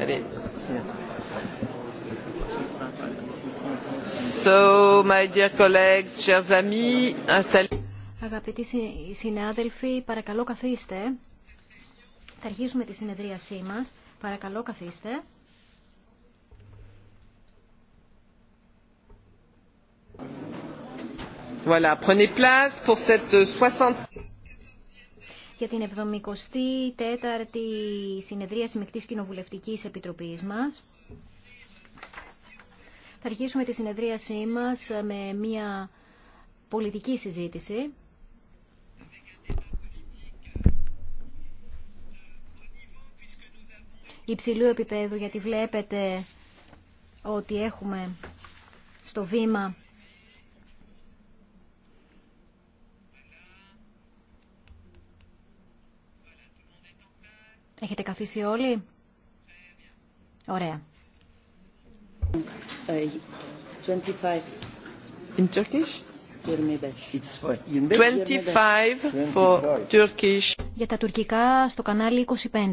Ready? So, my dear colleagues, chers amis, installez... Αγαπητοί συνάδελφοι, παρακαλώ καθίστε. Θα αρχίσουμε τη συνεδρίασή μας. Παρακαλώ καθίστε. Voilà, prenez place pour cette 60 για την 74η συνεδρία Συμμεκτής Κοινοβουλευτικής Επιτροπής μας. Θα αρχίσουμε τη συνεδρίασή μας με μια πολιτική συζήτηση. Υψηλού επίπεδου, γιατί βλέπετε ότι έχουμε στο βήμα Έχετε καθίσει όλοι. Ωραία. Ε, In Turkish? 25 for Turkish. Για τα τουρκικά στο κανάλι 25.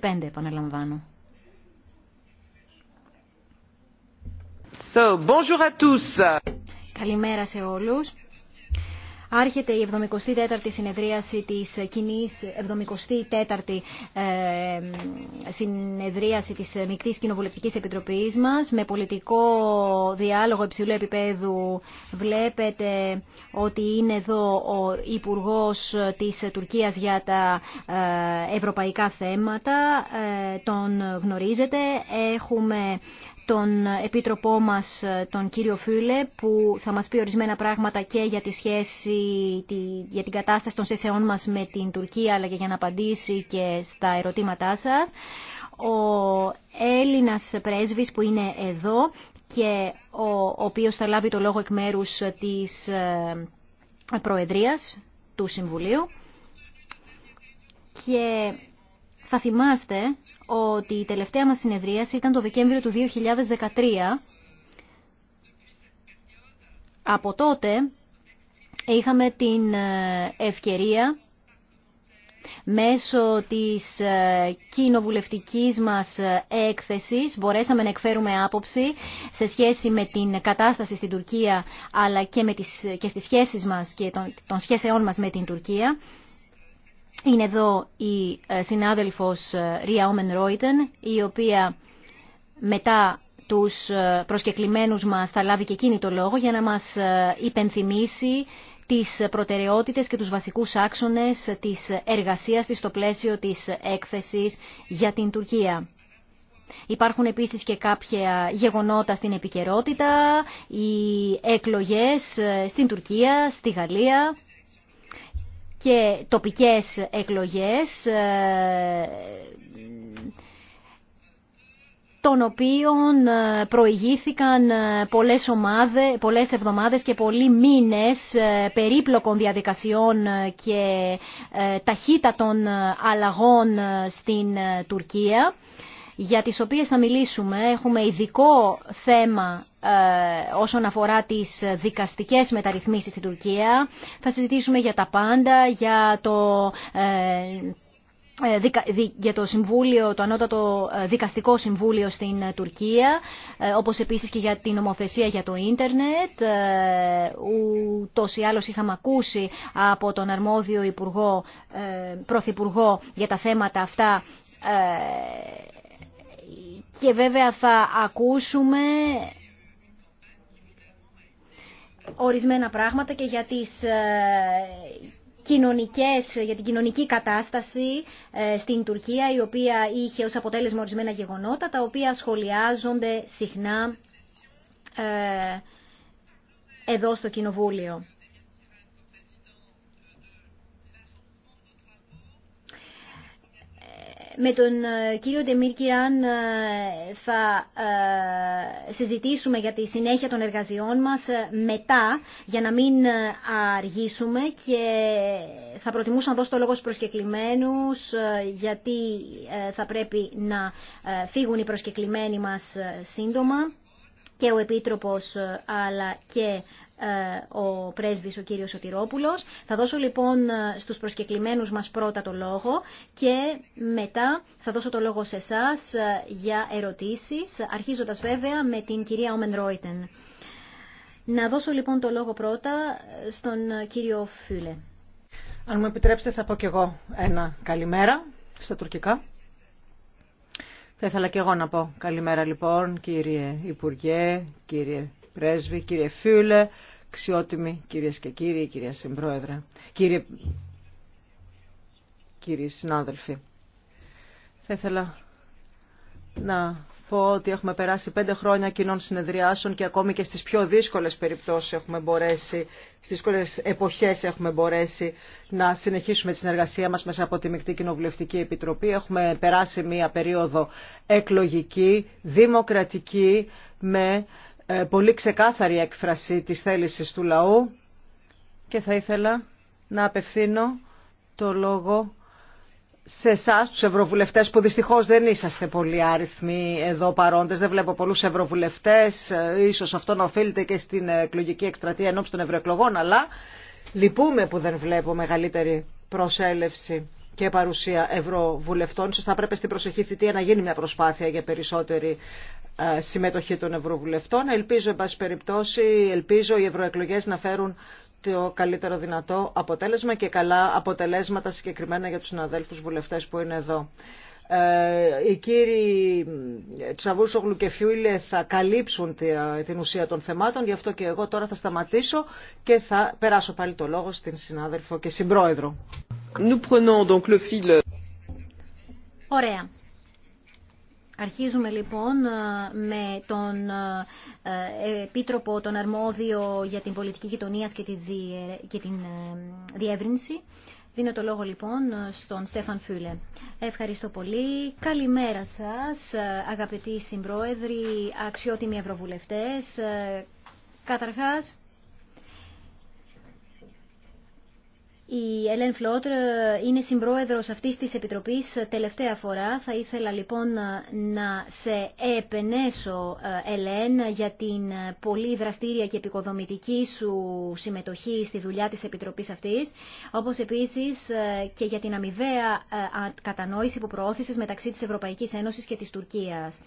25 επαναλαμβάνω. So, bonjour à tous. Καλημέρα σε όλους. Άρχεται η 74η συνεδρίαση της κοινή 74η ε, συνεδρίαση της Μικτής Κοινοβουλευτικής Επιτροπής μας με πολιτικό διάλογο υψηλού επίπεδου. Βλέπετε ότι είναι εδώ ο Υπουργός της Τουρκίας για τα ε, ευρωπαϊκά θέματα. Ε, τον γνωρίζετε. Έχουμε τον επίτροπό μας, ε, τον κύριο Φούλε, που θα μας πει ορισμένα πράγματα και για τη σχέση, για την κατάσταση των σχέσεων μας με την Τουρκία, αλλά και για να απαντήσει και στα ερωτήματά σας. Ο Έλληνας πρέσβης που είναι εδώ και ο οποίος θα λάβει το λόγο εκ μέρους της ε, Προεδρίας του Συμβουλίου. Και θα θυμάστε ότι η τελευταία μας συνεδρίαση ήταν το Δεκέμβριο του 2013. Από τότε είχαμε την ε, ευκαιρία μέσω της ε, κοινοβουλευτικής μας ε, έκθεσης μπορέσαμε να εκφέρουμε άποψη σε σχέση με την κατάσταση στην Τουρκία αλλά και, με τις, και στις σχέσεις μας και των, των σχέσεών μας με την Τουρκία. Είναι εδώ η ε, συνάδελφος ε, Ρία Όμεν Ρόιτεν, η οποία μετά τους ε, προσκεκλημένους μας θα λάβει και εκείνη το λόγο για να μας υπενθυμίσει τις προτεραιότητες και τους βασικούς άξονες της εργασίας της στο πλαίσιο της έκθεσης για την Τουρκία. Υπάρχουν επίσης και κάποια γεγονότα στην επικαιρότητα, οι εκλογές στην Τουρκία, στη Γαλλία και τοπικές εκλογές ε, των οποίων ε, προηγήθηκαν ε, πολλές, ομάδες, πολλές εβδομάδες και πολλοί μήνες περίπλοκων διαδικασιών και ταχύτατων αλλαγών στην Τουρκία για τις οποίες θα μιλήσουμε. Έχουμε ειδικό θέμα ε, όσον αφορά τις δικαστικές μεταρρυθμίσεις στην Τουρκία. Θα συζητήσουμε για τα πάντα, για το ε, ε, για το Συμβούλιο, το Ανώτατο Δικαστικό Συμβούλιο στην Τουρκία, όπως επίσης και για την νομοθεσία για το ίντερνετ. Ούτως ή άλλως είχαμε ακούσει από τον αρμόδιο υπουργό, πρωθυπουργό για τα θέματα αυτά και βέβαια θα ακούσουμε ορισμένα πράγματα και για τις ε, κοινωνικές, για την κοινωνική κατάσταση ε, στην Τουρκία, η οποία είχε ως αποτέλεσμα ορισμένα γεγονότα, τα οποία σχολιάζονται συχνά ε, εδώ στο Κοινοβούλιο. Με τον ε, κύριο Ντεμίρ ε, θα ε, συζητήσουμε για τη συνέχεια των εργασιών μας μετά για να μην αργήσουμε και θα προτιμούσα να δώσω το λόγο στους προσκεκλημένους γιατί θα πρέπει να φύγουν οι προσκεκλημένοι μας σύντομα και ο Επίτροπος αλλά και ε, ο πρέσβης ο κύριος Σωτηρόπουλος. Θα δώσω λοιπόν ε, στους προσκεκλημένους μας πρώτα το λόγο και μετά θα δώσω το λόγο σε εσά ε, για ερωτήσεις, αρχίζοντας βέβαια με την κυρία Όμεν Να δώσω λοιπόν το λόγο πρώτα στον κύριο Φούλε. Αν μου επιτρέψετε θα πω κι εγώ ένα καλημέρα στα τουρκικά. Θα ήθελα και εγώ να πω καλημέρα λοιπόν κύριε Υπουργέ, κύριε πρέσβη, κύριε Φιούλε, αξιότιμοι κυρίες και κύριοι, κυρία Συμπρόεδρε, κύριε... κύριοι συνάδελφοι. Θα ήθελα να πω ότι έχουμε περάσει πέντε χρόνια κοινών συνεδριάσεων και ακόμη και στις πιο δύσκολες περιπτώσεις έχουμε μπορέσει, στις δύσκολες εποχές έχουμε μπορέσει να συνεχίσουμε τη συνεργασία μας μέσα από τη Μικτή Κοινοβουλευτική Επιτροπή. Έχουμε περάσει μία περίοδο εκλογική, δημοκρατική, με ε, πολύ ξεκάθαρη έκφραση της θέλησης του λαού και θα ήθελα να απευθύνω το λόγο σε εσά, του ευρωβουλευτέ, που δυστυχώ δεν είσαστε πολύ άριθμοι εδώ παρόντε, δεν βλέπω πολλού ευρωβουλευτέ. Ε, ίσως αυτό να οφείλεται και στην εκλογική εκστρατεία ενώπιση των ευρωεκλογών, αλλά λυπούμε που δεν βλέπω μεγαλύτερη προσέλευση και παρουσία ευρωβουλευτών. Σας θα πρέπει στην προσεχή θητεία να γίνει μια προσπάθεια για περισσότερη ε, συμμετοχή των ευρωβουλευτών. Ελπίζω, εν πάση περιπτώσει, ελπίζω οι ευρωεκλογές να φέρουν το καλύτερο δυνατό αποτέλεσμα και καλά αποτελέσματα συγκεκριμένα για τους συναδέλφους βουλευτές που είναι εδώ. Ε, οι κύριοι Τσαβούσογλου και Φιούλε θα καλύψουν ε, την ουσία των θεμάτων, γι' αυτό και εγώ τώρα θα σταματήσω και θα περάσω πάλι το λόγο στην συνάδελφο και συμπρόεδρο. Nous Ωραία. Αρχίζουμε λοιπόν ε, με τον ε, ε, Επίτροπο, τον Αρμόδιο για την Πολιτική Γειτονία και την Διεύρυνση. Δίνω το λόγο λοιπόν στον Στέφαν Φούλε. Ευχαριστώ πολύ. Καλημέρα σας αγαπητοί συμπρόεδροι, αξιότιμοι ευρωβουλευτές. Καταρχάς, Η Ελέν Φλότρ είναι συμπρόεδρος αυτής της Επιτροπής τελευταία φορά. Θα ήθελα λοιπόν να σε επενέσω, ε, Ελέν, για την πολύ δραστήρια και επικοδομητική σου συμμετοχή στη δουλειά της Επιτροπής αυτής, όπως επίσης ε, και για την αμοιβαία ε, κατανόηση που προώθησες μεταξύ της Ευρωπαϊκής Ένωσης και της Τουρκίας.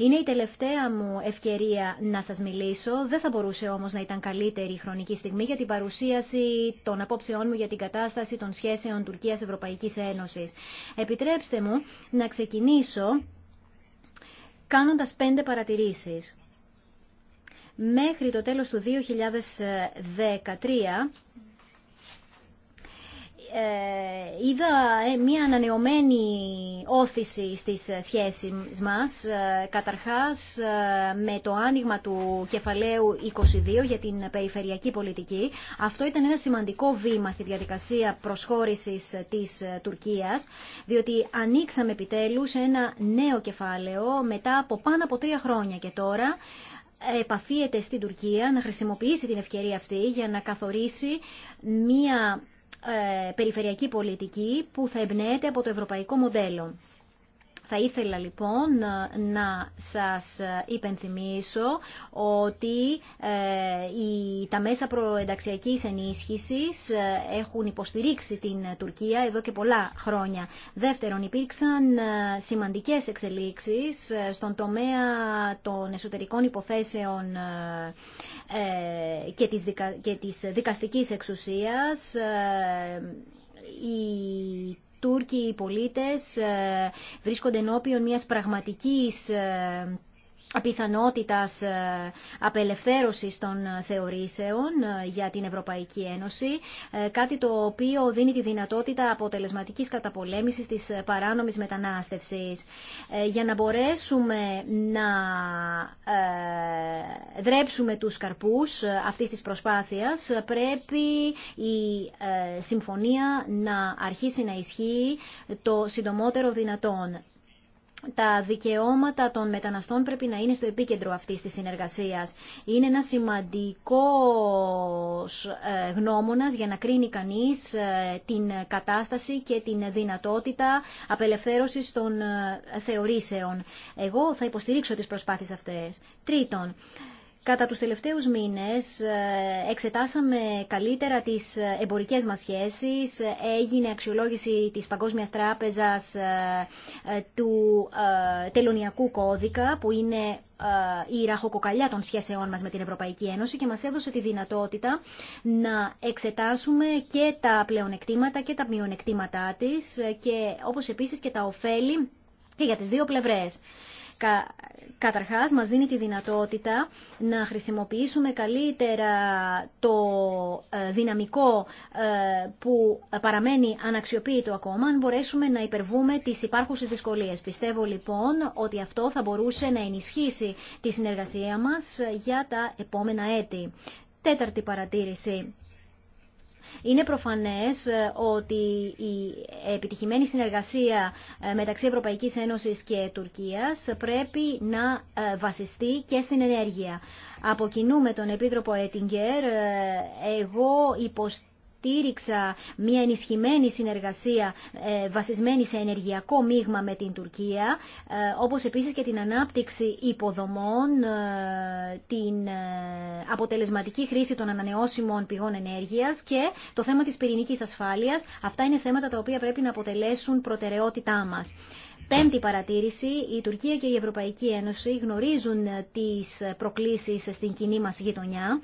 Είναι η τελευταία μου ευκαιρία να σας μιλήσω. Δεν θα μπορούσε όμως να ήταν καλύτερη η χρονική στιγμή για την παρουσίαση των απόψεών μου για την κατάσταση των σχέσεων Τουρκίας-Ευρωπαϊκής Ένωσης. Επιτρέψτε μου να ξεκινήσω κάνοντας πέντε παρατηρήσεις. Μέχρι το τέλος του 2013 ε, είδα ε, μια ανανεωμένη όθηση στις ε, σχέσεις μας, καταρχάς με το άνοιγμα του κεφαλαίου 22 για την περιφερειακή πολιτική. Αυτό ήταν ένα σημαντικό βήμα στη διαδικασία προσχώρησης της Τουρκίας, διότι ανοίξαμε επιτέλους ένα νέο κεφάλαιο μετά από πάνω από τρία χρόνια και τώρα, επαφίεται στην Τουρκία να χρησιμοποιήσει την ευκαιρία αυτή για να καθορίσει μία ε, περιφερειακή πολιτική που θα εμπνέεται από το ευρωπαϊκό μοντέλο. Θα ήθελα λοιπόν να σας υπενθυμίσω ότι ε, τα μέσα προενταξιακής ενίσχυσης ε, έχουν υποστηρίξει την Τουρκία εδώ και πολλά χρόνια. Δεύτερον, υπήρξαν ε, σημαντικές εξελίξεις στον τομέα των εσωτερικών υποθέσεων και της, και της δικαστικής εξουσίας. Τούρκοι οι πολίτες ε, βρίσκονται ενώπιον μιας πραγματικής ε, πιθανότητας ε, απελευθέρωσης των θεωρήσεων για την Ευρωπαϊκή Ένωση, κάτι το οποίο δίνει τη δυνατότητα αποτελεσματικής καταπολέμησης της παράνομης μετανάστευσης. Για να μπορέσουμε να δρέψουμε τους καρπούς ε, αυτής της προσπάθειας, πρέπει η ε, συμφωνία να αρχίσει να ισχύει το συντομότερο δυνατόν. Τα δικαιώματα των μεταναστών πρέπει να είναι στο επίκεντρο αυτής της συνεργασίας. Είναι ένα σημαντικό ε, γνώμονας για να κρίνει κανείς την κατάσταση και την δυνατότητα απελευθέρωσης των θεωρήσεων. Εγώ θα υποστηρίξω τις προσπάθειες αυτές. Τρίτον, Κατά τους τελευταίους μήνες ε, εξετάσαμε καλύτερα τις ε, εμπορικές μας σχέσεις, έγινε αξιολόγηση της Παγκόσμιας Τράπεζας ε, του Τελωνιακού Κώδικα, που είναι η ραχοκοκαλιά των σχέσεών μας με την Ευρωπαϊκή Ένωση και μας έδωσε τη δυνατότητα να εξετάσουμε και τα πλεονεκτήματα και τα μειονεκτήματά της και όπως επίσης και τα ωφέλη και για τις δύο πλευρές. Κα, καταρχάς μας δίνει τη δυνατότητα να χρησιμοποιήσουμε καλύτερα το ε, δυναμικό ε, που παραμένει αναξιοποιητό ακόμα αν μπορέσουμε να υπερβούμε τις υπάρχουσες δυσκολίες. Πιστεύω λοιπόν ότι αυτό θα μπορούσε να ενισχύσει τη συνεργασία μας για τα επόμενα έτη. Τέταρτη παρατήρηση. Είναι προφανές ε, ότι η επιτυχημένη συνεργασία ε, μεταξύ Ευρωπαϊκής Ένωσης και Τουρκίας πρέπει να ε, βασιστεί και στην ενέργεια. Από κοινού τον Επίτροπο Έτιγκερ, εγώ υποστηρίζω στήριξα μια ενισχυμένη συνεργασία ε, βασισμένη σε ενεργειακό μείγμα με την Τουρκία, ε, όπως επίσης και την ανάπτυξη υποδομών, ε, την αποτελεσματική χρήση των ανανεώσιμων πηγών ενέργειας και το θέμα της πυρηνικής ασφάλειας. Αυτά είναι θέματα τα οποία πρέπει να αποτελέσουν προτεραιότητά μας. Πέμπτη παρατήρηση, η Τουρκία και η Ευρωπαϊκή Ένωση γνωρίζουν τις προκλήσεις στην κοινή μας γειτονιά.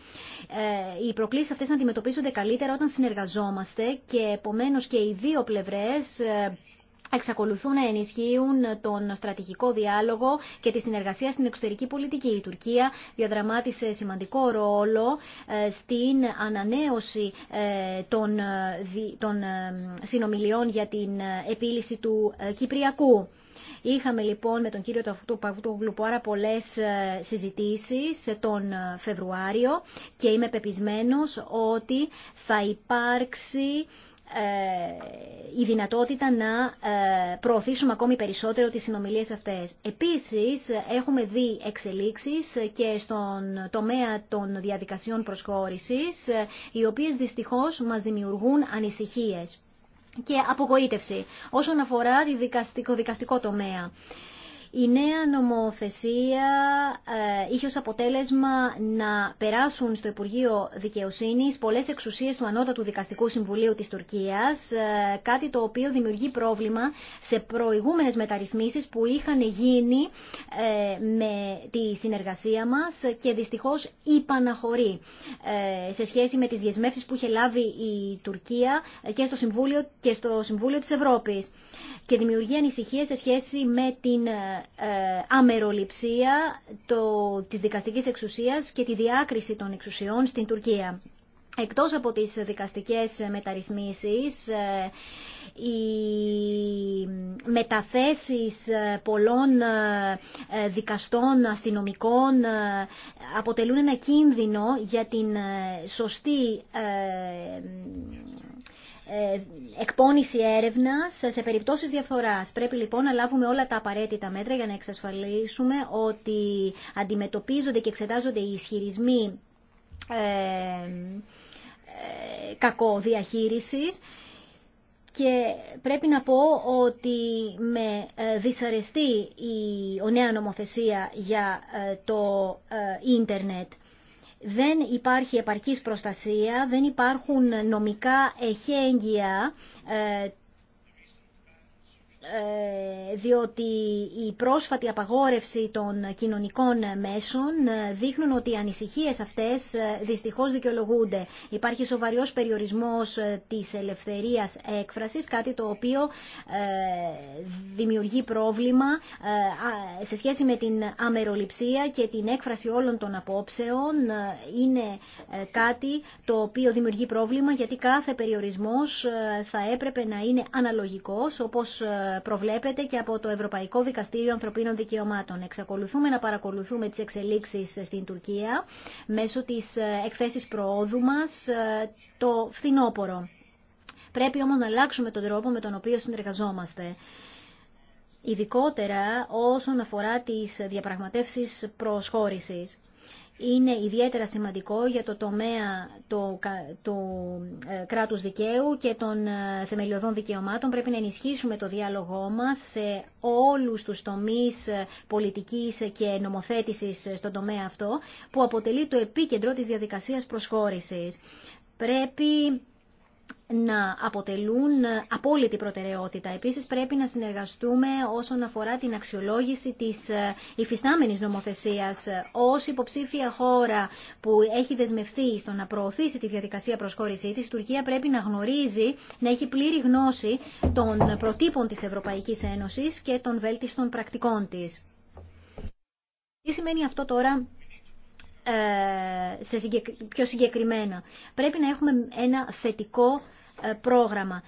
Ε, οι προκλήσεις αυτές να αντιμετωπίζονται καλύτερα όταν συνεργαζόμαστε και επομένως και οι δύο πλευρές ε, εξακολουθούν να ενισχύουν τον στρατηγικό διάλογο και τη συνεργασία στην εξωτερική πολιτική. Η Τουρκία διαδραμάτισε σημαντικό ρόλο ε, στην ανανέωση ε, των, ε, συνομιλιών για την επίλυση του Κυπριακού. Είχαμε λοιπόν με τον κύριο Παυτούγλου πάρα πολλέ συζητήσει τον Φεβρουάριο και είμαι πεπισμένο ότι θα υπάρξει ε, η δυνατότητα να ε, προωθήσουμε ακόμη περισσότερο τις συνομιλίες αυτές. Επίσης, έχουμε δει εξελίξεις και στον τομέα των διαδικασιών προσχώρησης, ε, οι οποίες δυστυχώς μας δημιουργούν ανησυχίες και απογοήτευση όσον αφορά το δικαστικό τομέα. Η νέα νομοθεσία ε, είχε ως αποτέλεσμα να περάσουν στο Υπουργείο Δικαιοσύνης πολλές εξουσίες του Ανώτατου Δικαστικού Συμβουλίου της Τουρκίας, ε, κάτι το οποίο δημιουργεί πρόβλημα σε προηγούμενες μεταρρυθμίσεις που είχαν γίνει ε, με τη συνεργασία μας και δυστυχώς υπαναχωρεί σε σχέση με τις διεσμεύσεις που είχε λάβει η Τουρκία και στο Συμβούλιο, και στο Συμβούλιο της Ευρώπης και δημιουργεί ανησυχία σε σχέση με την ε, ε, αμεροληψία το, της δικαστικής εξουσίας και τη διάκριση των εξουσιών στην Τουρκία. Εκτός από τις δικαστικές μεταρρυθμίσεις, ε, οι μεταθέσεις πολλών δικαστών, αστυνομικών αποτελούν ένα κίνδυνο για την σωστή ε, εκπόνηση έρευνας σε περιπτώσεις διαφοράς. Πρέπει λοιπόν να λάβουμε όλα τα απαραίτητα μέτρα για να εξασφαλίσουμε ότι αντιμετωπίζονται και εξετάζονται οι ισχυρισμοί ε, ε, διαχείρισης και πρέπει να πω ότι με δυσαρεστεί η νέα νομοθεσία για το ίντερνετ δεν υπάρχει επαρκής προστασία, δεν υπάρχουν νομικά εχέγγυα ε, ε, διότι η πρόσφατη απαγόρευση των κοινωνικών μέσων ε, δείχνουν ότι οι ανησυχίες αυτές ε, δυστυχώς δικαιολογούνται. Υπάρχει σοβαρός περιορισμός της ελευθερίας έκφρασης, κάτι το οποίο δημιουργεί πρόβλημα σε σχέση με την αμεροληψία και την έκφραση όλων των απόψεων. Είναι κάτι το οποίο δημιουργεί πρόβλημα γιατί κάθε περιορισμός θα έπρεπε να είναι αναλογικός, όπως προβλέπεται και από το Ευρωπαϊκό Δικαστήριο Ανθρωπίνων Δικαιωμάτων. Εξακολουθούμε να παρακολουθούμε τις εξελίξεις στην Τουρκία μέσω της ε, εκθέσης προόδου μας ε, το φθινόπωρο. Πρέπει όμως να αλλάξουμε τον τρόπο με τον οποίο συνεργαζόμαστε. Ειδικότερα όσον αφορά τις διαπραγματεύσεις προσχώρησης είναι ιδιαίτερα σημαντικό για το τομέα του το, ε, κράτους δικαίου και των ε, θεμελιωδών δικαιωμάτων. Πρέπει να ενισχύσουμε το διάλογό μας σε όλους τους τομείς ε, πολιτικής και νομοθέτησης στον τομέα αυτό, που αποτελεί το επίκεντρο της διαδικασίας προσχώρησης. Πρέπει να αποτελούν απόλυτη προτεραιότητα. Επίσης πρέπει να συνεργαστούμε όσον αφορά την αξιολόγηση της ε, υφιστάμενης νομοθεσίας. Ως υποψήφια χώρα που έχει δεσμευθεί στο να προωθήσει τη διαδικασία προσχώρησή της, η Τουρκία πρέπει να γνωρίζει, να έχει πλήρη γνώση των προτύπων της Ευρωπαϊκής Ένωσης και των βέλτιστων πρακτικών της. Τι σημαίνει αυτό τώρα ε, σε πιο συγκεκριμένα. Πρέπει να έχουμε ένα θετικό ε, πρόγραμμα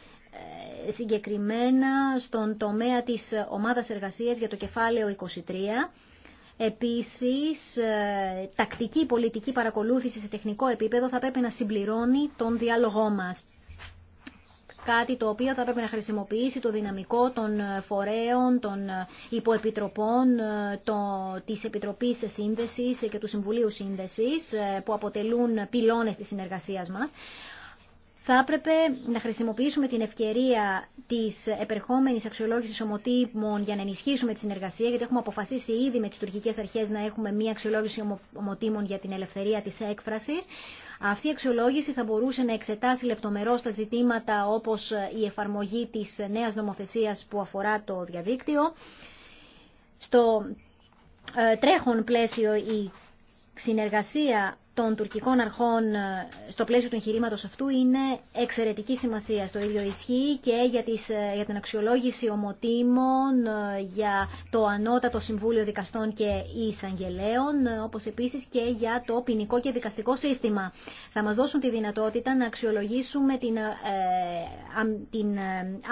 ε, συγκεκριμένα στον τομέα της ομάδας εργασίας για το κεφάλαιο 23. Επίσης, τακτική πολιτική παρακολούθηση σε τεχνικό επίπεδο θα πρέπει να συμπληρώνει τον διάλογό μας κάτι το οποίο θα πρέπει να χρησιμοποιήσει το δυναμικό των ε, φορέων, των ε, υποεπιτροπών, ε, το, της Επιτροπής Σύνδεσης και του Συμβουλίου Σύνδεσης που αποτελούν πυλώνες της συνεργασίας μας. Θα έπρεπε να χρησιμοποιήσουμε την ευκαιρία της επερχόμενης αξιολόγησης ομοτήμων για να ενισχύσουμε τη συνεργασία, γιατί έχουμε αποφασίσει ήδη με τις τουρκικέ αρχές να έχουμε μία αξιολόγηση ομοτήμων για την ελευθερία της έκφρασης. Αυτή η αξιολόγηση θα μπορούσε να εξετάσει λεπτομερώς τα ζητήματα όπως η εφαρμογή της νέα νομοθεσία που αφορά το διαδίκτυο. Στο ε, τρέχον πλαίσιο η συνεργασία των τουρκικών αρχών ε, στο πλαίσιο του εγχειρήματο αυτού είναι εξαιρετική σημασία. Το ίδιο ισχύει και για, τις, ε, για την αξιολόγηση ομοτήμων ε, για το Ανώτατο Συμβούλιο Δικαστών και Εισαγγελέων, όπως επίσης και για το ποινικό και δικαστικό σύστημα. Θα μας δώσουν τη δυνατότητα να αξιολογήσουμε την, την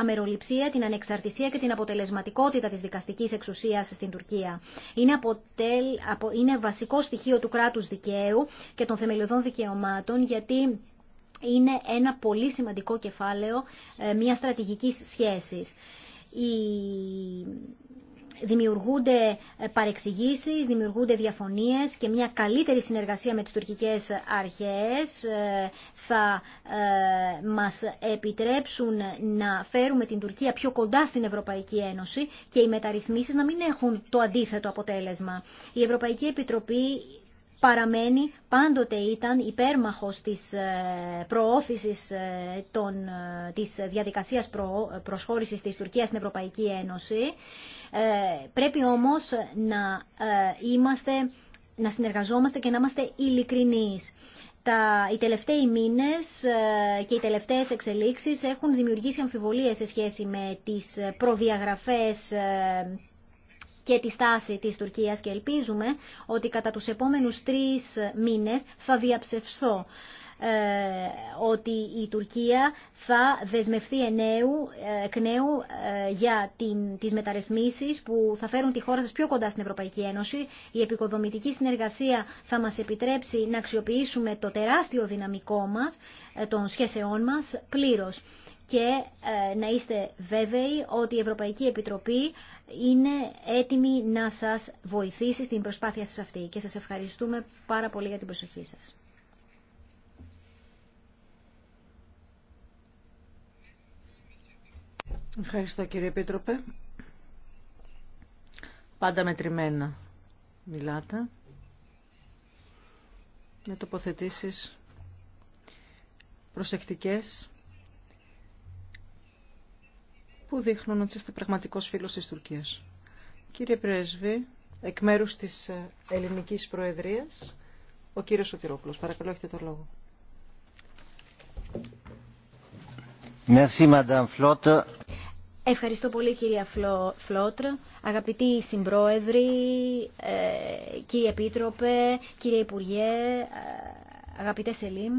αμεροληψία, την ανεξαρτησία και την αποτελεσματικότητα της δικαστικής εξουσίας στην Τουρκία. Είναι, αποτελ, απο, είναι βασικό στοιχείο του κράτους δικαίου και των θεμελιωδών δικαιωμάτων, γιατί είναι ένα πολύ σημαντικό κεφάλαιο ε, μια στρατηγικής σχέσης. Δημιουργούνται ε, παρεξηγήσεις, δημιουργούνται διαφωνίες και μια καλύτερη συνεργασία με τις τουρκικές αρχές ε, θα μας επιτρέψουν να φέρουμε την Τουρκία πιο κοντά στην Ευρωπαϊκή Ένωση και οι μεταρρυθμίσεις να μην έχουν το αντίθετο αποτέλεσμα. Η Ευρωπαϊκή Επιτροπή παραμένει, πάντοτε ήταν υπέρμαχος της ε, προώθησης ε, των, ε, της διαδικασίας προσχώρησης της Τουρκίας στην Ευρωπαϊκή Ένωση. Πρέπει όμως να είμαστε να συνεργαζόμαστε και να είμαστε ειλικρινείς. Τα, οι τελευταίοι μήνες και οι τελευταίες εξελίξεις έχουν δημιουργήσει αμφιβολίες σε σχέση με τις προδιαγραφές και τη στάση της Τουρκίας και ελπίζουμε ότι κατά τους επόμενους τρεις μήνες θα διαψευστώ ε, ότι η Τουρκία θα δεσμευτεί ενέου, ε, εκ νέου ε, για την, τις μεταρρυθμίσεις που θα φέρουν τη χώρα σας πιο κοντά στην Ευρωπαϊκή Ένωση. Η επικοδομητική συνεργασία θα μας επιτρέψει να αξιοποιήσουμε το τεράστιο δυναμικό μας, των σχέσεών μας, πλήρως και ε, να είστε βέβαιοι ότι η Ευρωπαϊκή Επιτροπή είναι έτοιμη να σας βοηθήσει στην προσπάθεια σας αυτή και σας ευχαριστούμε πάρα πολύ για την προσοχή σας. Ευχαριστώ κύριε Επίτροπε. Πάντα μετρημένα μιλάτε. Με τοποθετήσεις προσεκτικές που δείχνουν ότι είστε πραγματικό φίλο τη Τουρκία, Κύριε Πρέσβη, εκ μέρου τη ε, ελληνική προεδρία, ο κύριο Σωτηρόπουλος. Παρακαλώ, έχετε το λόγο. Ευχαριστώ πολύ κυρία Φλότρ, αγαπητοί συμπρόεδροι, ε, κύριε Επίτροπε, κύριε Υπουργέ, ε, αγαπητέ Σελίμ.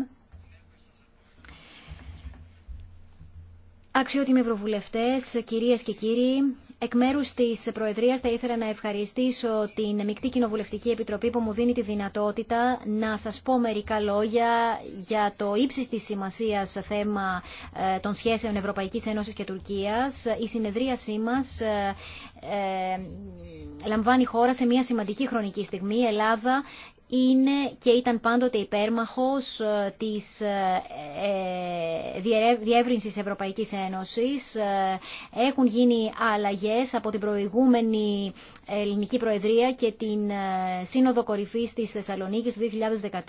Αξιότιμοι Ευρωβουλευτές, κυρίες και κύριοι, εκ μέρους της Προεδρίας θα ήθελα να ευχαριστήσω την Μικτή Κοινοβουλευτική Επιτροπή που μου δίνει τη δυνατότητα να σας πω μερικά λόγια για το ύψιστη σημασία σημασίας θέμα ε, των σχέσεων Ευρωπαϊκής Ένωση και Τουρκίας. Η συνεδρίασή μας ε, ε, λαμβάνει χώρα σε μια σημαντική χρονική στιγμή. Ελλάδα είναι και ήταν πάντοτε υπέρμαχος ε, της ε, ε, διεύρυνσης Ευρωπαϊκής Ένωσης. Έχουν γίνει αλλαγές από την προηγούμενη ελληνική προεδρία και την Σύνοδο Κορυφής της Θεσσαλονίκης του 2013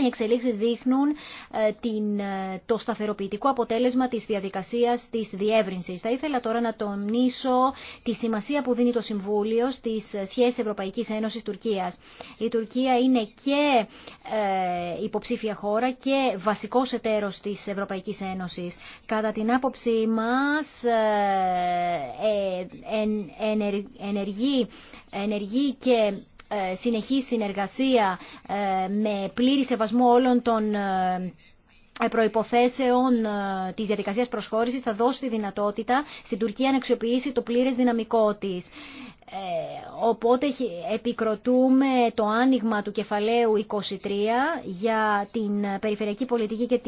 οι εξελίξεις δείχνουν ε, την, ε, το σταθεροποιητικό αποτέλεσμα της διαδικασίας της διεύρυνσης. Θα ήθελα τώρα να τονίσω τη σημασία που δίνει το Συμβούλιο στις ε, σχέσεις Ευρωπαϊκής Ένωσης Τουρκίας. Η Τουρκία είναι και υποψήφια χώρα και βασικός εταίρος της Ευρωπαϊκής Ένωσης. Κατά την άποψή μας ενεργεί, ενεργεί και ε, συνεχή συνεργασία ε, με πλήρη σεβασμό όλων των ε, προϋποθέσεων της διαδικασίας προσχώρησης θα δώσει τη δυνατότητα στην Τουρκία να αξιοποιήσει το πλήρες δυναμικό της. Ε, οπότε επικροτούμε το άνοιγμα του κεφαλαίου 23 για την περιφερειακή πολιτική και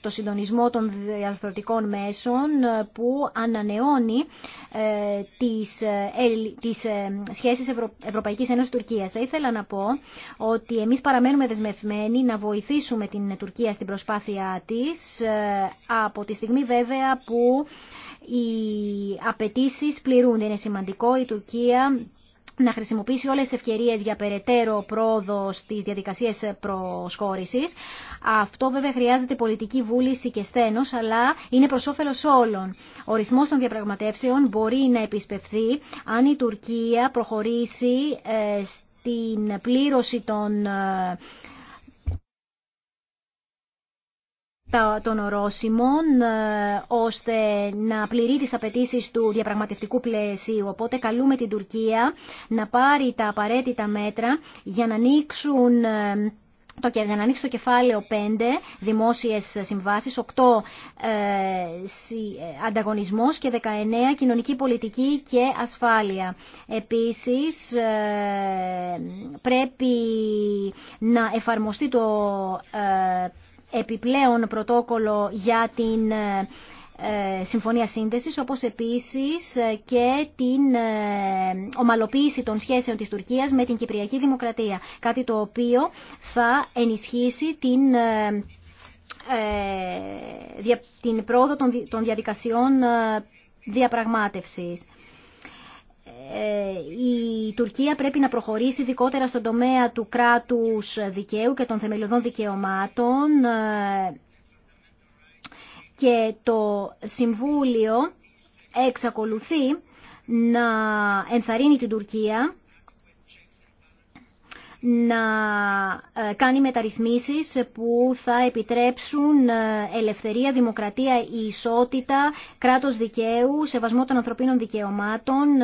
το συντονισμό των διαδροτικών μέσων ε, που ανανεώνει ε, τις, τις σχέσεις Ευρω... Ευρωπαϊκής Ένωσης Τουρκίας. Θα ήθελα να πω ότι εμείς παραμένουμε δεσμευμένοι να βοηθήσουμε την Τουρκία στην προσπάθειά της από τη στιγμή βέβαια που οι απαιτήσει πληρούνται. Είναι σημαντικό η Τουρκία να χρησιμοποιήσει όλες τις ευκαιρίες για περαιτέρω πρόοδο στις διαδικασίες προσχώρησης. Αυτό βέβαια χρειάζεται πολιτική βούληση και στένος, αλλά είναι προς όφελος όλων. Ο ρυθμός των διαπραγματεύσεων μπορεί να επισπευθεί αν η Τουρκία προχωρήσει ε, στην πλήρωση των ε, των ορόσημων ε, ώστε να πληρεί τις απαιτήσεις του διαπραγματευτικού πλαισίου. Οπότε καλούμε την Τουρκία να πάρει τα απαραίτητα μέτρα για να ανοίξουν ε, το, για να ανοίξει το κεφάλαιο 5, δημόσιες συμβάσεις, 8 ε, ε, ανταγωνισμός και 19 κοινωνική πολιτική και ασφάλεια. Επίσης πρέπει να εφαρμοστεί το επιπλέον πρωτόκολλο για την ε, συμφωνία σύνδεσης, όπως επίσης ε, και την ε, ομαλοποίηση των σχέσεων της Τουρκίας με την Κυπριακή Δημοκρατία. Κάτι το οποίο θα ενισχύσει την την πρόοδο των διαδικασιών διαπραγμάτευσης. Ε, η Τουρκία πρέπει να προχωρήσει ειδικότερα στον τομέα του κράτους δικαίου και των θεμελιωδών δικαιωμάτων ε, και το Συμβούλιο εξακολουθεί να ενθαρρύνει την Τουρκία να ε, κάνει μεταρρυθμίσεις που θα επιτρέψουν ε, ελευθερία, δημοκρατία, ισότητα, κράτος δικαίου, σεβασμό των ανθρωπίνων δικαιωμάτων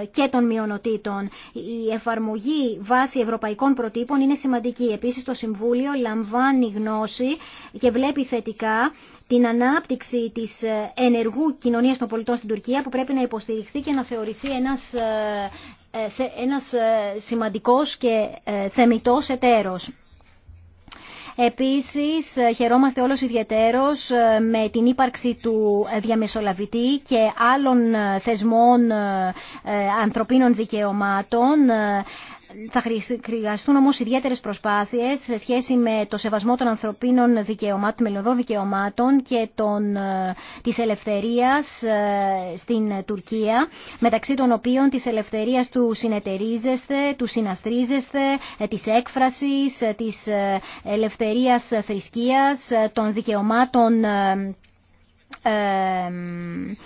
ε, και των μειονοτήτων. Η εφαρμογή βάσει ευρωπαϊκών προτύπων είναι σημαντική. Επίσης το Συμβούλιο λαμβάνει γνώση και βλέπει θετικά την ανάπτυξη της ενεργού κοινωνίας των πολιτών στην Τουρκία που πρέπει να υποστηριχθεί και να θεωρηθεί ένας ε, ένας ε, σημαντικός και ε, θεμητός εταίρος. Επίσης, χαιρόμαστε όλος ιδιαίτερος με την ύπαρξη του διαμεσολαβητή και άλλων θεσμών ανθρωπίνων δικαιωμάτων θα χρειαστούν όμως ιδιαίτερες προσπάθειες σε σχέση με το σεβασμό των ανθρωπίνων δικαιωμάτων, των δικαιωμάτων και των, ε, της ελευθερίας ε, στην Τουρκία, μεταξύ των οποίων της ελευθερίας του συνεταιρίζεστε, του συναστρίζεστε, ε, της έκφρασης, της ελευθερίας θρησκείας, των δικαιωμάτων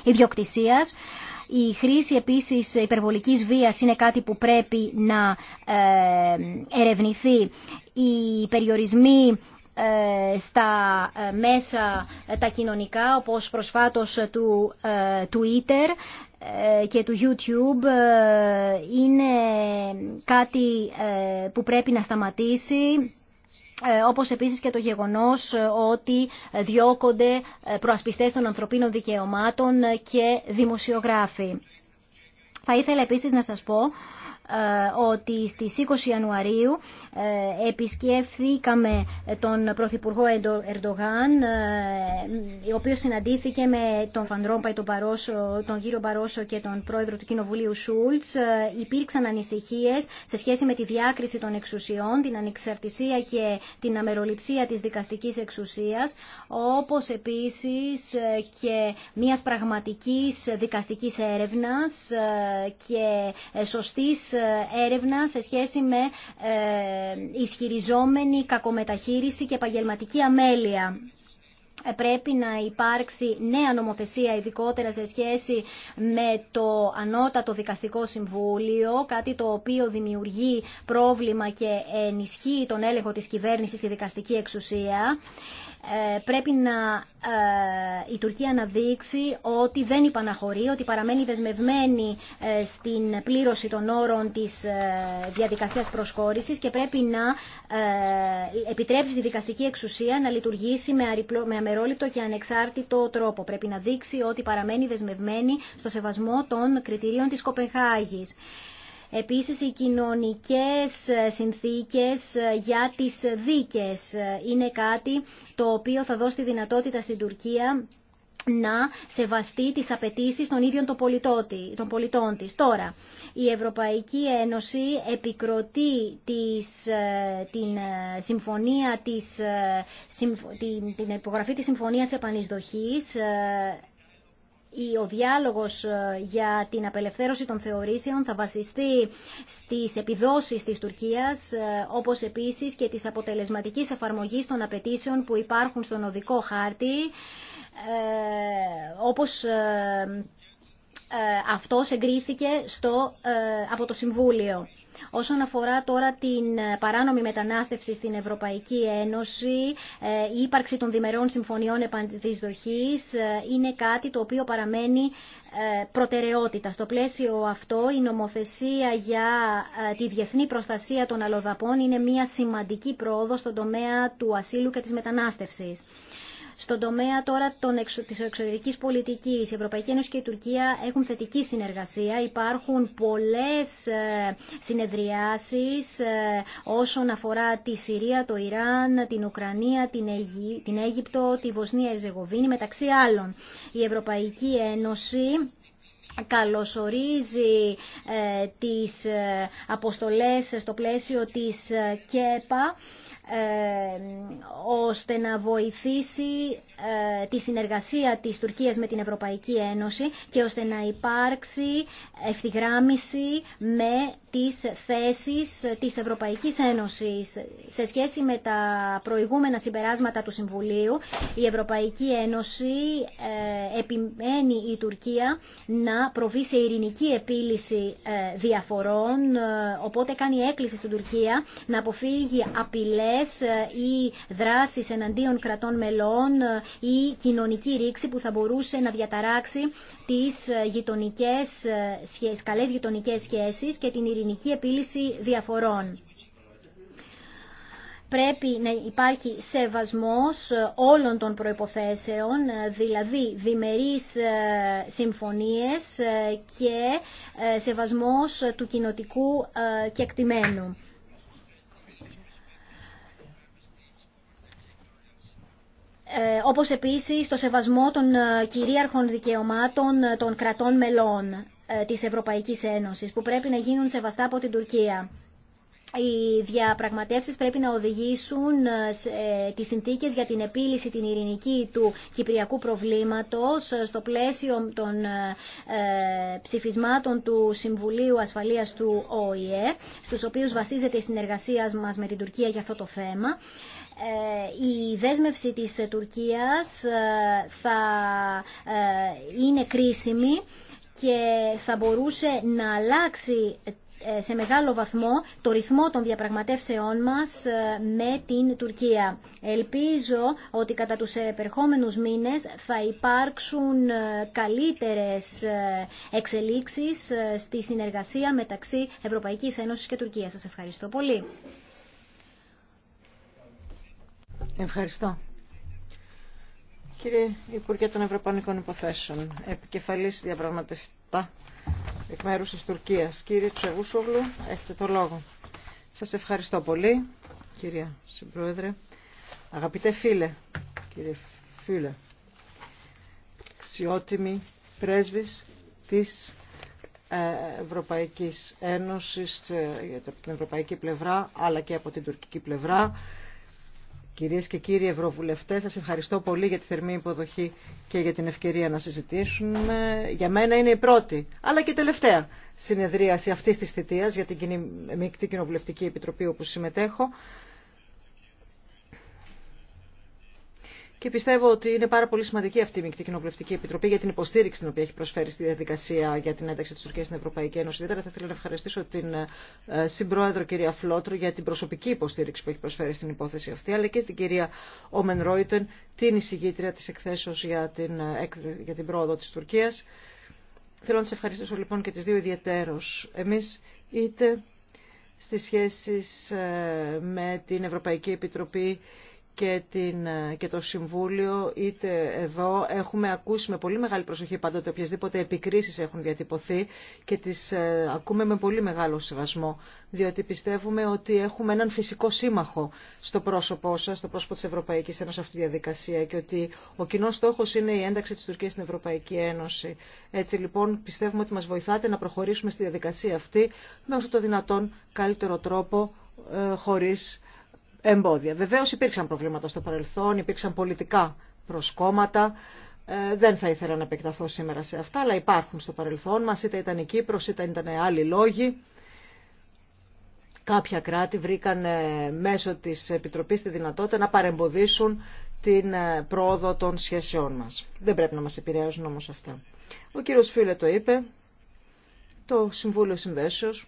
ιδιοκτησίας. Η χρήση επίσης υπερβολικής βίας είναι κάτι που πρέπει να ε, ερευνηθεί. Οι περιορισμοί ε, στα ε, μέσα τα κοινωνικά, όπως προσφάτως του Twitter και του YouTube είναι κάτι που πρέπει να σταματήσει ε, όπως επίσης και το γεγονός ε, ότι διώκονται ε, προασπιστές των ανθρωπίνων δικαιωμάτων και δημοσιογράφοι. Θα ήθελα επίσης να σας πω ε, ότι στις 20 Ιανουαρίου ε, επισκέφθηκαμε τον Πρωθυπουργό Ερντογάν, ε, ο οποίος συναντήθηκε με τον Φαντρόμπα, τον, Παρόσο, τον κύριο Παρόσο και τον πρόεδρο του Κοινοβουλίου Σούλτς. Υπήρξαν ανησυχίες σε σχέση με τη διάκριση των εξουσιών, την ανεξαρτησία και την αμεροληψία της δικαστικής εξουσίας, όπως επίσης και μιας πραγματικής δικαστικής έρευνας και σωστής έρευνα σε σχέση με ε, ισχυριζόμενη κακομεταχείριση και επαγγελματική αμέλεια ε, πρέπει να υπάρξει νέα νομοθεσία ειδικότερα σε σχέση με το ανώτατο δικαστικό συμβούλιο, κάτι το οποίο δημιουργεί πρόβλημα και ενισχύει τον έλεγχο της κυβέρνησης στη δικαστική εξουσία. Ε, πρέπει να ε, η Τουρκία να δείξει ότι δεν υπαναχωρεί, ότι παραμένει δεσμευμένη ε, στην πλήρωση των όρων της διαδικασίας προσχώρησης και πρέπει να επιτρέψει τη δικαστική εξουσία να λειτουργήσει με αμερόληπτο και ανεξάρτητο τρόπο. Πρέπει να δείξει ότι παραμένει δεσμευμένη στο σεβασμό των κριτηρίων της Κοπενχάγης. Επίσης οι κοινωνικές ε, συνθήκες ε, για τις δίκες ε, είναι κάτι το οποίο θα δώσει τη δυνατότητα στην Τουρκία να σεβαστεί τις απαιτήσει των ίδιων των πολιτών της. Τώρα, η Ευρωπαϊκή Ένωση επικροτεί της, την, συμφωνία της, την, την υπογραφή της Συμφωνίας Επανεισδοχής ο διάλογος ε, για την απελευθέρωση των θεωρήσεων θα βασιστεί στις επιδόσεις της Τουρκίας, ε, όπως επίσης και της αποτελεσματικής εφαρμογής των απαιτήσεων που υπάρχουν στον οδικό χάρτη, ε, όπως αυτός εγκρίθηκε στο, από το Συμβούλιο. Όσον αφορά τώρα την ε, παράνομη μετανάστευση στην Ευρωπαϊκή Ένωση, ε, η ύπαρξη των διμερών συμφωνιών επαντησδοχής ε, είναι κάτι το οποίο παραμένει προτεραιότητα. Στο πλαίσιο αυτό η νομοθεσία για τη διεθνή προστασία των αλλοδαπών είναι μια σημαντική πρόοδο στον τομέα του ασύλου και της μετανάστευσης. Στον τομέα τώρα της εξωτερικής πολιτικής, η Ευρωπαϊκή Ένωση και η Τουρκία έχουν θετική συνεργασία. Υπάρχουν πολλές ε, συνεδριάσεις ε, όσον αφορά τη Συρία, το Ιράν, την Ουκρανία, την, Αίγυ... την Αίγυπτο, τη Βοσνία, Ερζεγοβίνη, μεταξύ άλλων. Η Ευρωπαϊκή Ένωση καλωσορίζει ε, τις αποστολές στο πλαίσιο της ΚΕΠΑ ε, ώστε να βοηθήσει ε, τη συνεργασία της Τουρκίας με την Ευρωπαϊκή Ένωση και ώστε να υπάρξει ευθυγράμμιση με τις θέσεις της Ευρωπαϊκής Ένωσης. Σε σχέση με τα προηγούμενα συμπεράσματα του Συμβουλίου, η Ευρωπαϊκή Ένωση ε, επιμένει η Τουρκία να προβεί σε ειρηνική επίλυση διαφορών, οπότε κάνει έκκληση στην Τουρκία να αποφύγει απειλέ ή ε, δράσει εναντίον κρατών μελών ή ε, κοινωνική ρήξη που θα μπορούσε να διαταράξει τις ε, καλέ καλές γειτονικές σχέσεις και την ειρηνική επίλυση διαφορών πρέπει να υπάρχει σεβασμός όλων των προϋποθέσεων, δηλαδή διμερείς συμφωνίες και σεβασμός του κοινοτικού κεκτημένου. Ε, όπως επίσης το σεβασμό των ε, κυρίαρχων δικαιωμάτων ε, των κρατών μελών της Ευρωπαϊκής Ένωσης που πρέπει να γίνουν σεβαστά από την Τουρκία. Οι διαπραγματεύσεις πρέπει να οδηγήσουν τις συνθήκες για την επίλυση την ειρηνική του κυπριακού προβλήματος στο πλαίσιο των ψηφισμάτων του Συμβουλίου Ασφαλείας του ΟΗΕ, στους οποίους βασίζεται η συνεργασία μας με την Τουρκία για αυτό το θέμα. Ε, η δέσμευση της Τουρκίας ε, θα ε, είναι κρίσιμη και θα μπορούσε να αλλάξει σε μεγάλο βαθμό το ρυθμό των διαπραγματεύσεών μας με την Τουρκία. Ελπίζω ότι κατά τους επερχόμενους μήνες θα υπάρξουν καλύτερες εξελίξεις στη συνεργασία μεταξύ Ευρωπαϊκής Ένωσης και Τουρκίας. Σας ευχαριστώ πολύ. Ευχαριστώ. Κύριε Υπουργέ των Ευρωπαϊκών Υποθέσεων, επικεφαλής διαπραγματευτά εκ μέρους της Τουρκίας. Κύριε Τσεγούσογλου, έχετε το λόγο. Σας ευχαριστώ πολύ, κυρία Συμπρόεδρε. Αγαπητέ φίλε, κύριε Φίλε, αξιότιμη πρέσβης της ε, Ευρωπαϊκής Ένωσης ε, από την ευρωπαϊκή πλευρά αλλά και από την τουρκική πλευρά Κυρίες και κύριοι Ευρωβουλευτές, σας ευχαριστώ πολύ για τη θερμή υποδοχή και για την ευκαιρία να συζητήσουμε. Για μένα είναι η πρώτη, αλλά και η τελευταία συνεδρίαση αυτής της θητείας για την Μεικτή Κοινοβουλευτική Επιτροπή όπου συμμετέχω. Και πιστεύω ότι είναι πάρα πολύ σημαντική αυτή η Μικτή Κοινοβουλευτική Επιτροπή για την υποστήριξη την οποία έχει προσφέρει στη διαδικασία για την ένταξη τη Τουρκία στην Ευρωπαϊκή Ένωση. Ιδιαίτερα θα ήθελα να ευχαριστήσω την ε, συμπρόεδρο κυρία Φλότρο για την προσωπική υποστήριξη που έχει προσφέρει στην υπόθεση αυτή, αλλά και την κυρία Όμεν Ρόιτεν, την εισηγήτρια τη εκθέσεω για, την, ε, για την πρόοδο τη Τουρκία. Θέλω να σα ευχαριστήσω λοιπόν και τι δύο ιδιαίτερω. Εμεί είτε στι σχέσει ε, με την Ευρωπαϊκή Επιτροπή και, την, και το Συμβούλιο είτε εδώ έχουμε ακούσει με πολύ μεγάλη προσοχή πάντοτε οποιασδήποτε επικρίσεις έχουν διατυπωθεί και τις ε, ακούμε με πολύ μεγάλο σεβασμό διότι πιστεύουμε ότι έχουμε έναν φυσικό σύμμαχο στο πρόσωπό σας, στο πρόσωπο της Ευρωπαϊκής Ένωσης αυτή τη διαδικασία και ότι ο κοινός στόχος είναι η ένταξη της Τουρκίας στην Ευρωπαϊκή Ένωση. Έτσι λοιπόν πιστεύουμε ότι μας βοηθάτε να προχωρήσουμε στη διαδικασία αυτή με όσο το δυνατόν καλύτερο τρόπο ε, χωρίς εμπόδια. Βεβαίως υπήρξαν προβλήματα στο παρελθόν, υπήρξαν πολιτικά προσκόμματα, ε, δεν θα ήθελα να επεκταθώ σήμερα σε αυτά, αλλά υπάρχουν στο παρελθόν μα είτε ήταν η Κύπρο, είτε ήταν άλλοι λόγοι. Κάποια κράτη βρήκαν ε, μέσω τη επιτροπή τη δυνατότητα να παρεμποδίσουν την ε, πρόοδο των σχέσεών μας. Δεν πρέπει να μα επηρεάζουν όμω αυτά. Ο κύριο Φίλε το είπε, το Συμβούλιο Συνδέσεως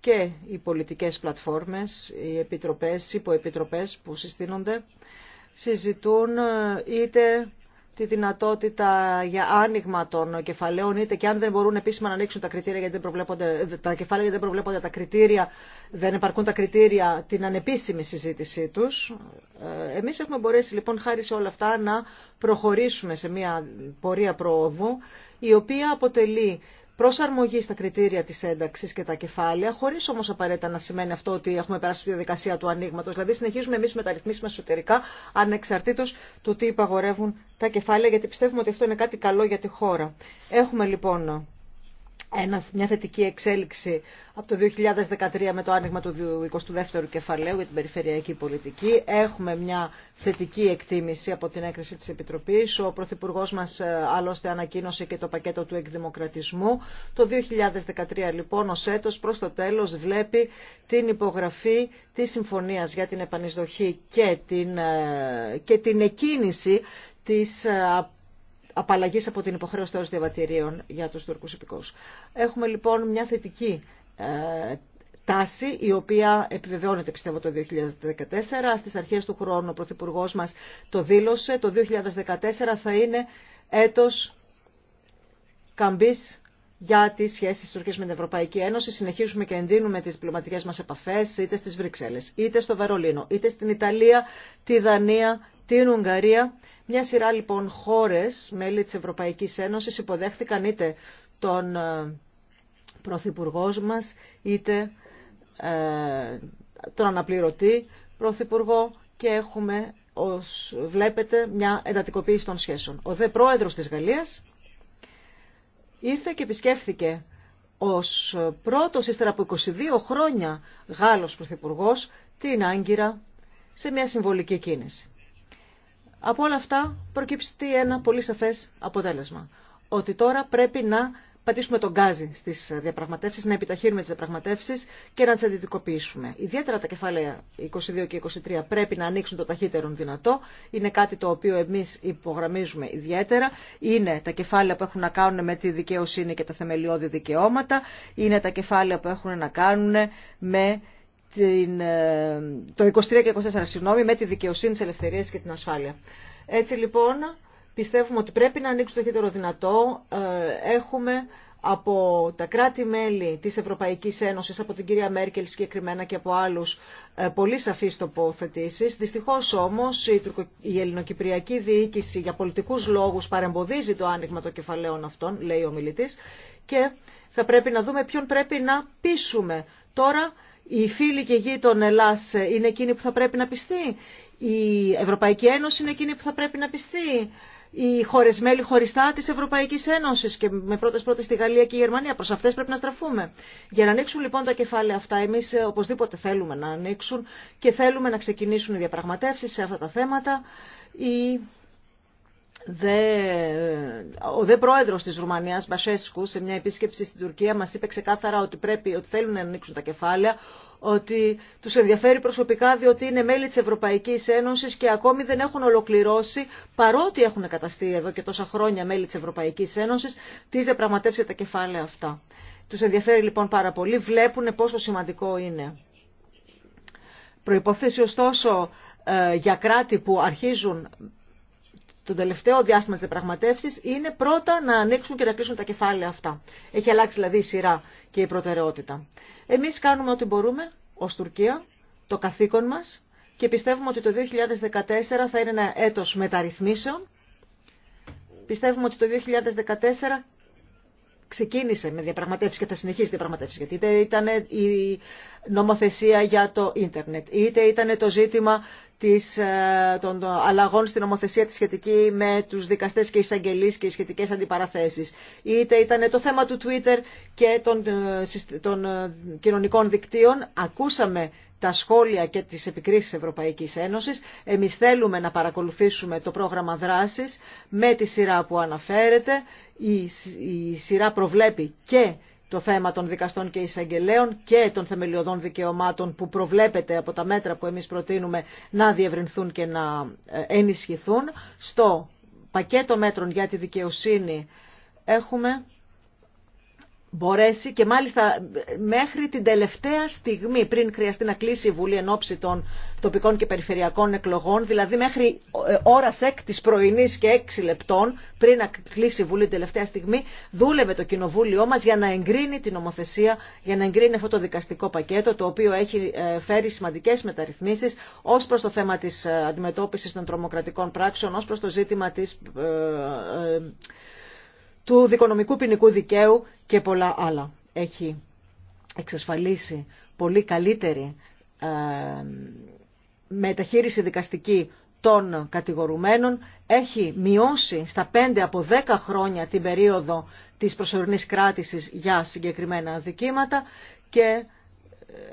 και οι πολιτικές πλατφόρμες, οι επιτροπές, οι υποεπιτροπές που συστήνονται, συζητούν ε, είτε τη δυνατότητα για άνοιγμα των κεφαλαίων, είτε και αν δεν μπορούν επίσημα να ανοίξουν τα κριτήρια γιατί δεν προβλέπονται, τα κεφάλαια γιατί δεν προβλέπονται τα κριτήρια, δεν επαρκούν τα κριτήρια την ανεπίσημη συζήτησή τους. Ε, εμείς έχουμε μπορέσει λοιπόν χάρη σε όλα αυτά να προχωρήσουμε σε μια πορεία προόδου η οποία αποτελεί προσαρμογή στα κριτήρια της ένταξη και τα κεφάλαια, χωρίς όμως απαραίτητα να σημαίνει αυτό ότι έχουμε περάσει τη διαδικασία του ανοίγματο. Δηλαδή συνεχίζουμε εμείς μα εσωτερικά, ανεξαρτήτως του τι υπαγορεύουν τα κεφάλαια, γιατί πιστεύουμε ότι αυτό είναι κάτι καλό για τη χώρα. Έχουμε λοιπόν ένα, μια θετική εξέλιξη από το 2013 με το άνοιγμα του 22ου κεφαλαίου για την περιφερειακή πολιτική. Έχουμε μια θετική εκτίμηση από την έκριση της Επιτροπής. Ο Πρωθυπουργό μας ε, άλλωστε ανακοίνωσε και το πακέτο του εκδημοκρατισμού. Το 2013 λοιπόν ως έτος προς το τέλος βλέπει την υπογραφή της Συμφωνίας για την Επανεισδοχή και την, ε, και την εκκίνηση της ε, απαλλαγής από την υποχρέωση των διαβατηρίων για τους Τούρκους Επικού. Έχουμε λοιπόν μια θετική ε, τάση η οποία επιβεβαιώνεται πιστεύω το 2014. Στις αρχές του χρόνου ο Πρωθυπουργό μας το δήλωσε. Το 2014 θα είναι έτος καμπής για τι σχέσει τη Τουρκία με την Ευρωπαϊκή Ένωση. Συνεχίζουμε και εντείνουμε τι διπλωματικέ μα επαφέ είτε στι Βρυξέλλε, είτε στο Βερολίνο, είτε στην Ιταλία, τη Δανία, την Ουγγαρία. Μια σειρά λοιπόν χώρες, μέλη της Ευρωπαϊκής Ένωσης, υποδέχθηκαν είτε τον ε, Πρωθυπουργό μας, είτε ε, τον αναπληρωτή Πρωθυπουργό και έχουμε ως βλέπετε μια εντατικοποίηση των σχέσεων. Ο δε πρόεδρος της Γαλλίας ήρθε και επισκέφθηκε ως πρώτος ύστερα από 22 χρόνια Γάλλος Πρωθυπουργός την Άγκυρα σε μια συμβολική κίνηση. Από όλα αυτά προκύψει ένα πολύ σαφές αποτέλεσμα. Ότι τώρα πρέπει να πατήσουμε τον γκάζι στις διαπραγματεύσεις, να επιταχύνουμε τις διαπραγματεύσεις και να τις αντιδικοποιήσουμε. Ιδιαίτερα τα κεφάλαια 22 και 23 πρέπει να ανοίξουν το ταχύτερον δυνατό. Είναι κάτι το οποίο εμείς υπογραμμίζουμε ιδιαίτερα. Είναι τα κεφάλαια που έχουν να κάνουν με τη δικαιοσύνη και τα θεμελιώδη δικαιώματα. Είναι τα κεφάλαια που έχουν να κάνουν με την, ε, το 23 και 24, συγγνώμη, με τη δικαιοσύνη της ελευθερίας και την ασφάλεια. Έτσι λοιπόν, πιστεύουμε ότι πρέπει να ανοίξουν το χειρότερο δυνατό. Ε, έχουμε από τα κράτη-μέλη της Ευρωπαϊκής Ένωσης, από την κυρία Μέρκελ συγκεκριμένα και από άλλους ε, πολύ σαφείς τοποθετήσεις. Δυστυχώς όμως η, η ελληνοκυπριακή διοίκηση για πολιτικούς λόγους παρεμποδίζει το άνοιγμα των κεφαλαίων αυτών, λέει ο μιλητής, και θα πρέπει να δούμε ποιον πρέπει να πείσουμε. Τώρα οι φίλοι και γη των Ελλάς είναι εκείνοι που θα πρέπει να πιστεί. Η Ευρωπαϊκή Ένωση είναι εκείνη που θα πρέπει να πιστεί. Οι χώρε μέλη χωριστά τη Ευρωπαϊκή Ένωση και με πρώτε πρώτε τη Γαλλία και η Γερμανία. Προ αυτέ πρέπει να στραφούμε. Για να ανοίξουν λοιπόν τα κεφάλαια αυτά, εμεί οπωσδήποτε θέλουμε να ανοίξουν και θέλουμε να ξεκινήσουν οι διαπραγματεύσει σε αυτά τα θέματα δε, ο δε πρόεδρο τη Ρουμανίας, Μπασέσκου, σε μια επίσκεψη στην Τουρκία μα είπε ξεκάθαρα ότι, πρέπει, ότι θέλουν να ανοίξουν τα κεφάλαια, ότι του ενδιαφέρει προσωπικά διότι είναι μέλη τη Ευρωπαϊκή Ένωση και ακόμη δεν έχουν ολοκληρώσει, παρότι έχουν καταστεί εδώ και τόσα χρόνια μέλη της Ευρωπαϊκής Ένωσης, τις διαπραγματεύσει τα κεφάλαια αυτά. Του ενδιαφέρει λοιπόν πάρα πολύ, βλέπουν πόσο σημαντικό είναι. Προϋποθέση ωστόσο ε, για κράτη που αρχίζουν το τελευταίο διάστημα τη διαπραγματεύση είναι πρώτα να ανοίξουν και να κλείσουν τα κεφάλαια αυτά. Έχει αλλάξει δηλαδή η σειρά και η προτεραιότητα. Εμεί κάνουμε ό,τι μπορούμε ω Τουρκία, το καθήκον μα και πιστεύουμε ότι το 2014 θα είναι ένα έτο μεταρρυθμίσεων. Πιστεύουμε ότι το 2014 ξεκίνησε με διαπραγματεύσει και θα συνεχίσει διαπραγματεύσει. Γιατί ήταν η νομοθεσία για το ίντερνετ. Είτε ήταν το ζήτημα της, ε, των αλλαγών στην νομοθεσία τη σχετική με τους δικαστές και εισαγγελείς και οι σχετικές αντιπαραθέσεις. Είτε ήταν το θέμα του Twitter και των, ε, ε, κοινωνικών δικτύων. Ακούσαμε τα σχόλια και τις επικρίσεις Ευρωπαϊκής Ένωσης. Εμείς θέλουμε να παρακολουθήσουμε το πρόγραμμα δράσης με τη σειρά που αναφέρεται. Η, η σειρά προβλέπει και το θέμα των δικαστών και εισαγγελέων και των θεμελιωδών δικαιωμάτων που προβλέπεται από τα μέτρα που εμείς προτείνουμε να διευρυνθούν και να ε, ενισχυθούν. Στο πακέτο μέτρων για τη δικαιοσύνη έχουμε μπορέσει και μάλιστα μέχρι την τελευταία στιγμή πριν χρειαστεί να κλείσει η Βουλή εν ώψη των τοπικών και περιφερειακών εκλογών, δηλαδή μέχρι ε, ώρα εκ της πρωινής και 6 λεπτών πριν να κλείσει η Βουλή την τελευταία στιγμή, δούλευε το Κοινοβούλιο μας για να εγκρίνει την νομοθεσία, για να εγκρίνει αυτό το δικαστικό πακέτο το οποίο έχει ε, φέρει σημαντικές μεταρρυθμίσεις ως προς το θέμα της ε, αντιμετώπισης των τρομοκρατικών πράξεων, ω προς το ζήτημα της του δικονομικού ποινικού δικαίου και πολλά άλλα. Έχει εξασφαλίσει πολύ καλύτερη ε, μεταχείριση δικαστική των κατηγορουμένων έχει μειώσει στα 5 από 10 χρόνια την περίοδο της προσωρινής κράτησης για συγκεκριμένα δικήματα και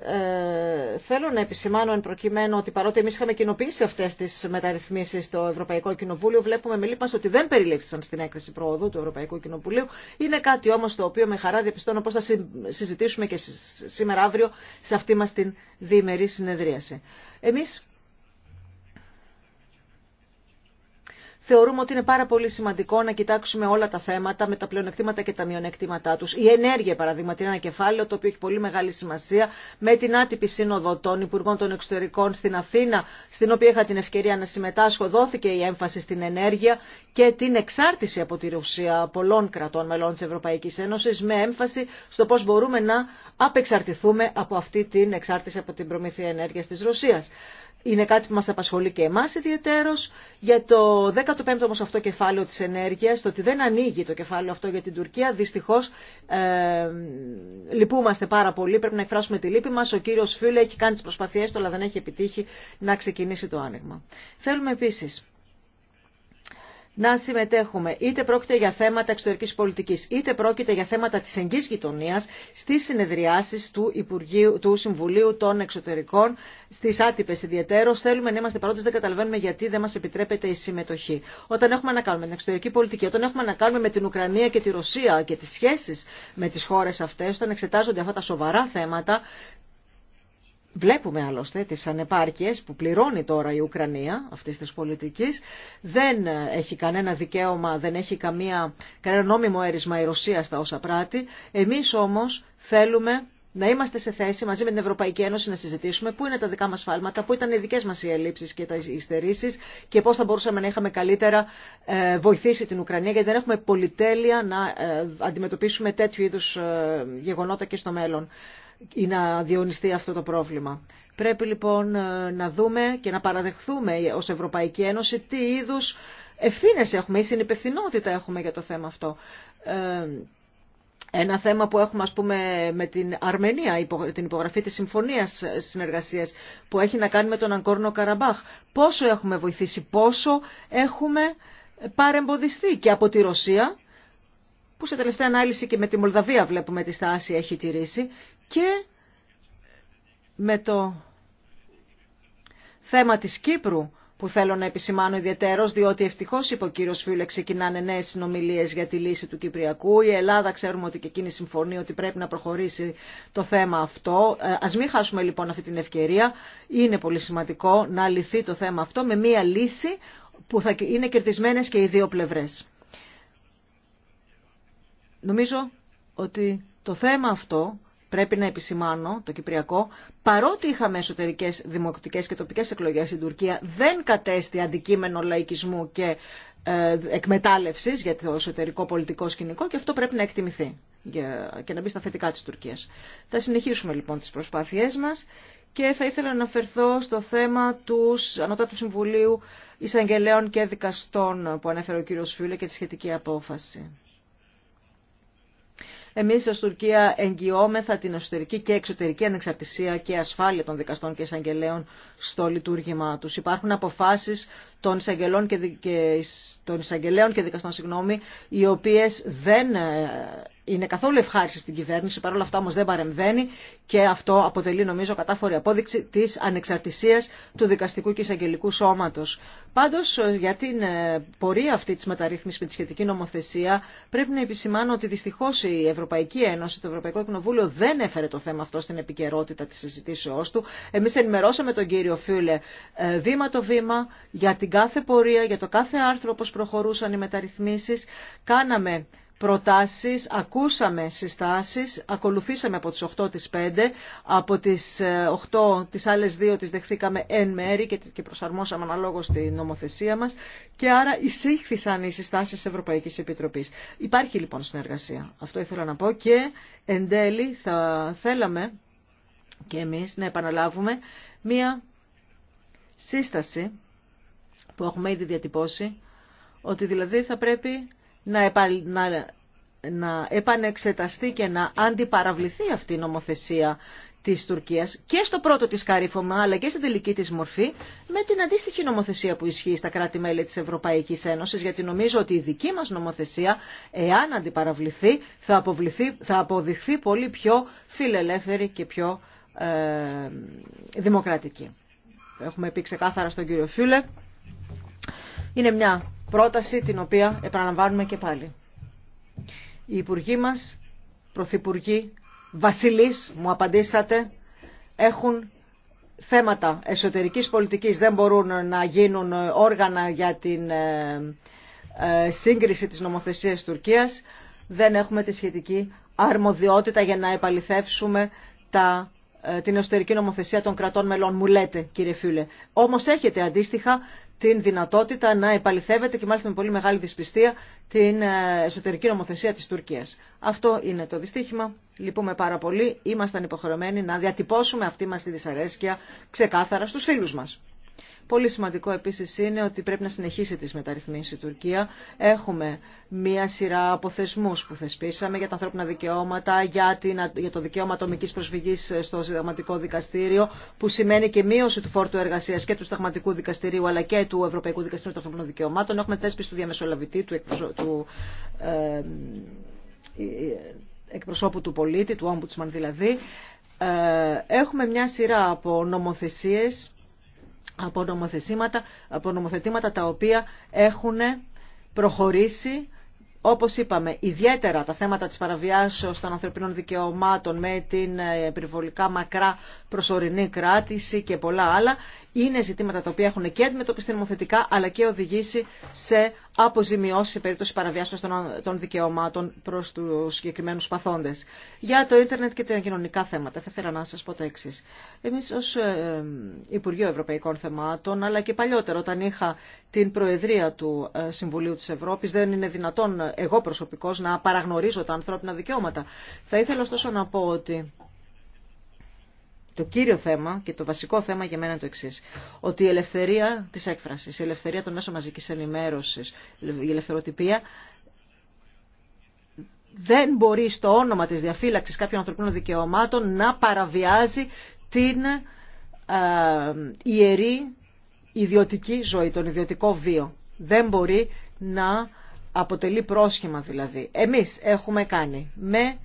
ε, θέλω να επισημάνω εν προκειμένου ότι παρότι εμεί είχαμε κοινοποιήσει αυτέ τι μεταρρυθμίσει στο Ευρωπαϊκό Κοινοβούλιο, βλέπουμε με λύπη ότι δεν περιλήφθησαν στην έκθεση προοδού του Ευρωπαϊκού Κοινοβουλίου. Είναι κάτι όμω το οποίο με χαρά διαπιστώνω πώ θα συζητήσουμε και σήμερα αύριο σε αυτή μα την διημερή συνεδρίαση. Εμείς θεωρούμε ότι είναι πάρα πολύ σημαντικό να κοιτάξουμε όλα τα θέματα με τα πλεονεκτήματα και τα μειονεκτήματά του. Η ενέργεια, παραδείγματι, είναι ένα κεφάλαιο το οποίο έχει πολύ μεγάλη σημασία. Με την άτυπη σύνοδο των Υπουργών των Εξωτερικών στην Αθήνα, στην οποία είχα την ευκαιρία να συμμετάσχω, δόθηκε η έμφαση στην ενέργεια και την εξάρτηση από τη Ρωσία πολλών κρατών μελών τη Ευρωπαϊκή Ένωση, με έμφαση στο πώ μπορούμε να απεξαρτηθούμε από αυτή την εξάρτηση από την προμήθεια ενέργεια τη Ρωσία. Είναι κάτι που μας απασχολεί και εμάς ιδιαιτέρως. Για το 15ο όμως αυτό κεφάλαιο της ενέργειας, το ότι δεν ανοίγει το κεφάλαιο αυτό για την Τουρκία, δυστυχώς ε, λυπούμαστε πάρα πολύ, πρέπει να εκφράσουμε τη λύπη μας. Ο κύριος Φίλε έχει κάνει τις προσπαθειές του, αλλά δεν έχει επιτύχει να ξεκινήσει το άνοιγμα. Θέλουμε επίσης να συμμετέχουμε είτε πρόκειται για θέματα εξωτερικής πολιτικής είτε πρόκειται για θέματα της εγγύης γειτονίας στις συνεδριάσεις του, Υπουργείου, του Συμβουλίου των Εξωτερικών στις άτυπες ιδιαίτερως θέλουμε να είμαστε παρόντες δεν καταλαβαίνουμε γιατί δεν μας επιτρέπεται η συμμετοχή όταν έχουμε να κάνουμε την εξωτερική πολιτική όταν έχουμε να κάνουμε με την Ουκρανία και τη Ρωσία και τις σχέσεις με τις χώρες αυτές όταν εξετάζονται αυτά τα σοβαρά θέματα Βλέπουμε άλλωστε τις ανεπάρκειες που πληρώνει τώρα η Ουκρανία αυτής της πολιτικής. Δεν έχει κανένα δικαίωμα, δεν έχει καμία, κανένα νόμιμο έρισμα η Ρωσία στα όσα πράττει. Εμείς όμως θέλουμε να είμαστε σε θέση μαζί με την Ευρωπαϊκή Ένωση να συζητήσουμε πού είναι τα δικά μας φάλματα, πού ήταν οι δικές μας οι ελλείψεις και τα υστερήσεις και πώς θα μπορούσαμε να είχαμε καλύτερα ε, βοηθήσει την Ουκρανία γιατί δεν έχουμε πολυτέλεια να ε, αντιμετωπίσουμε τέτοιου είδους ε, γεγονότα και στο μέλλον ή να διονυστεί αυτό το πρόβλημα. Πρέπει λοιπόν ε, να δούμε και να παραδεχθούμε ως Ευρωπαϊκή Ένωση τι είδους ευθύνες έχουμε ή συνυπευθυνότητα έχουμε για το θέμα αυτό. Ε, ένα θέμα που έχουμε ας πούμε με την Αρμενία, την υπογραφή της Συμφωνίας Συνεργασίας που έχει να κάνει με τον Αγκόρνο Καραμπάχ. Πόσο έχουμε βοηθήσει, πόσο έχουμε παρεμποδιστεί και από τη Ρωσία που σε τελευταία ανάλυση και με τη Μολδαβία βλέπουμε τη στάση έχει τηρήσει και με το θέμα της Κύπρου που θέλω να επισημάνω ιδιαίτερος, διότι ευτυχώς είπε ο κύριος Φίλε ξεκινάνε νέες συνομιλίες για τη λύση του Κυπριακού. Η Ελλάδα ξέρουμε ότι και εκείνη συμφωνεί ότι πρέπει να προχωρήσει το θέμα αυτό. Ε, ας μην χάσουμε λοιπόν αυτή την ευκαιρία. Είναι πολύ σημαντικό να λυθεί το θέμα αυτό με μία λύση που θα είναι κερδισμένες και οι δύο πλευρές. Νομίζω ότι το θέμα αυτό πρέπει να επισημάνω, το Κυπριακό, παρότι είχαμε εσωτερικέ δημοκρατικέ και τοπικέ εκλογέ στην Τουρκία, δεν κατέστη αντικείμενο λαϊκισμού και ε, εκμετάλλευση για το εσωτερικό πολιτικό σκηνικό και αυτό πρέπει να εκτιμηθεί και να μπει στα θετικά τη Τουρκία. Θα συνεχίσουμε λοιπόν τι προσπάθειέ μα και θα ήθελα να αναφερθώ στο θέμα του Ανώτατου Συμβουλίου Εισαγγελέων και Δικαστών που ανέφερε ο κύριο Φιούλε και τη σχετική απόφαση. Εμεί ω Τουρκία εγγυόμεθα την εσωτερική και εξωτερική ανεξαρτησία και ασφάλεια των δικαστών και εισαγγελέων στο λειτουργήμά του. Υπάρχουν αποφάσεις των και, των εισαγγελέων και δικαστών, συγγνώμη, οι οποίες δεν ε, είναι καθόλου ευχάριστη στην κυβέρνηση, παρόλα αυτά όμω δεν παρεμβαίνει και αυτό αποτελεί νομίζω κατάφορη απόδειξη τη ανεξαρτησία του δικαστικού και εισαγγελικού σώματο. Πάντω για την ε, πορεία αυτή τη μεταρρύθμιση με τη σχετική νομοθεσία πρέπει να επισημάνω ότι δυστυχώ η Ευρωπαϊκή Ένωση, το Ευρωπαϊκό Κοινοβούλιο δεν έφερε το θέμα αυτό στην επικαιρότητα τη συζητήσεώ του. Εμεί ενημερώσαμε τον κύριο Φιούλε ε, βήμα το βήμα για την κάθε πορεία, για το κάθε άρθρο όπω προχωρούσαν οι μεταρρυθμίσει. Κάναμε προτάσεις, ακούσαμε συστάσεις, ακολουθήσαμε από τις 8 τις 5, από τις 8 ε, τις άλλες 2 τις δεχθήκαμε εν μέρη και προσαρμόσαμε αναλόγως την νομοθεσία μας και άρα εισήχθησαν οι συστάσεις της Ευρωπαϊκής Επιτροπής. Υπάρχει λοιπόν συνεργασία, αυτό ήθελα να πω και εν τέλει θα θέλαμε και εμείς να επαναλάβουμε μία σύσταση που έχουμε ήδη διατυπώσει, ότι δηλαδή θα πρέπει να επανεξεταστεί και να αντιπαραβληθεί αυτή η νομοθεσία της Τουρκίας και στο πρώτο της καρύφωμα αλλά και στην τελική της μορφή με την αντίστοιχη νομοθεσία που ισχύει στα κράτη-μέλη της Ευρωπαϊκής Ένωσης γιατί νομίζω ότι η δική μας νομοθεσία εάν αντιπαραβληθεί θα, θα αποδειχθεί πολύ πιο φιλελεύθερη και πιο ε, δημοκρατική. έχουμε πει ξεκάθαρα στον κύριο Φιούλε. Είναι μια πρόταση την οποία επαναλαμβάνουμε και πάλι. Οι υπουργοί μας, πρωθυπουργοί, βασιλείς, μου απαντήσατε, έχουν θέματα εσωτερικής πολιτικής, δεν μπορούν να γίνουν όργανα για την ε, ε, σύγκριση της νομοθεσίας Τουρκίας, δεν έχουμε τη σχετική αρμοδιότητα για να επαληθεύσουμε τα ε, την εσωτερική νομοθεσία των κρατών μελών, μου λέτε κύριε Φιούλε. Όμως έχετε αντίστοιχα την δυνατότητα να επαληθεύεται και μάλιστα με πολύ μεγάλη δυσπιστία την ε, εσωτερική νομοθεσία της Τουρκίας. Αυτό είναι το δυστύχημα. Λυπούμε πάρα πολύ. Ήμασταν υποχρεωμένοι να διατυπώσουμε αυτή μας τη δυσαρέσκεια ξεκάθαρα στους φίλους μας. Πολύ σημαντικό επίσης είναι ότι πρέπει να συνεχίσει τις μεταρρυθμίσεις η Τουρκία. Έχουμε μία σειρά από που θεσπίσαμε για τα ανθρώπινα δικαιώματα, για, την, για το δικαίωμα ατομικής προσφυγής στο συνταγματικό δικαστήριο, που σημαίνει και μείωση του φόρτου εργασίας και του συνταγματικού δικαστηρίου, αλλά και του Ευρωπαϊκού Δικαστηρίου των Ανθρωπίνων Δικαιωμάτων. Έχουμε θέσπιση του διαμεσολαβητή, του, του ε, εκπροσώπου του πολίτη, του Ombudsman δηλαδή, ε, έχουμε μια σειρά από νομοθεσίες από νομοθετήματα, από νομοθετήματα τα οποία έχουν προχωρήσει όπως είπαμε, ιδιαίτερα τα θέματα της παραβιάσεως των ανθρωπίνων δικαιωμάτων με την ε, περιβολικά μακρά προσωρινή κράτηση και πολλά άλλα, είναι ζητήματα τα οποία έχουν και αντιμετωπιστεί νομοθετικά, αλλά και οδηγήσει σε αποζημιώσει περίπτωση παραβιάσεως των, δικαιωμάτων προς τους συγκεκριμένους παθόντες. Για το ίντερνετ και τα κοινωνικά θέματα θα ήθελα να σας πω τα εξή. Εμείς ως ε, Υπουργείο Ευρωπαϊκών Θεμάτων αλλά και παλιότερο όταν είχα την Προεδρία του ε, Συμβουλίου της Ευρώπης δεν είναι δυνατόν εγώ προσωπικός να παραγνωρίζω τα ανθρώπινα δικαιώματα. Θα ήθελα ωστόσο να πω ότι το κύριο θέμα και το βασικό θέμα για μένα είναι το εξή. Ότι η ελευθερία τη έκφραση, η ελευθερία των μέσων μαζική ενημέρωση, η ελευθεροτυπία δεν μπορεί στο όνομα της διαφύλαξης κάποιων ανθρωπίνων δικαιωμάτων να παραβιάζει την ε, ιερή ιδιωτική ζωή, τον ιδιωτικό βίο. Δεν μπορεί να αποτελεί πρόσχημα δηλαδή. Εμείς έχουμε κάνει με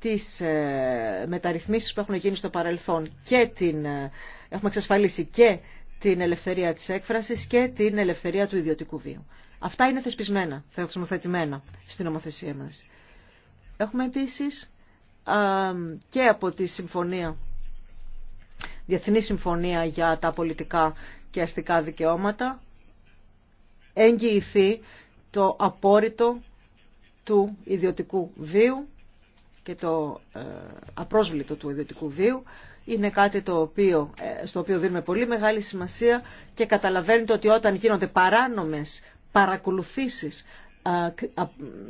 τις ε, μεταρρυθμίσεις που έχουν γίνει στο παρελθόν και την, ε, έχουμε εξασφαλίσει και την ελευθερία της έκφρασης και την ελευθερία του ιδιωτικού βίου. Αυτά είναι θεσπισμένα, θεσμοθετημένα στην νομοθεσία μας. Έχουμε επίσης και από τη συμφωνία, Διεθνή Συμφωνία για τα πολιτικά και αστικά δικαιώματα εγγυηθεί το απόρριτο του ιδιωτικού βίου και το ε, απρόσβλητο του ιδιωτικού βίου είναι κάτι το οποίο, ε, στο οποίο δίνουμε πολύ μεγάλη σημασία και καταλαβαίνετε ότι όταν γίνονται παράνομες παρακολουθήσεις ε,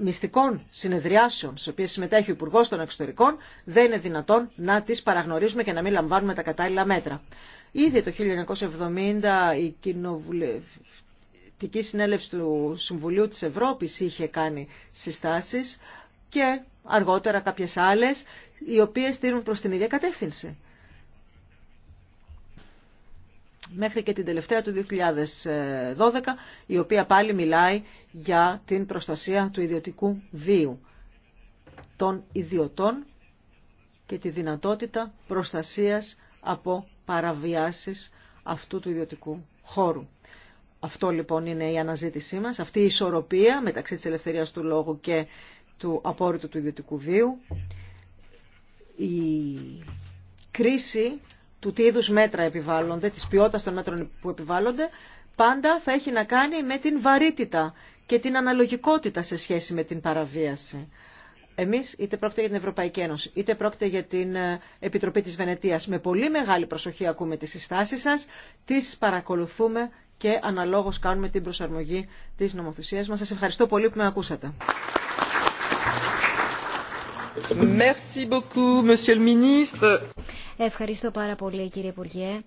μυστικών συνεδριάσεων στις οποίες συμμετέχει ο Υπουργός των Εξωτερικών δεν είναι δυνατόν να τις παραγνωρίζουμε και να μην λαμβάνουμε τα κατάλληλα μέτρα. Ήδη το 1970 η Κοινοβουλευτική Συνέλευση του Συμβουλίου της Ευρώπης είχε κάνει συστάσεις και αργότερα κάποιες άλλες, οι οποίες στείλουν προς την ίδια κατεύθυνση. Μέχρι και την τελευταία του 2012, η οποία πάλι μιλάει για την προστασία του ιδιωτικού βίου των ιδιωτών και τη δυνατότητα προστασίας από παραβιάσεις αυτού του ιδιωτικού χώρου. Αυτό λοιπόν είναι η αναζήτησή μας, αυτή η ισορροπία μεταξύ της ελευθερίας του λόγου και του απόρριτου του ιδιωτικού βίου, η κρίση του τι είδου μέτρα επιβάλλονται, της ποιότητας των μέτρων που επιβάλλονται, πάντα θα έχει να κάνει με την βαρύτητα και την αναλογικότητα σε σχέση με την παραβίαση. Εμείς είτε πρόκειται για την Ευρωπαϊκή Ένωση, είτε πρόκειται για την ε, Επιτροπή της Βενετίας. Με πολύ μεγάλη προσοχή ακούμε τις συστάσεις σας, τις παρακολουθούμε και αναλόγως κάνουμε την προσαρμογή της νομοθεσίας μας. Σας ευχαριστώ πολύ που με ακούσατε. Ευχαριστώ πάρα πολύ, κύριε Υπουργέ.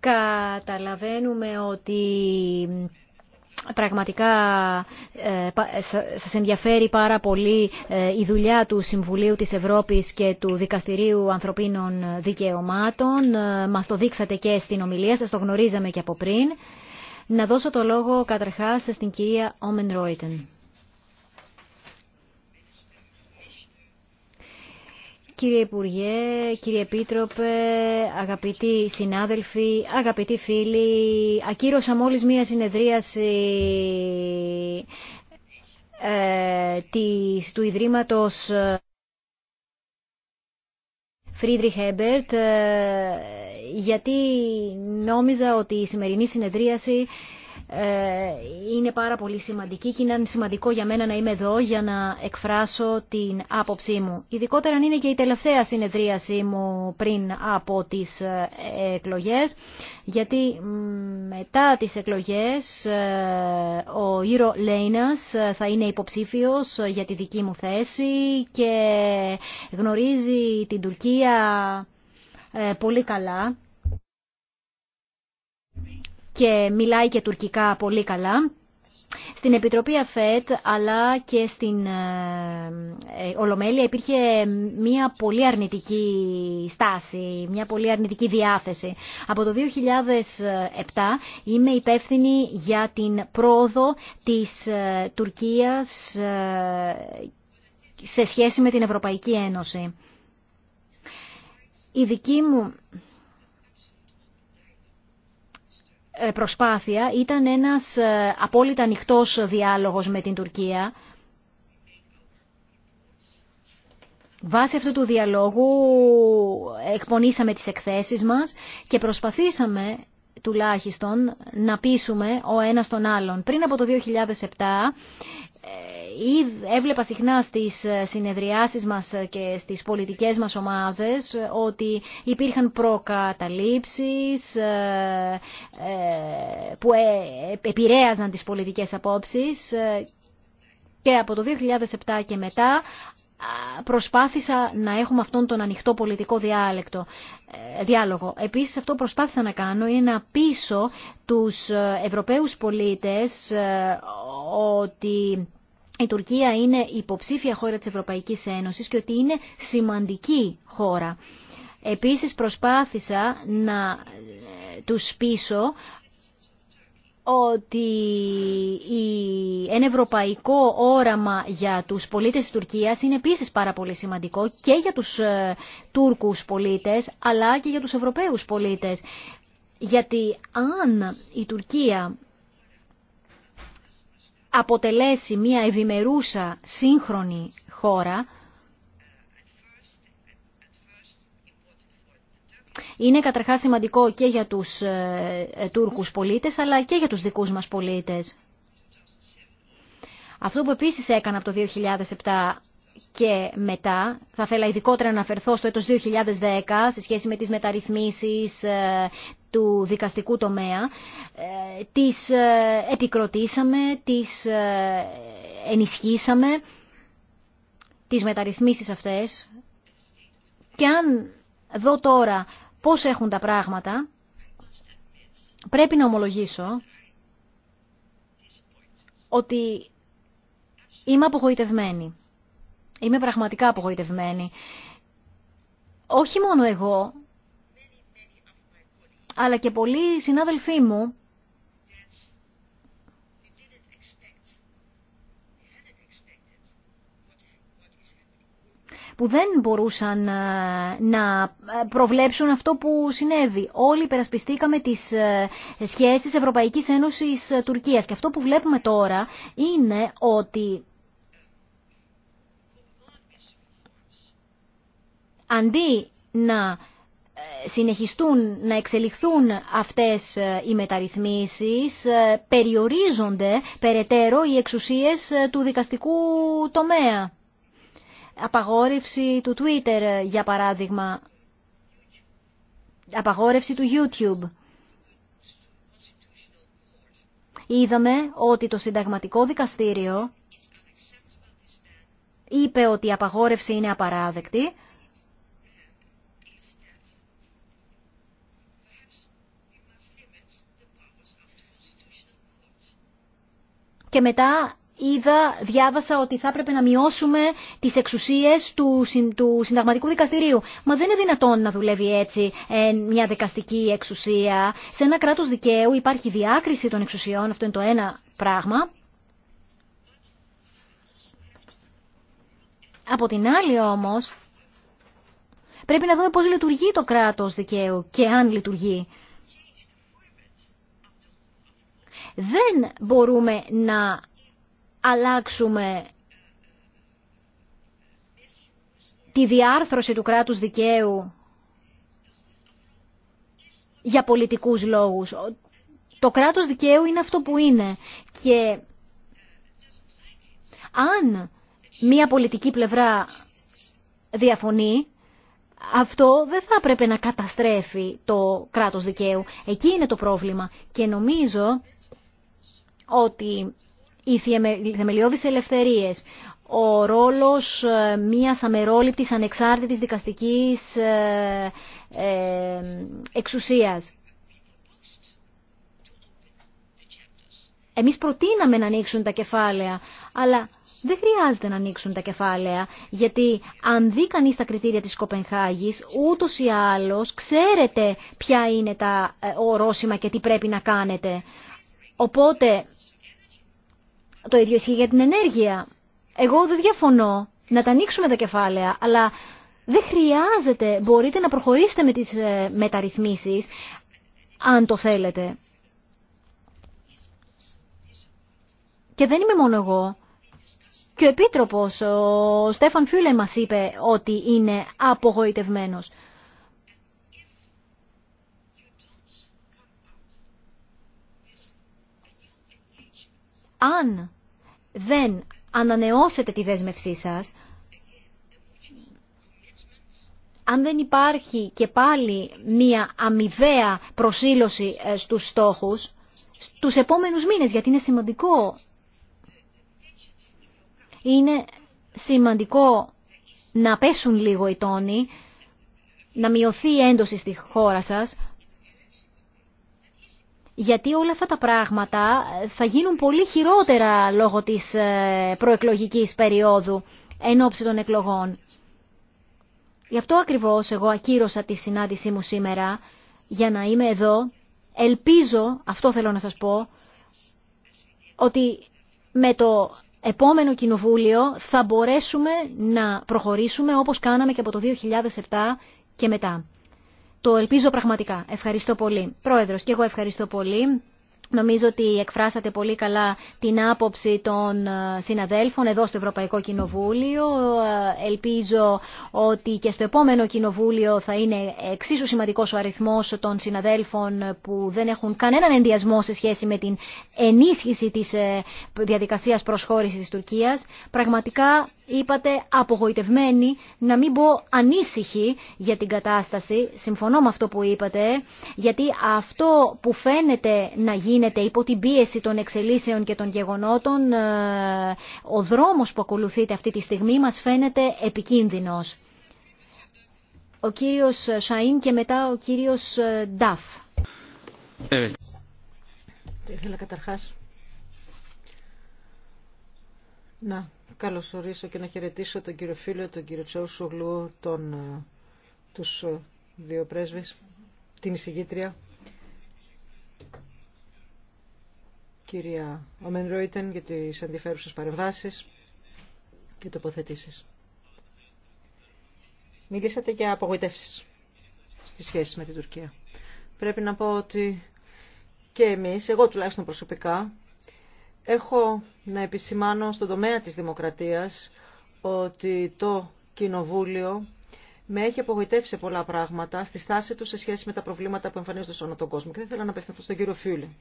Καταλαβαίνουμε ότι Πραγματικά ε, ε, σας ενδιαφέρει πάρα πολύ ε, η δουλειά του Συμβουλίου της Ευρώπης και του Δικαστηρίου Ανθρωπίνων Δικαιωμάτων. Μας το δείξατε και στην ομιλία σας, το γνωρίζαμε και από πριν. Να δώσω το λόγο καταρχάς στην κυρία Όμεν Ρόιτεν. Κύριε Υπουργέ, κύριε Επίτροπε, αγαπητοί συνάδελφοι, αγαπητοί φίλοι, ακύρωσα μόλις μία συνεδρίαση ε, του Ιδρύματος Φρίντριχ ε, Έμπερτ, γιατί νόμιζα ότι η σημερινή συνεδρίαση ε, είναι πάρα πολύ σημαντική και είναι σημαντικό για μένα να είμαι εδώ για να εκφράσω την άποψή μου. Ειδικότερα είναι και η τελευταία συνεδρίασή μου πριν από τις ε, εκλογές, γιατί μετά τις εκλογές ε, ο Ήρο Λέινας θα είναι υποψήφιος για τη δική μου θέση και γνωρίζει την Τουρκία πολύ καλά και μιλάει και τουρκικά πολύ καλά. Στην Επιτροπή ΑΦΕΤ αλλά και στην ε, ε, Ολομέλεια υπήρχε μια πολύ αρνητική στάση, μια πολύ αρνητική διάθεση. Από το 2007 είμαι υπεύθυνη για την πρόοδο της ε, Τουρκίας σε σχέση με την Ευρωπαϊκή Ένωση. Η δική μου Ε, προσπάθεια ήταν ένας ε, απόλυτα ανοιχτό διάλογος με την Τουρκία. Βάσει αυτού του διαλόγου εκπονήσαμε τις εκθέσεις μας και προσπαθήσαμε τουλάχιστον να πείσουμε ο ένας τον άλλον. Πριν από το 2007 ε, έβλεπα συχνά στις ε, συνεδριάσεις μας ε, και στις πολιτικές μας ομάδες ότι υπήρχαν προκαταλήψεις που επηρέαζαν τις πολιτικές απόψεις και από το 2007 και μετά προσπάθησα να έχουμε αυτόν τον ανοιχτό πολιτικό διάλεκτο, ε, διάλογο. Επίσης αυτό προσπάθησα να κάνω είναι να πείσω τους ε, Ευρωπαίους πολίτες ε, ότι η Τουρκία είναι υποψήφια χώρα της Ευρωπαϊκής Ένωσης και ότι είναι σημαντική χώρα. Επίσης προσπάθησα να τους πείσω ότι ένα ευρωπαϊκό όραμα για τους πολίτες της Τουρκίας είναι επίσης πάρα πολύ σημαντικό και για τους ε, Τούρκους πολίτες αλλά και για τους Ευρωπαίους πολίτες. Γιατί αν η Τουρκία αποτελέσει μια ευημερούσα σύγχρονη χώρα είναι καταρχάς σημαντικό και για τους ε, ε, Τούρκους πολίτες αλλά και για τους δικούς μας πολίτες. Αυτό που επίσης έκανα από το 2007 και μετά, θα ήθελα ειδικότερα να αναφερθώ στο έτος 2010 σε σχέση με τις μεταρρυθμίσεις ε, του δικαστικού τομέα, τις επικροτήσαμε, τις ενισχύσαμε, τις μεταρρυθμίσεις αυτές και αν δω τώρα πώς έχουν τα πράγματα, πρέπει να ομολογήσω ότι είμαι απογοητευμένη. Είμαι πραγματικά απογοητευμένη. Όχι μόνο εγώ, αλλά και πολλοί συνάδελφοί μου που δεν μπορούσαν ε, να ε, προβλέψουν αυτό που συνέβη. Όλοι υπερασπιστήκαμε τις ε, σχέσεις Ευρωπαϊκής Ένωσης Τουρκίας και αυτό που βλέπουμε τώρα είναι ότι αντί να συνεχιστούν να εξελιχθούν αυτές οι μεταρρυθμίσεις, περιορίζονται περαιτέρω οι εξουσίες του δικαστικού τομέα απαγόρευση του Twitter, για παράδειγμα, απαγόρευση του YouTube. Είδαμε ότι το συνταγματικό δικαστήριο είπε ότι η απαγόρευση είναι απαράδεκτη. Και μετά είδα, διάβασα ότι θα έπρεπε να μειώσουμε τις εξουσίες του, του συνταγματικού δικαστηρίου. Μα δεν είναι δυνατόν να δουλεύει έτσι ε, μια δικαστική εξουσία. Σε ένα κράτος δικαίου υπάρχει διάκριση των εξουσιών, αυτό είναι το ένα πράγμα. Από την άλλη όμως, πρέπει να δούμε πώς λειτουργεί το κράτος δικαίου και αν λειτουργεί. Δεν μπορούμε να αλλάξουμε τη διάρθρωση του κράτους δικαίου για πολιτικούς λόγους. Το κράτος δικαίου είναι αυτό που είναι και αν μία πολιτική πλευρά διαφωνεί, αυτό δεν θα έπρεπε να καταστρέφει το κράτος δικαίου. Εκεί είναι το πρόβλημα και νομίζω ότι οι θεμελιώδεις ελευθερίες, ο ρόλος ε, μιας αμερόληπτης ανεξάρτητης δικαστικής ε, ε, εξουσίας. Εμείς προτείναμε να ανοίξουν τα κεφάλαια, αλλά δεν χρειάζεται να ανοίξουν τα κεφάλαια, γιατί αν δει κανείς τα κριτήρια της Κοπενχάγης, ούτως ή άλλως ξέρετε ποια είναι τα ορόσημα και τι πρέπει να κάνετε. Οπότε το ίδιο ισχύει για την ενέργεια. Εγώ δεν διαφωνώ να τα ανοίξουμε τα κεφάλαια, αλλά δεν χρειάζεται, μπορείτε να προχωρήσετε με τις ε, μεταρρυθμίσεις, αν το θέλετε. Και δεν είμαι μόνο εγώ. Και ο Επίτροπος, ο Στέφαν Φιούλε, μας είπε ότι είναι απογοητευμένος. αν δεν ανανεώσετε τη δέσμευσή σας, αν δεν υπάρχει και πάλι μία αμοιβαία προσήλωση ε, στους στόχους, στους επόμενους μήνες, γιατί είναι σημαντικό. Είναι σημαντικό να πέσουν λίγο οι τόνοι, να μειωθεί η έντοση στη χώρα σας, γιατί όλα αυτά τα πράγματα ε, θα γίνουν πολύ χειρότερα λόγω της ε, προεκλογικής περίοδου εν ώψη των εκλογών. Γι' αυτό ακριβώς εγώ ακύρωσα τη συνάντησή μου σήμερα για να είμαι εδώ. Ελπίζω, αυτό θέλω να σας πω, ότι με το επόμενο κοινοβούλιο θα μπορέσουμε να προχωρήσουμε όπως κάναμε και από το 2007 και μετά. Το ελπίζω πραγματικά. Ευχαριστώ πολύ. Πρόεδρος, και εγώ ευχαριστώ πολύ. Νομίζω ότι εκφράσατε πολύ καλά την άποψη των ε, συναδέλφων εδώ στο Ευρωπαϊκό Κοινοβούλιο. Ε, ελπίζω ότι και στο επόμενο Κοινοβούλιο θα είναι εξίσου σημαντικός ο αριθμός των συναδέλφων που δεν έχουν κανέναν ενδιασμό σε σχέση με την ενίσχυση της ε, διαδικασίας προσχώρησης της Τουρκίας. Πραγματικά είπατε απογοητευμένοι, να μην πω ανήσυχοι για την κατάσταση. Συμφωνώ με αυτό που είπατε, γιατί αυτό που φαίνεται να γίνεται υπό την πίεση των εξελίσεων και των γεγονότων, ε, ο δρόμος που ακολουθείται αυτή τη στιγμή μας φαίνεται επικίνδυνος. Ο κύριος Σαΐν και μετά ο κύριος ε, Νταφ. Ε. Ήθελα καταρχάς να καλωσορίσω και να χαιρετήσω τον κύριο Φίλιο, τον κύριο Τσόουσουγλου, τον, ε, τους ε, δύο πρέσβες, την εισηγήτρια, κυρία Ομεν Ρόιτεν για τις αντιφέρουσες παρεμβάσεις και τοποθετήσεις. Μιλήσατε για απογοητεύσεις στη σχέση με την Τουρκία. Πρέπει να πω ότι και εμείς, εγώ τουλάχιστον προσωπικά, Έχω να επισημάνω στον τομέα της δημοκρατίας ότι το Κοινοβούλιο με έχει απογοητεύσει πολλά πράγματα στη στάση του σε σχέση με τα προβλήματα που εμφανίζονται σε όλο τον κόσμο. Και δεν θέλω να απευθυνθώ στον κύριο Φιούλη.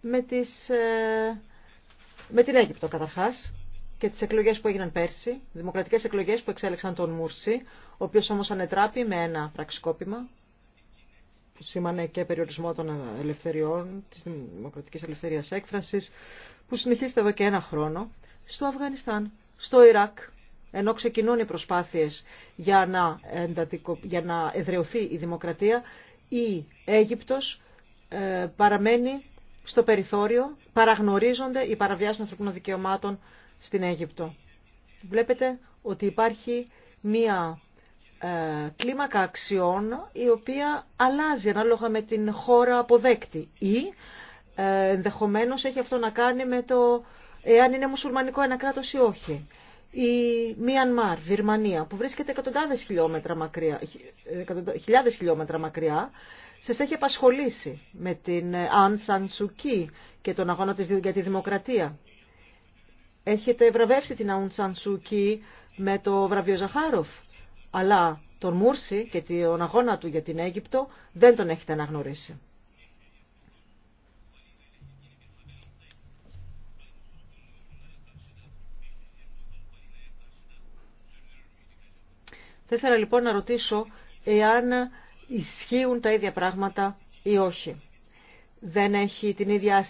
Με, τις, ε, με την Αίγυπτο καταρχάς και τις εκλογές που έγιναν πέρσι, δημοκρατικές εκλογές που εξέλεξαν τον Μούρση, ο οποίος όμως ανετράπη με ένα πραξικόπημα σήμανε και περιορισμό των ελευθεριών, της δημοκρατικής ελευθερίας έκφρασης, που συνεχίζεται εδώ και ένα χρόνο, στο Αφγανιστάν, στο Ιράκ, ενώ ξεκινούν οι προσπάθειες για να, εντατικο... για να εδραιωθεί η δημοκρατία, η Αίγυπτος ε, παραμένει στο περιθώριο, παραγνωρίζονται οι παραβιάσεις των ανθρωπίνων δικαιωμάτων στην Αίγυπτο. Βλέπετε ότι υπάρχει μία ε, κλίμακα αξιών η οποία αλλάζει ανάλογα με την χώρα αποδέκτη ή ε, ενδεχομένω έχει αυτό να κάνει με το εάν είναι μουσουλμανικό ένα κράτος ή όχι. Η Μιανμάρ, μιανμαρ βιρμανια που βρίσκεται εκατοντάδες χιλιόμετρα μακριά, χιλιάδες χιλιόμετρα μακριά, σας έχει απασχολήσει με την Αν Σαν Σουκί και τον αγώνα της για τη δημοκρατία. Έχετε βραβεύσει την Αν Σαν με το βραβείο Ζαχάροφ αλλά τον Μούρση και τον αγώνα του για την Αίγυπτο δεν τον έχετε αναγνωρίσει. Θα ήθελα λοιπόν να ρωτήσω εάν ισχύουν τα ίδια πράγματα ή όχι. Δεν έχει την ίδια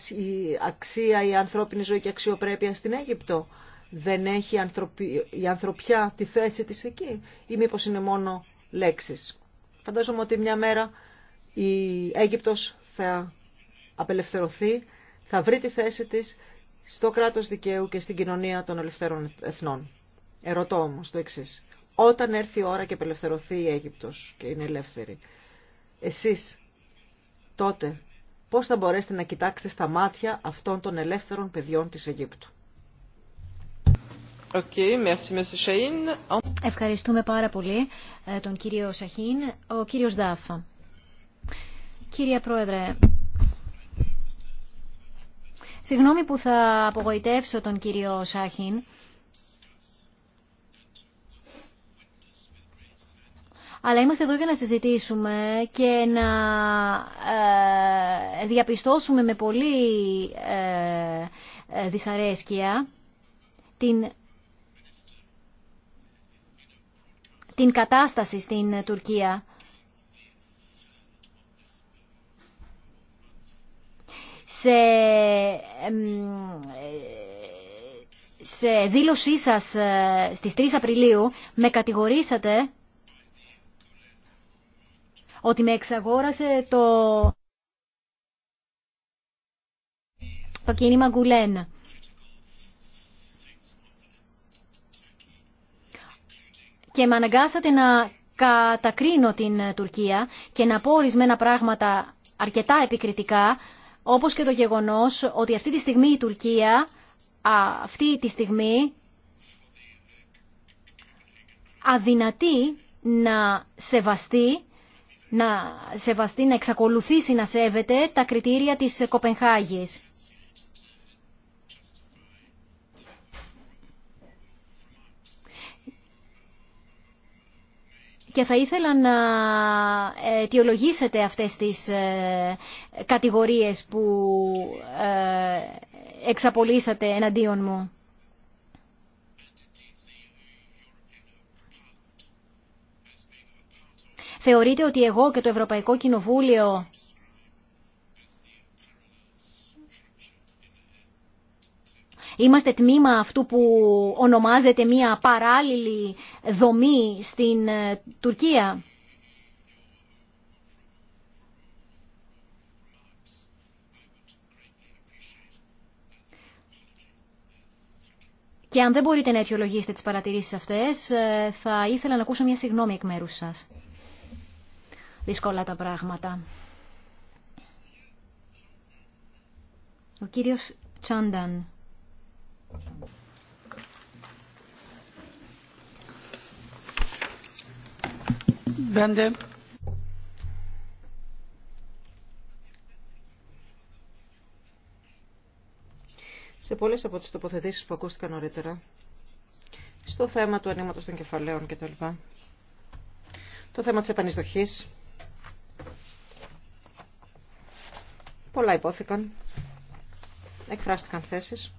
αξία η ανθρώπινη ζωή και αξιοπρέπεια στην Αίγυπτο δεν έχει η ανθρωπιά τη θέση της εκεί ή μήπως είναι μόνο λέξεις. Φαντάζομαι ότι μια μέρα η Αίγυπτος θα απελευθερωθεί, θα βρει τη θέση της στο κράτος δικαίου και στην κοινωνία των ελευθέρων εθνών. Ερωτώ όμως το εξή. Όταν έρθει η ώρα και απελευθερωθεί η Αίγυπτος και είναι ελεύθερη, εσείς τότε πώς θα μπορέσετε να κοιτάξετε στα μάτια αυτών των ελεύθερων παιδιών της Αιγύπτου. Ευχαριστούμε πάρα πολύ ε, τον κύριο Σαχίν. Ο κύριος Ντάφα. Κύριε Πρόεδρε, συγγνώμη που θα απογοητεύσω τον κύριο Σάχιν, αλλά είμαστε εδώ για να συζητήσουμε και να ε, διαπιστώσουμε με πολύ ε, ε δυσαρέσκεια την την κατάσταση στην Τουρκία. Σε, σε δήλωσή σας ε, στις 3 Απριλίου με κατηγορήσατε ότι με εξαγόρασε το, το κίνημα Γκουλέν. και με αναγκάσατε να κατακρίνω την Τουρκία και να πω ορισμένα πράγματα αρκετά επικριτικά, όπως και το γεγονός ότι αυτή τη στιγμή η Τουρκία, αυτή τη στιγμή, αδυνατεί να σεβαστεί να σεβαστεί, να εξακολουθήσει να σέβεται τα κριτήρια της Κοπενχάγης. και θα ήθελα να αιτιολογήσετε αυτές τις ε, κατηγορίες που ε, εξαπολύσατε εναντίον μου. Θεωρείτε ότι εγώ και το Ευρωπαϊκό Κοινοβούλιο Είμαστε τμήμα αυτού που ονομάζεται μια παράλληλη δομή στην ε, Τουρκία. Και αν δεν μπορείτε να αιτιολογήσετε τις παρατηρήσεις αυτές, ε, θα ήθελα να ακούσω μια συγγνώμη εκ μέρους σας. Δύσκολα τα πράγματα. Ο κύριος Τσάνταν. Σε πολλές από τις τοποθετήσεις που ακούστηκαν νωρίτερα, στο θέμα του ανοίγματος των κεφαλαίων κτλ. Το θέμα της επανεισδοχής. Πολλά υπόθηκαν. Εκφράστηκαν θέσεις.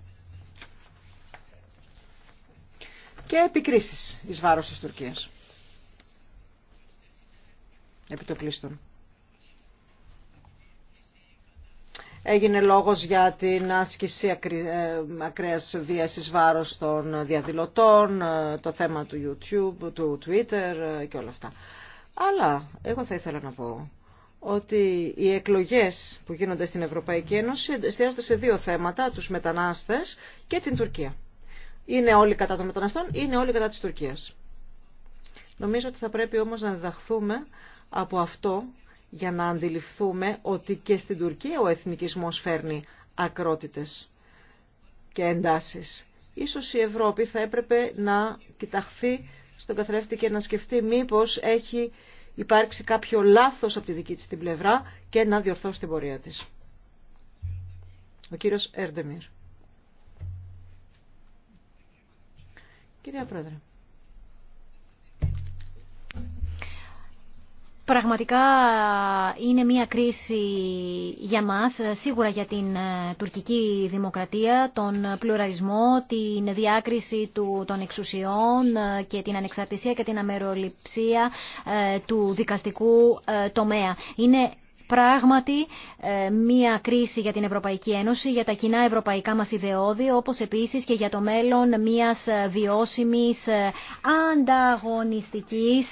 και επικρίσεις εις βάρος της Τουρκίας. κλείστον. Έγινε λόγος για την άσκηση ε, ακραίας βίας εις βάρος των διαδηλωτών, ε, το θέμα του YouTube, του Twitter ε, και όλα αυτά. Αλλά εγώ θα ήθελα να πω ότι οι εκλογές που γίνονται στην Ευρωπαϊκή Ένωση εστιάζονται σε δύο θέματα, τους μετανάστες και την Τουρκία είναι όλοι κατά των μεταναστών, είναι όλοι κατά της Τουρκίας. Νομίζω ότι θα πρέπει όμως να διδαχθούμε από αυτό για να αντιληφθούμε ότι και στην Τουρκία ο εθνικισμός φέρνει ακρότητες και εντάσεις. Ίσως η Ευρώπη θα έπρεπε να κοιταχθεί στον καθρέφτη και να σκεφτεί μήπως έχει υπάρξει κάποιο λάθος από τη δική της την πλευρά και να διορθώσει την πορεία της. Ο κύριος Ερντεμίρ. Κυρία Πρόεδρε. Πραγματικά είναι μια κρίση για μας, σίγουρα για την ε, τουρκική δημοκρατία, τον πλουραλισμό, την διάκριση του, των εξουσιών ε, και την ανεξαρτησία και την αμεροληψία ε, του δικαστικού τομέα. Είναι πράγματι ε, μία κρίση για την Ευρωπαϊκή Ένωση, για τα κοινά ευρωπαϊκά μας ιδεώδη, όπως επίσης και για το μέλλον μιας ε, βιώσιμης ε, ανταγωνιστικής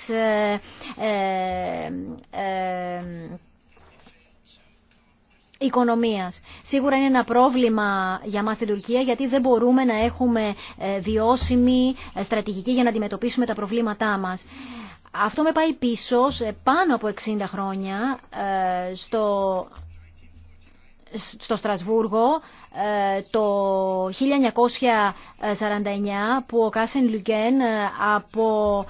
οικονομίας. Σίγουρα είναι ένα πρόβλημα για μας την Τουρκία γιατί δεν μπορούμε να έχουμε βιώσιμη στρατηγική για να αντιμετωπίσουμε τα προβλήματά μας. Αυτό με πάει πίσω σε πάνω από 60 χρόνια ε, στο στο Στρασβούργο ε, το 1949 που ο Κάσεν Λουγκέν ε, από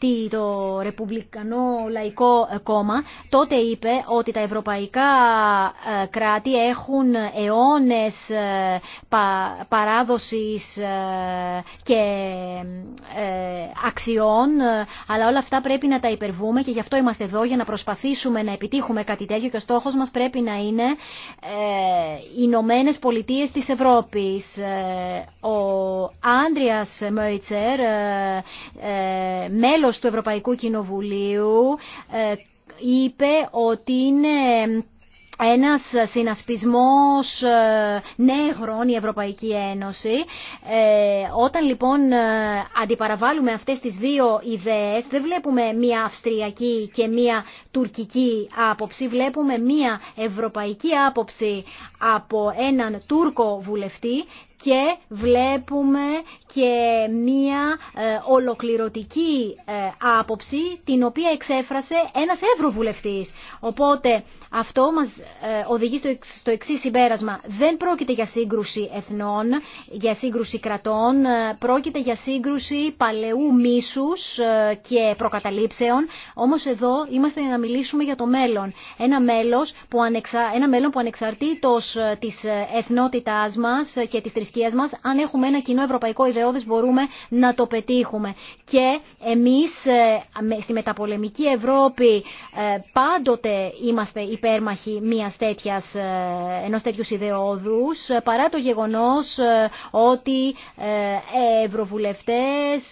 ε, το Ρεπουμπλικανό Λαϊκό Κόμμα τότε είπε ότι τα ευρωπαϊκά κράτη έχουν αιώνες παράδοσης και αξιών αλλά όλα αυτά πρέπει να τα υπερβούμε και γι' αυτό είμαστε εδώ για να προσπαθήσουμε να επιτύχουμε κάτι τέτοιο και ο στόχος μας πρέπει να είναι Ηνωμένε Πολιτείε της Ευρώπης. Ε, ο Άντριας Μόιτσερ, ε, ε, μέλος του Ευρωπαϊκού Κοινοβουλίου, είπε ότι είναι ένας συνασπισμός ε, νέγρων η Ευρωπαϊκή Ένωση. Ε, όταν λοιπόν ε, αντιπαραβάλλουμε αυτές τις δύο ιδέες, δεν βλέπουμε μία αυστριακή και μία τουρκική άποψη, βλέπουμε μία ευρωπαϊκή άποψη από έναν Τούρκο βουλευτή και βλέπουμε και μία ε, ολοκληρωτική ε, άποψη την οποία εξέφρασε ένας ευρωβουλευτής. Οπότε αυτό μας ε, οδηγεί στο εξή συμπέρασμα. Δεν πρόκειται για σύγκρουση εθνών, για σύγκρουση κρατών, πρόκειται για σύγκρουση παλαιού μίσους και προκαταλήψεων, όμως εδώ είμαστε να μιλήσουμε για το μέλλον. Ένα, που ανεξα... Ένα μέλλον που ανεξαρτήτως της εθνότητάς μας και της θρησκείας Αν έχουμε ένα κοινό ευρωπαϊκό ιδεώδες μπορούμε να το πετύχουμε. Και εμείς ε, στη μεταπολεμική Ευρώπη ε, πάντοτε είμαστε υπέρμαχοι μιας τέτοιας, ε, ενός τέτοιου ιδεώδους παρά το γεγονός ότι ευρωβουλευτές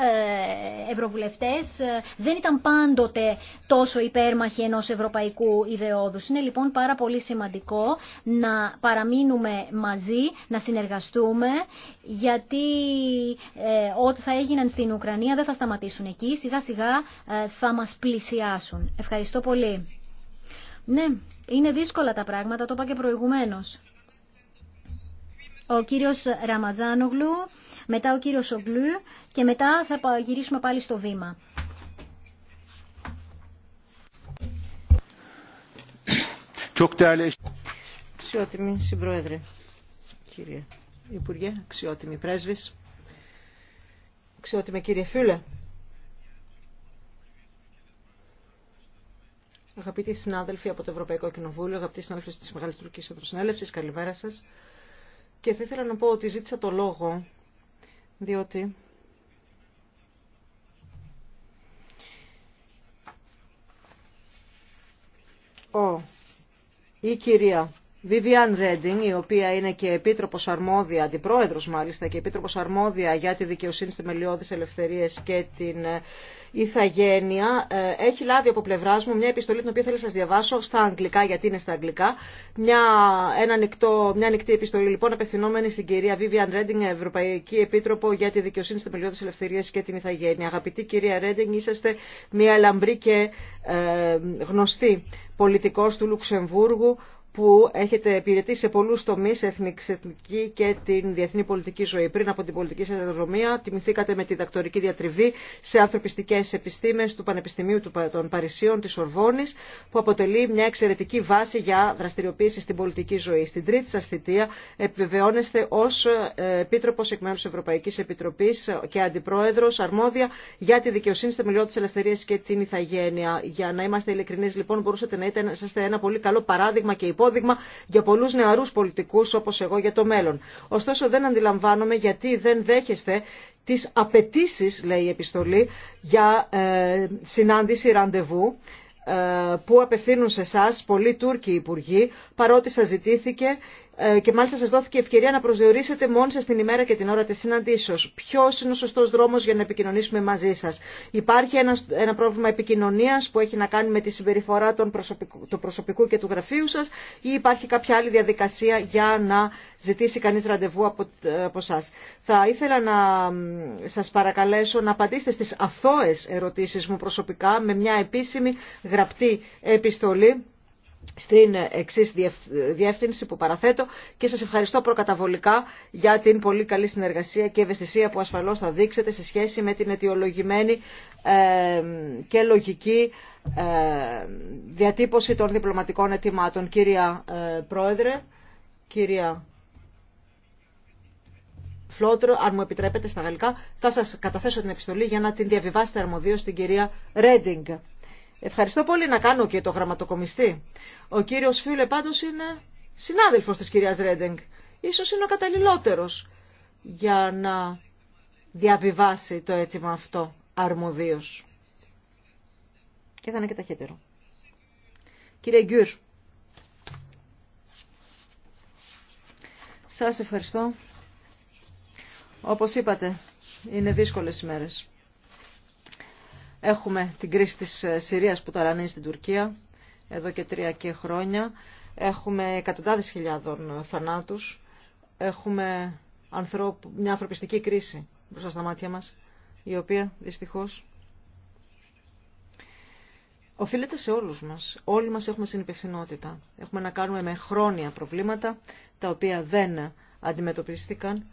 ε, ευρωβουλευτές ε, δεν ήταν πάντοτε τόσο υπέρμαχοι ενός ευρωπαϊκού ιδεόδου. Είναι λοιπόν πάρα πολύ σημαντικό να παραμείνουμε μαζί, να συνεργαστούμε, γιατί ε, ό,τι θα έγιναν στην Ουκρανία δεν θα σταματήσουν εκεί, σιγά σιγά θα μας πλησιάσουν. Ευχαριστώ πολύ. Ναι, είναι δύσκολα τα πράγματα, το είπα και προηγουμένως. Ο κύριος Ραμαζάνογλου μετά ο κύριος Σογκλου και μετά θα γυρίσουμε πάλι στο βήμα. Αξιότιμη συμπρόεδρε, κύριε Υπουργέ, αξιότιμη πρέσβης, αξιότιμη κύριε Φίλε, Αγαπητοί συνάδελφοι από το Ευρωπαϊκό Κοινοβούλιο, αγαπητοί συνάδελφοι τη Μεγάλη Τουρκική Ευρωσυνέλευση, καλημέρα σα. Και θα ήθελα να πω ότι ζήτησα το λόγο διότι ο, η κυρία Βιβιάν Ρέντινγκ, η οποία είναι και επίτροπος αρμόδια, αντιπρόεδρος μάλιστα, και επίτροπος αρμόδια για τη δικαιοσύνη στις μελιώδεις ελευθερίες και την ηθαγένεια, ε, ε, έχει λάβει από πλευρά μου μια επιστολή την οποία θέλω να σας διαβάσω στα αγγλικά, γιατί είναι στα αγγλικά. Μια, ένα ανοιχτό, μια ανοιχτή επιστολή λοιπόν απευθυνόμενη στην κυρία Βιβιάν Ρέντινγκ... Ευρωπαϊκή Επίτροπο για τη δικαιοσύνη στις μελιώδεις ελευθερίες και την ηθαγένεια. Αγαπητή κυρία Ρέντινγκ, είσαστε μια λαμπρή και ε, γνωστή πολιτικός του Λουξεμβούργου που έχετε υπηρετήσει σε πολλούς τομείς, εθνική και την διεθνή πολιτική ζωή. Πριν από την πολιτική σταδιοδρομία, τιμηθήκατε με τη δακτορική διατριβή σε ανθρωπιστικές επιστήμες του Πανεπιστημίου των Παρισίων της Ορβόνης, που αποτελεί μια εξαιρετική βάση για δραστηριοποίηση στην πολιτική ζωή. Στην τρίτη σας θητεία επιβεβαιώνεστε ως ε, Επίτροπος εκ μέρους Ευρωπαϊκής Επιτροπής και Αντιπρόεδρος αρμόδια για τη δικαιοσύνη, τη ελευθερία και την ηθαγένεια. Για να είμαστε ειλικρινεί, λοιπόν, μπορούσατε να είστε ένα πολύ καλό παράδειγμα και για πολλούς νεαρούς πολιτικούς όπως εγώ για το μέλλον. Ωστόσο δεν αντιλαμβάνομαι γιατί δεν δέχεστε τις απαιτήσει, λέει η επιστολή, για ε, συνάντηση ραντεβού ε, που απευθύνουν σε εσά πολλοί Τούρκοι υπουργοί, παρότι σας ζητήθηκε ε, και μάλιστα σα δόθηκε ευκαιρία να προσδιορίσετε μόνοι σα την ημέρα και την ώρα τη συναντήσεω. Ποιο είναι ο σωστό δρόμο για να επικοινωνήσουμε μαζί σα, Υπάρχει ένα, ένα πρόβλημα επικοινωνία που έχει να κάνει με τη συμπεριφορά των προσωπικού, του προσωπικού και του γραφείου σα ή υπάρχει κάποια άλλη διαδικασία για να ζητήσει κανεί ραντεβού από, από Θα ήθελα να σα παρακαλέσω να απαντήσετε στι αθώε ερωτήσει μου προσωπικά με μια επίσημη γραπτή επιστολή στην εξή διεύθυνση που παραθέτω και σας ευχαριστώ προκαταβολικά για την πολύ καλή συνεργασία και ευαισθησία που ασφαλώς θα δείξετε σε σχέση με την αιτιολογημένη και λογική διατύπωση των διπλωματικών αιτημάτων. Κυρία ε, Πρόεδρε, κυρία Φλότρο, αν μου επιτρέπετε στα γαλλικά, θα σας καταθέσω την επιστολή για να την διαβιβάσετε αρμοδίως στην κυρία Ρέντινγκ. Ευχαριστώ πολύ να κάνω και το γραμματοκομιστή. Ο κύριος Φίλε πάντως είναι συνάδελφος της κυρίας Ρέντεγκ. Ίσως είναι ο καταλληλότερος για να διαβιβάσει το αίτημα αυτό αρμοδίως. Και θα είναι και ταχύτερο. Κύριε Γκιούρ, σας ευχαριστώ. Όπως είπατε, είναι δύσκολες ημέρες. Έχουμε την κρίση της ε, Συρίας που ταρανίζει την Τουρκία εδώ και τρία και χρόνια. Έχουμε εκατοντάδες χιλιάδων θανάτους. Έχουμε μια ανθρωπιστική κρίση μπροστά στα μάτια μας, η οποία δυστυχώς οφείλεται σε όλους μας. Όλοι μας έχουμε συνυπευθυνότητα. Έχουμε να κάνουμε με χρόνια προβλήματα, τα οποία δεν αντιμετωπίστηκαν.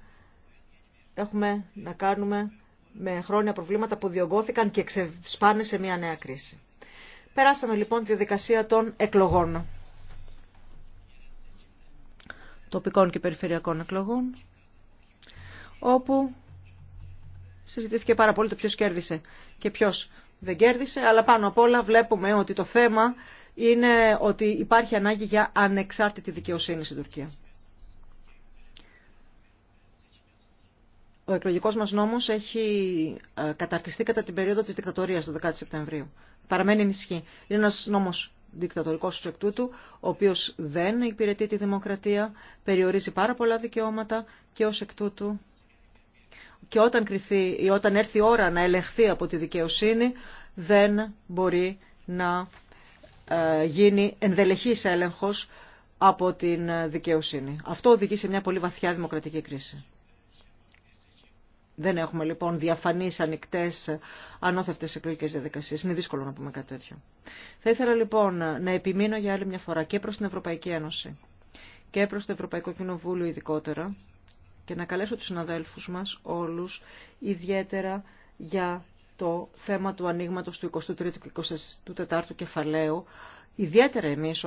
Έχουμε να κάνουμε με χρόνια προβλήματα που διωγγώθηκαν και ξεσπάνε σε μια νέα κρίση. Περάσαμε λοιπόν τη διαδικασία των εκλογών. Τοπικών και περιφερειακών εκλογών, όπου συζητήθηκε πάρα πολύ το ποιο κέρδισε και ποιο δεν κέρδισε, αλλά πάνω απ' όλα βλέπουμε ότι το θέμα είναι ότι υπάρχει ανάγκη για ανεξάρτητη δικαιοσύνη στην Τουρκία. ο εκλογικό μας νόμος έχει ε, καταρτιστεί κατά την περίοδο της δικτατορία του 10 Σεπτεμβρίου. Παραμένει ενισχύ. Είναι ένα νόμος δικτατορικό του εκ τούτου, ο οποίος δεν υπηρετεί τη δημοκρατία, περιορίζει πάρα πολλά δικαιώματα και ω εκ τούτου και όταν, κριθεί, η ώρα να ελεγχθεί από τη δικαιοσύνη δεν μπορεί να ε, γίνει ενδελεχής έλεγχος από την δικαιοσύνη. Αυτό οδηγεί σε μια πολύ βαθιά δημοκρατική κρίση. Δεν έχουμε λοιπόν διαφανεί ανοιχτέ, ανώθευτε εκλογικέ διαδικασίε. Είναι δύσκολο να πούμε κάτι τέτοιο. Θα ήθελα λοιπόν να επιμείνω για άλλη μια φορά και προς την Ευρωπαϊκή Ένωση και προς το Ευρωπαϊκό Κοινοβούλιο ειδικότερα και να καλέσω τους συναδέλφους μας όλους ιδιαίτερα για το θέμα του ανοίγματο του 23ου και 24ου κεφαλαίου. Ιδιαίτερα εμείς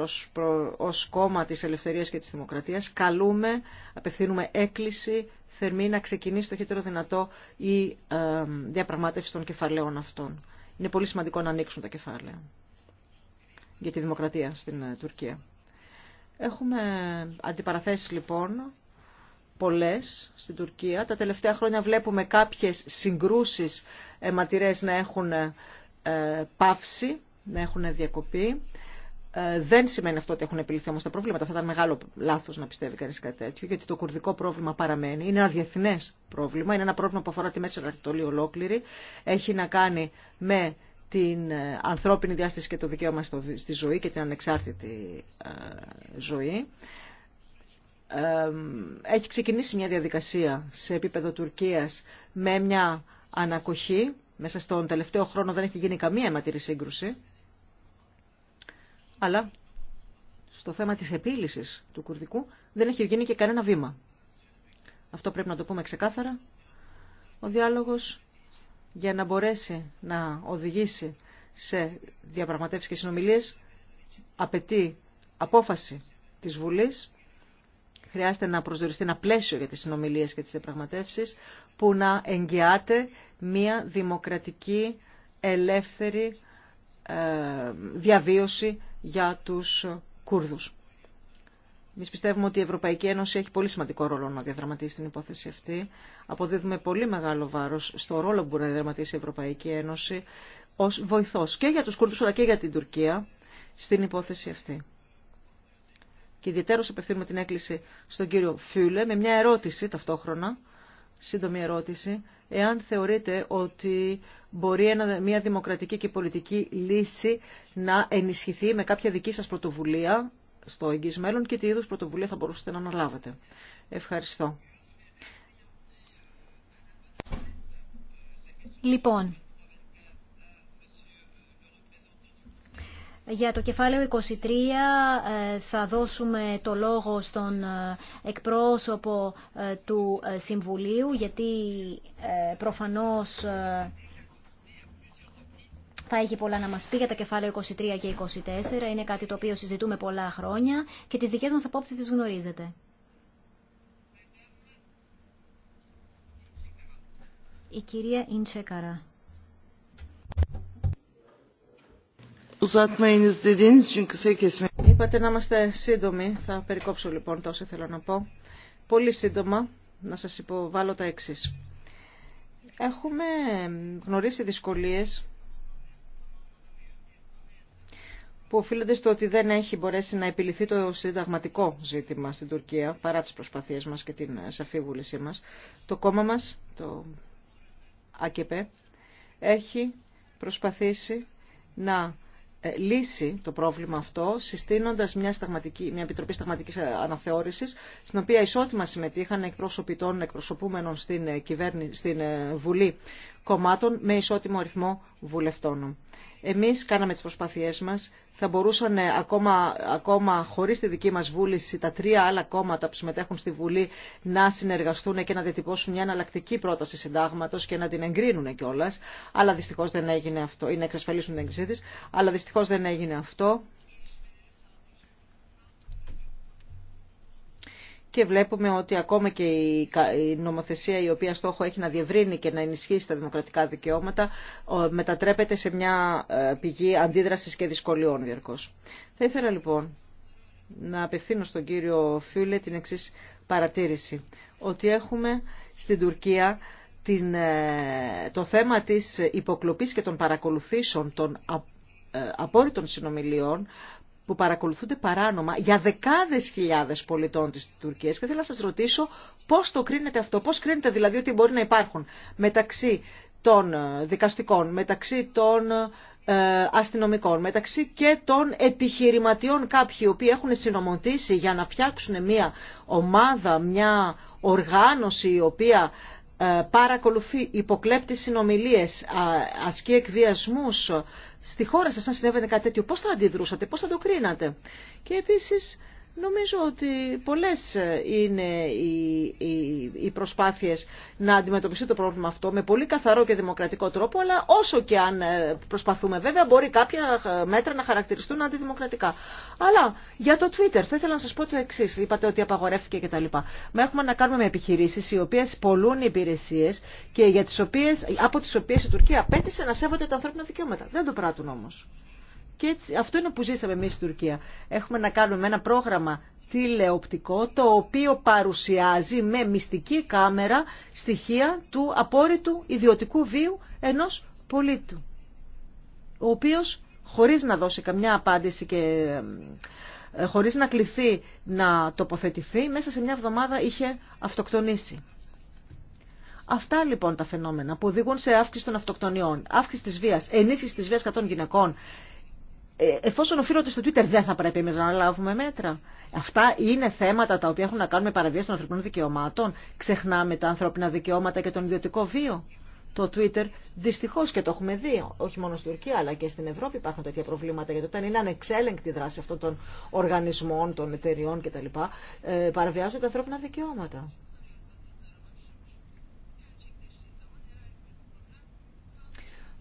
ως, κόμμα της Ελευθερίας και της Δημοκρατίας καλούμε, απευθύνουμε έκκληση θερμή να ξεκινήσει το χύτερο δυνατό η ε, διαπραγμάτευση των κεφαλαίων αυτών. Είναι πολύ σημαντικό να ανοίξουν τα κεφάλαια για τη δημοκρατία στην ε, Τουρκία. Έχουμε αντιπαραθέσεις λοιπόν Πολλέ στην Τουρκία. Τα τελευταία χρόνια βλέπουμε κάποιες συγκρούσεις αιματηρές να έχουν ε, πάυσει, να έχουν διακοπεί. δεν σημαίνει αυτό ότι έχουν επιληθεί όμως τα προβλήματα. Θα ήταν μεγάλο λάθο να πιστεύει κανεί κάτι τέτοιο, γιατί το κουρδικό πρόβλημα παραμένει. Είναι ένα διεθνέ πρόβλημα, είναι ένα πρόβλημα που αφορά τη Μέση Ανατολή ολόκληρη. Έχει να κάνει με την ε, ανθρώπινη διάσταση και το δικαίωμα στη ζωή και την ανεξάρτητη ε, ζωή έχει ξεκινήσει μια διαδικασία σε επίπεδο Τουρκίας με μια ανακοχή. Μέσα στον τελευταίο χρόνο δεν έχει γίνει καμία αιματήρη σύγκρουση. Αλλά στο θέμα της επίλυσης του Κουρδικού δεν έχει γίνει και κανένα βήμα. Αυτό πρέπει να το πούμε ξεκάθαρα. Ο διάλογος για να μπορέσει να οδηγήσει σε διαπραγματεύσεις και συνομιλίες απαιτεί απόφαση της Βουλής χρειάζεται να προσδιοριστεί ένα πλαίσιο για τις συνομιλίες και τις διαπραγματεύσεις που να εγγυάται μια δημοκρατική, ελεύθερη ε, διαβίωση για τους Κούρδους. Εμεί πιστεύουμε ότι η Ευρωπαϊκή Ένωση έχει πολύ σημαντικό ρόλο να διαδραματίσει την υπόθεση αυτή. Αποδίδουμε πολύ μεγάλο βάρος στο ρόλο που μπορεί να διαδραματίσει η Ευρωπαϊκή Ένωση ως βοηθός και για τους Κούρδους αλλά και για την Τουρκία στην υπόθεση αυτή και ιδιαίτερως απευθύνουμε την έκκληση στον κύριο Φιούλε με μια ερώτηση ταυτόχρονα, σύντομη ερώτηση, εάν θεωρείτε ότι μπορεί μια δημοκρατική και πολιτική λύση να ενισχυθεί με κάποια δική σας πρωτοβουλία στο εγγύς μέλλον και τι είδους πρωτοβουλία θα μπορούσατε να αναλάβετε. Ευχαριστώ. Λοιπόν, Για το κεφάλαιο 23 ε, θα δώσουμε το λόγο στον ε, εκπρόσωπο ε, του Συμβουλίου γιατί προφανώς θα έχει πολλά να μας πει για τα κεφάλαιο 23 και 24. Είναι κάτι το οποίο συζητούμε πολλά χρόνια και τις δικές μας απόψεις τις γνωρίζετε. Η κυρία Ιντσέκαρα. Είπατε να είμαστε σύντομοι. Θα περικόψω λοιπόν τόσο θέλω να πω. Πολύ σύντομα να σας υποβάλω τα εξή. Έχουμε γνωρίσει δυσκολίες που οφείλονται στο ότι δεν έχει μπορέσει να επιληθεί το συνταγματικό ζήτημα στην Τουρκία, παρά τις προσπαθίες μας και την βούλησή μας. Το κόμμα μας, το ΑΚΕΠΕ, έχει προσπαθήσει να ε, λύσει το πρόβλημα αυτό συστήνοντας μια, μια επιτροπή σταγματικής αναθεώρησης στην οποία ισότιμα συμμετείχαν εκπρόσωποι των εκπροσωπούμενων στην, ε, κυβέρνη, στην ε, Βουλή κομμάτων με ισότιμο αριθμό βουλευτών. Εμείς κάναμε τις προσπάθειές μας. Θα μπορούσαν ε, ακόμα, ακόμα χωρίς τη δική μας βούληση τα τρία άλλα κόμματα που συμμετέχουν στη Βουλή να συνεργαστούν και να διατυπώσουν μια αναλλακτική πρόταση συντάγματος και να την εγκρίνουν κιόλα. Αλλά δυστυχώς δεν έγινε αυτό. Ή να εξασφαλίσουν την έγκρισή της. Αλλά δυστυχώς δεν έγινε αυτό. και βλέπουμε ότι ακόμα και η νομοθεσία η οποία στόχο έχει να διευρύνει και να ενισχύσει τα δημοκρατικά δικαιώματα μετατρέπεται σε μια ε, πηγή αντίδρασης και δυσκολιών διαρκώς. Θα ήθελα λοιπόν να απευθύνω στον κύριο Φιούλε την εξής παρατήρηση, ότι έχουμε στην Τουρκία την, ε, το θέμα της υποκλοπής και των παρακολουθήσεων των ε, απόρριτων συνομιλιών που παρακολουθούνται παράνομα για δεκάδες χιλιάδες πολιτών της Τουρκίας και θέλω να σας ρωτήσω πώς το κρίνετε αυτό, πώς κρίνετε δηλαδή ότι μπορεί να υπάρχουν μεταξύ των ε, δικαστικών, μεταξύ των ε, αστυνομικών, μεταξύ και των επιχειρηματιών κάποιοι οι οποίοι έχουν συνομωτήσει για να φτιάξουν μια ομάδα, μια οργάνωση η οποία ε, παρακολουθεί, υποκλέπτει συνομιλίες, ασκεί εκβιασμού Στη χώρα σας, αν συνέβαινε κάτι τέτοιο, πώς θα αντιδρούσατε, πώς θα το κρίνατε. Και επίσης Νομίζω ότι πολλές είναι οι προσπάθειες να αντιμετωπιστεί το πρόβλημα αυτό με πολύ καθαρό και δημοκρατικό τρόπο, αλλά όσο και αν ε, προσπαθούμε βέβαια μπορεί κάποια ε, μέτρα να χαρακτηριστούν αντιδημοκρατικά. Αλλά για το Twitter θα ήθελα να σας πω το εξή. Είπατε ότι απαγορεύτηκε κτλ. Με έχουμε να κάνουμε με επιχειρήσεις οι οποίες πολλούν υπηρεσίες και για τις οποίες, από τις οποίες η Τουρκία απέτησε να σέβονται τα ανθρώπινα δικαιώματα. Δεν το πράττουν όμως. Και αυτό είναι που ζήσαμε εμείς στην Τουρκία. Έχουμε να κάνουμε ένα πρόγραμμα τηλεοπτικό το οποίο παρουσιάζει με μυστική κάμερα στοιχεία του απόρριτου ιδιωτικού βίου ενός πολίτου ο οποίος χωρίς να δώσει καμιά απάντηση και ε, χωρίς να κληθεί να τοποθετηθεί μέσα σε μια εβδομάδα είχε αυτοκτονήσει. Αυτά λοιπόν τα φαινόμενα που οδηγούν σε αύξηση των αυτοκτονιών, αύξηση της βίας, ενίσχυση της βίας κατών γυναικών, εφόσον οφείλονται στο Twitter, δεν θα πρέπει εμεί να λάβουμε μέτρα. Αυτά είναι θέματα τα οποία έχουν να κάνουν με παραβίαση των ανθρωπίνων δικαιωμάτων. Ξεχνάμε τα ανθρώπινα δικαιώματα και τον ιδιωτικό βίο. Το Twitter δυστυχώ και το έχουμε δει, όχι μόνο στην Τουρκία αλλά και στην Ευρώπη υπάρχουν τέτοια προβλήματα. Γιατί όταν είναι ανεξέλεγκτη η δράση αυτών των οργανισμών, των εταιριών κτλ., ε, παραβιάζονται τα ανθρώπινα δικαιώματα.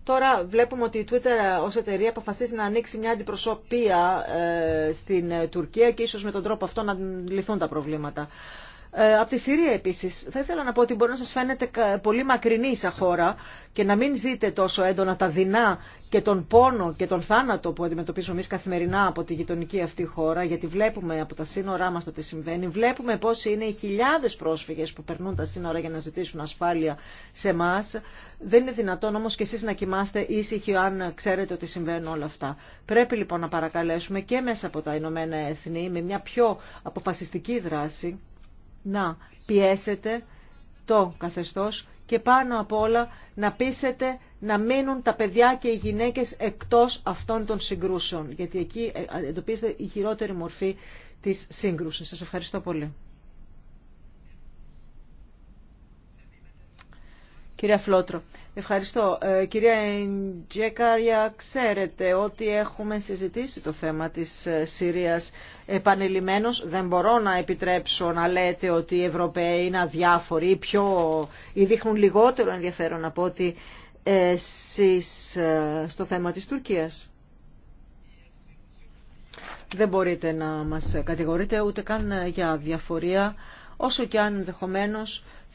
Τώρα βλέπουμε ότι η Twitter ως εταιρεία αποφασίζει να ανοίξει μια αντιπροσωπεία ε, στην ε, Τουρκία και ίσως με τον τρόπο αυτό να λυθούν τα προβλήματα. Ε, από τη Συρία επίσης. Θα ήθελα να πω ότι μπορεί να σας φαίνεται πολύ μακρινή σαν χώρα και να μην ζείτε τόσο έντονα τα δεινά και τον πόνο και τον θάνατο που αντιμετωπίζουμε εμεί καθημερινά από τη γειτονική αυτή χώρα, γιατί βλέπουμε από τα σύνορά μα το τι συμβαίνει, βλέπουμε πώ είναι οι χιλιάδε πρόσφυγες που περνούν τα σύνορα για να ζητήσουν ασφάλεια σε εμά. Δεν είναι δυνατόν όμω και εσεί να κοιμάστε ήσυχοι αν ξέρετε ότι συμβαίνουν όλα αυτά. Πρέπει λοιπόν να παρακαλέσουμε και μέσα από τα Ηνωμένα Έθνη με μια πιο αποφασιστική δράση να πιέσετε το καθεστώς και πάνω απ' όλα να πείσετε να μείνουν τα παιδιά και οι γυναίκες εκτός αυτών των συγκρούσεων, γιατί εκεί ε, ε, εντοπίζεται η χειρότερη μορφή της σύγκρουσης. Σας ευχαριστώ πολύ. Κυρία Φλότρο, ευχαριστώ. Ε, κυρία Τζέκαρια, ξέρετε ότι έχουμε συζητήσει το θέμα της ε, Συρίας επανειλημμένως. Δεν μπορώ να επιτρέψω να λέτε ότι οι Ευρωπαίοι είναι αδιάφοροι ή, πιο, ή δείχνουν λιγότερο ενδιαφέρον από ότι εσείς ε, στο θέμα της Τουρκίας. Δεν μπορείτε να μας κατηγορείτε ούτε καν για διαφορία, όσο και αν ενδεχομένω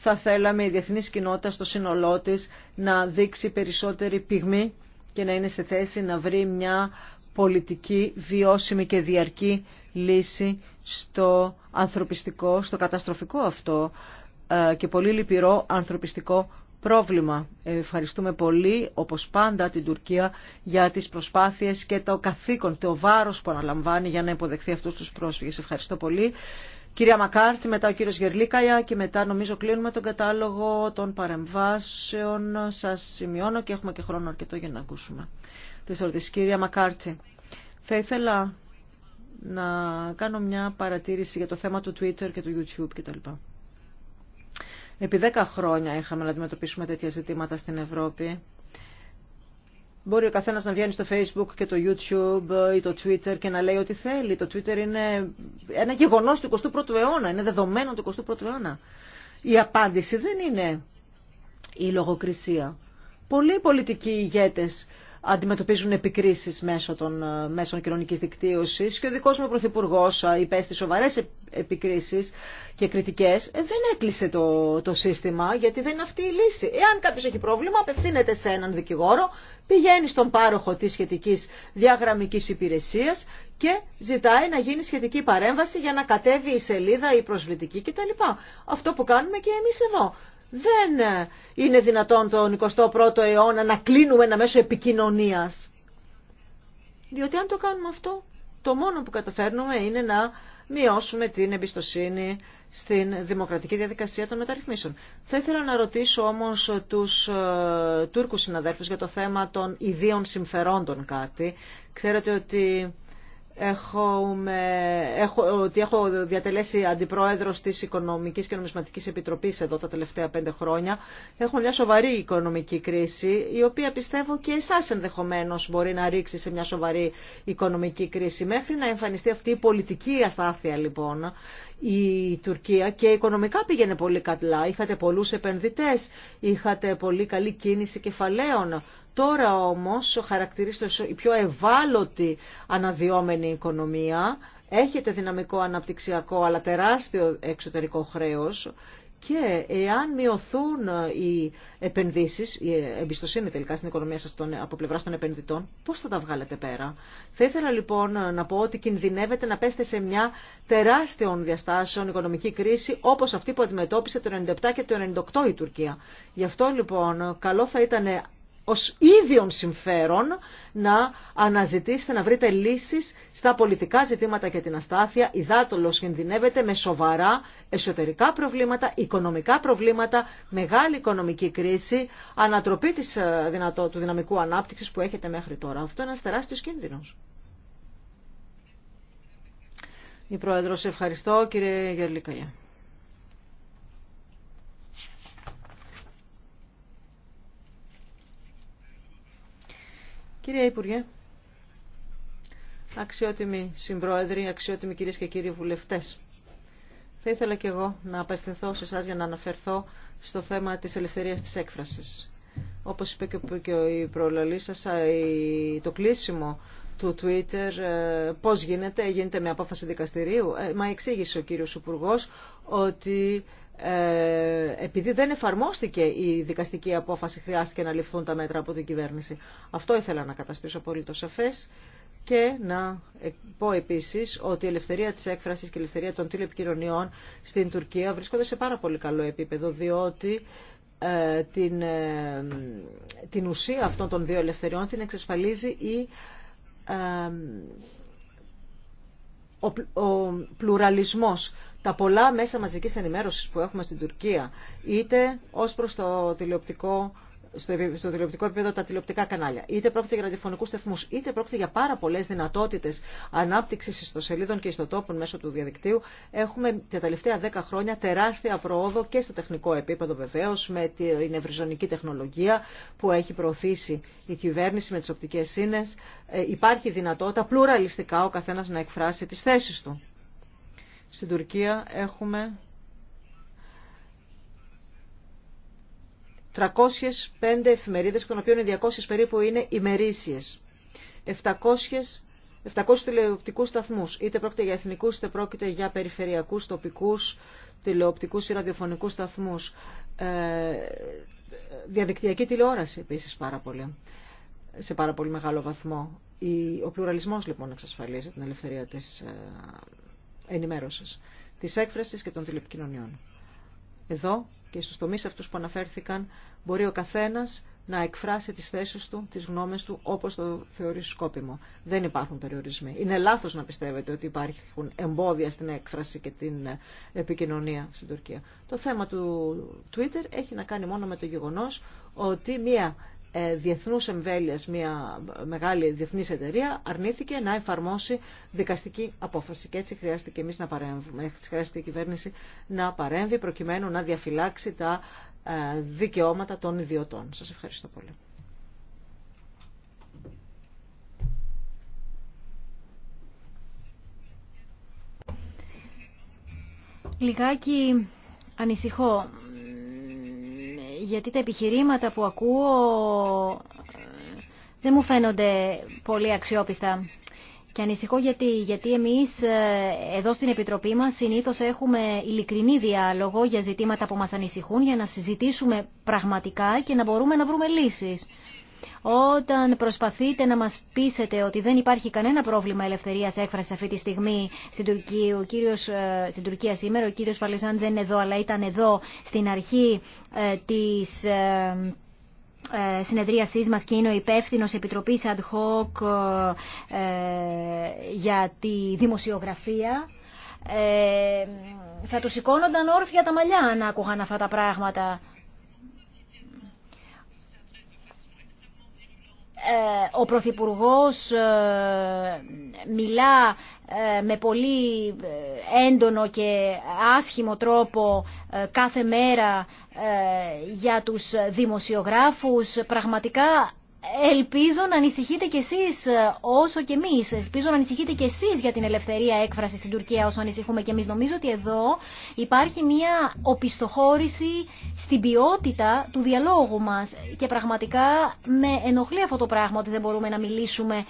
θα θέλαμε η διεθνή κοινότητα στο σύνολό τη να δείξει περισσότερη πυγμή και να είναι σε θέση να βρει μια πολιτική, βιώσιμη και διαρκή λύση στο ανθρωπιστικό, στο καταστροφικό αυτό ε, και πολύ λυπηρό ανθρωπιστικό πρόβλημα. Ευχαριστούμε πολύ, όπως πάντα, την Τουρκία για τις προσπάθειες και το καθήκον, το βάρος που αναλαμβάνει για να υποδεχθεί αυτούς τους πρόσφυγες. Ευχαριστώ πολύ. Κυρία Μακάρτη, μετά ο κύριος Γερλίκαια και μετά νομίζω κλείνουμε τον κατάλογο των παρεμβάσεων. Σας σημειώνω και έχουμε και χρόνο αρκετό για να ακούσουμε τις ερωτήσεις. Κυρία Μακάρτη, θα ήθελα να κάνω μια παρατήρηση για το θέμα του Twitter και του YouTube κτλ. Επί 10 χρόνια είχαμε να αντιμετωπίσουμε τέτοια ζητήματα στην Ευρώπη Μπορεί ο καθένα να βγαίνει στο Facebook και το YouTube ή το Twitter και να λέει ό,τι θέλει. Το Twitter είναι ένα γεγονό του 21ου αιώνα, είναι δεδομένο του 21ου αιώνα. Η απάντηση δεν είναι η λογοκρισία. Πολλοί πολιτικοί ηγέτες αντιμετωπίζουν επικρίσεις μέσω των ε, μέσων κοινωνικής δικτύωσης και ο δικός μου Πρωθυπουργό ε, υπέστη σοβαρές επικρίσεις και κριτικές, ε, δεν έκλεισε το, το σύστημα γιατί δεν είναι αυτή η λύση. Εάν κάποιος έχει πρόβλημα απευθύνεται σε έναν δικηγόρο, πηγαίνει στον πάροχο της σχετικής διαγραμμικής υπηρεσίας και ζητάει να γίνει σχετική παρέμβαση για να κατέβει η σελίδα, η προσβλητική κτλ. Αυτό που κάνουμε και εμείς εδώ. Δεν είναι δυνατόν τον 21ο αιώνα να κλείνουμε ένα μέσο επικοινωνίας. Διότι αν το κάνουμε αυτό, το μόνο που καταφέρνουμε είναι να μειώσουμε την εμπιστοσύνη στην δημοκρατική διαδικασία των μεταρρυθμίσεων. Θα ήθελα να ρωτήσω όμως τους ε, Τούρκους συναδέλφους για το θέμα των ιδίων συμφερόντων κάτι. Ξέρετε ότι έχω, ότι έχω διατελέσει αντιπρόεδρος της Οικονομικής και Νομισματικής Επιτροπής εδώ τα τελευταία πέντε χρόνια. Έχουμε μια σοβαρή οικονομική κρίση, η οποία πιστεύω και εσάς ενδεχομένως μπορεί να ρίξει σε μια σοβαρή οικονομική κρίση. Μέχρι να εμφανιστεί αυτή η πολιτική αστάθεια λοιπόν, η Τουρκία και οικονομικά πήγαινε πολύ καλά. Είχατε πολλούς επενδυτές, είχατε πολύ καλή κίνηση κεφαλαίων Τώρα όμως χαρακτηρίζεται η πιο ευάλωτη αναδυόμενη οικονομία, έχετε δυναμικό αναπτυξιακό αλλά τεράστιο εξωτερικό χρέος και εάν μειωθούν οι επενδύσεις, η εμπιστοσύνη τελικά στην οικονομία σας από πλευρά των επενδυτών, πώς θα τα βγάλετε πέρα. Θα ήθελα λοιπόν να πω ότι κινδυνεύετε να πέστε σε μια τεράστιων διαστάσεων οικονομική κρίση όπως αυτή που αντιμετώπισε το 97 και το 1998 η Τουρκία. Γι' αυτό λοιπόν καλό θα ήταν ως ίδιων συμφέρον να αναζητήσετε, να βρείτε λύσεις στα πολιτικά ζητήματα και την αστάθεια. Η δάτολος κινδυνεύεται με σοβαρά εσωτερικά προβλήματα, οικονομικά προβλήματα, μεγάλη οικονομική κρίση, ανατροπή της, ε, δυνατό, του δυναμικού ανάπτυξης που έχετε μέχρι τώρα. Αυτό είναι ένας τεράστιος κίνδυνος. Η Πρόεδρος, ευχαριστώ κύριε Κύριε Υπουργέ, αξιότιμοι συμπρόεδροι, αξιότιμοι κυρίες και κύριοι βουλευτές, θα ήθελα και εγώ να απευθυνθώ σε εσά για να αναφερθώ στο θέμα της ελευθερίας της έκφρασης. Όπως είπε και η προλαλή σας, το κλείσιμο του Twitter ε, πώς γίνεται, γίνεται με απόφαση δικαστηρίου. Ε, μα εξήγησε ο κύριος Υπουργός ότι ε, επειδή δεν εφαρμόστηκε η δικαστική απόφαση, χρειάστηκε να ληφθούν τα μέτρα από την κυβέρνηση. Αυτό ήθελα να καταστήσω πολύ το σαφές και να πω επίσης ότι η ελευθερία της έκφρασης και η ελευθερία των τηλεπικοινωνιών στην Τουρκία βρίσκονται σε πάρα πολύ καλό επίπεδο, διότι ε, την, ε, την ουσία αυτών των δύο ελευθεριών την εξασφαλίζει η ο πλουραλισμός τα πολλά μέσα μαζικής ενημέρωσης που έχουμε στην Τουρκία, είτε ως προς το τηλεοπτικό στο τηλεοπτικό επίπεδο τα τηλεοπτικά κανάλια. Είτε πρόκειται για ραδιοφωνικού σταθμού, είτε πρόκειται για πάρα πολλέ δυνατότητε ανάπτυξη ιστοσελίδων και ιστοτόπων μέσω του διαδικτύου. Έχουμε τα τελευταία δέκα χρόνια τεράστια προόδο και στο τεχνικό επίπεδο βεβαίω, με την ευρυζωνική τεχνολογία που έχει προωθήσει η κυβέρνηση με τι οπτικέ σύνε. Ε, υπάρχει δυνατότητα πλουραλιστικά ο καθένα να εκφράσει τι θέσει του. Στην Τουρκία έχουμε 305 εφημερίδες, των οποίων 200 περίπου είναι ημερήσιες. 700 700 τηλεοπτικούς σταθμούς, είτε πρόκειται για εθνικούς, είτε πρόκειται για περιφερειακούς, τοπικούς, τηλεοπτικούς ή ραδιοφωνικούς σταθμούς. Ε, διαδικτυακή τηλεόραση επίσης πάρα πολύ, σε πάρα πολύ μεγάλο βαθμό. Ο πλουραλισμός λοιπόν εξασφαλίζει την ελευθερία της ε, Ενημέρωση, τη έκφραση και των τηλεπικοινωνιών. Εδώ και στου τομείς αυτούς που αναφέρθηκαν μπορεί ο καθένας να εκφράσει τις θέσεις του, τις γνώμες του όπως το θεωρεί σκόπιμο. Δεν υπάρχουν περιορισμοί. Είναι λάθος να πιστεύετε ότι υπάρχουν εμπόδια στην έκφραση και την ε, επικοινωνία στην Τουρκία. Το θέμα του Twitter έχει να κάνει μόνο με το γεγονός ότι μία ε, διεθνούς εμβέλειας μια μεγάλη διεθνής εταιρεία αρνήθηκε να εφαρμόσει δικαστική απόφαση. Και έτσι χρειάστηκε να παρέμβουμε. Έτσι η κυβέρνηση να παρέμβει προκειμένου να διαφυλάξει τα ε, δικαιώματα των ιδιωτών. Σας ευχαριστώ πολύ. Λιγάκι ανησυχώ γιατί τα επιχειρήματα που ακούω ε, δεν μου φαίνονται πολύ αξιόπιστα. Και ανησυχώ γιατί, γιατί εμείς ε, εδώ στην Επιτροπή μας συνήθως έχουμε ειλικρινή διάλογο για ζητήματα που μας ανησυχούν για να συζητήσουμε πραγματικά και να μπορούμε να βρούμε λύσεις. Όταν προσπαθείτε να μας πείσετε ότι δεν υπάρχει κανένα πρόβλημα ελευθερίας έκφρασης αυτή τη στιγμή στην Τουρκία, ο κύριος, ε, στην Τουρκία σήμερα, ο κύριος Παλαισάν δεν είναι εδώ, αλλά ήταν εδώ στην αρχή ε, της... Ε, ε συνεδρίασής μας και είναι ο υπεύθυνο επιτροπη Ad Hoc ε, για τη δημοσιογραφία. θα του σηκώνονταν όρθια τα μαλλιά αν άκουγαν αυτά τα πράγματα. Ε, ο Πρωθυπουργός ε, μιλά ε, με πολύ έντονο και άσχημο τρόπο κάθε μέρα για τους δημοσιογράφους. Πραγματικά Ελπίζω να ανησυχείτε κι εσείς ε, όσο και εμείς. Ελπίζω να ανησυχείτε κι εσείς για την ελευθερία έκφραση στην Τουρκία όσο ανησυχούμε κι εμείς. Νομίζω ότι εδώ υπάρχει μια οπισθοχώρηση στην ποιότητα του διαλόγου μας. Και πραγματικά με ενοχλεί αυτό το πράγμα ότι δεν μπορούμε να μιλήσουμε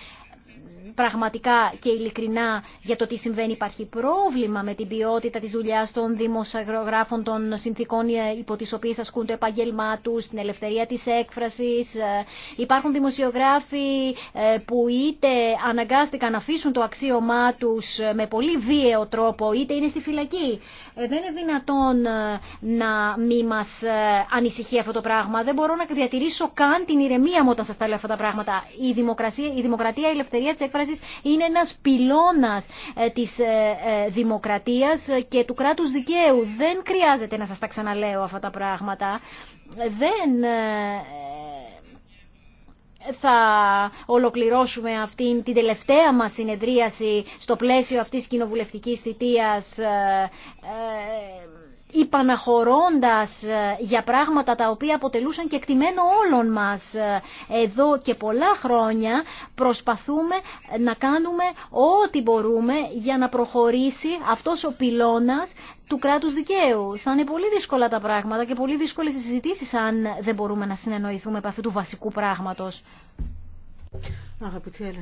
πραγματικά και ειλικρινά για το τι συμβαίνει. Υπάρχει πρόβλημα με την ποιότητα τη δουλειά των δημοσιογράφων, των συνθήκων ε, υπό τι οποίε ασκούν το επαγγελμά του, την ελευθερία τη έκφραση. Ε, υπάρχουν δημοσιογράφοι ε, που είτε αναγκάστηκαν να αφήσουν το αξίωμά του με πολύ βίαιο τρόπο, είτε είναι στη φυλακή. Δεν είναι δυνατόν να μη μα ανησυχεί αυτό το πράγμα. Δεν μπορώ να διατηρήσω καν την ηρεμία μου όταν σα τα λέω αυτά τα πράγματα. Η δημοκρατία, η ελευθερία τη είναι ένας πυλώνας ε, της ε, ε, δημοκρατίας και του κράτους δικαίου. Δεν χρειάζεται να σας τα ξαναλέω αυτά τα πράγματα. Δεν θα ολοκληρώσουμε αυτήν την τελευταία μας συνεδρίαση στο πλαίσιο αυτής της κοινοβουλευτικής θητείας υπαναχωρώντας ε, για πράγματα τα οποία αποτελούσαν και εκτιμένο όλων μας. Ε, εδώ και πολλά χρόνια προσπαθούμε να κάνουμε ό,τι μπορούμε για να προχωρήσει αυτός ο πυλώνας του κράτους δικαίου. Θα είναι πολύ δύσκολα τα πράγματα και πολύ δύσκολες οι συζητήσεις αν δεν μπορούμε να συνεννοηθούμε από αυτού του βασικού πράγματος. Αγαπητή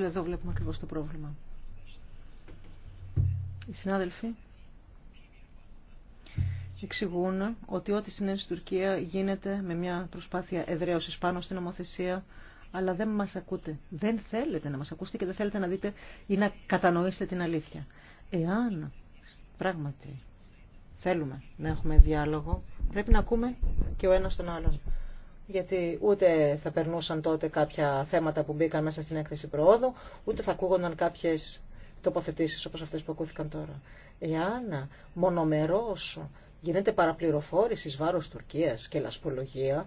εδώ βλέπουμε ακριβώς το πρόβλημα. Οι συνάδελφοι εξηγούν ότι ό,τι συνέβη στην Τουρκία γίνεται με μια προσπάθεια εδραίωση πάνω στην νομοθεσία, αλλά δεν μας ακούτε. Δεν θέλετε να μας ακούσετε και δεν θέλετε να δείτε ή να κατανοήσετε την αλήθεια. Εάν πράγματι θέλουμε να έχουμε διάλογο, πρέπει να ακούμε και ο ένας τον άλλον. Γιατί ούτε θα περνούσαν τότε κάποια θέματα που μπήκαν μέσα στην έκθεση προόδου, ούτε θα ακούγονταν κάποιες τοποθετήσεις όπως αυτές που ακούθηκαν τώρα. Εάν μονομερός γίνεται παραπληροφόρηση βάρος Τουρκίας και λασπολογία,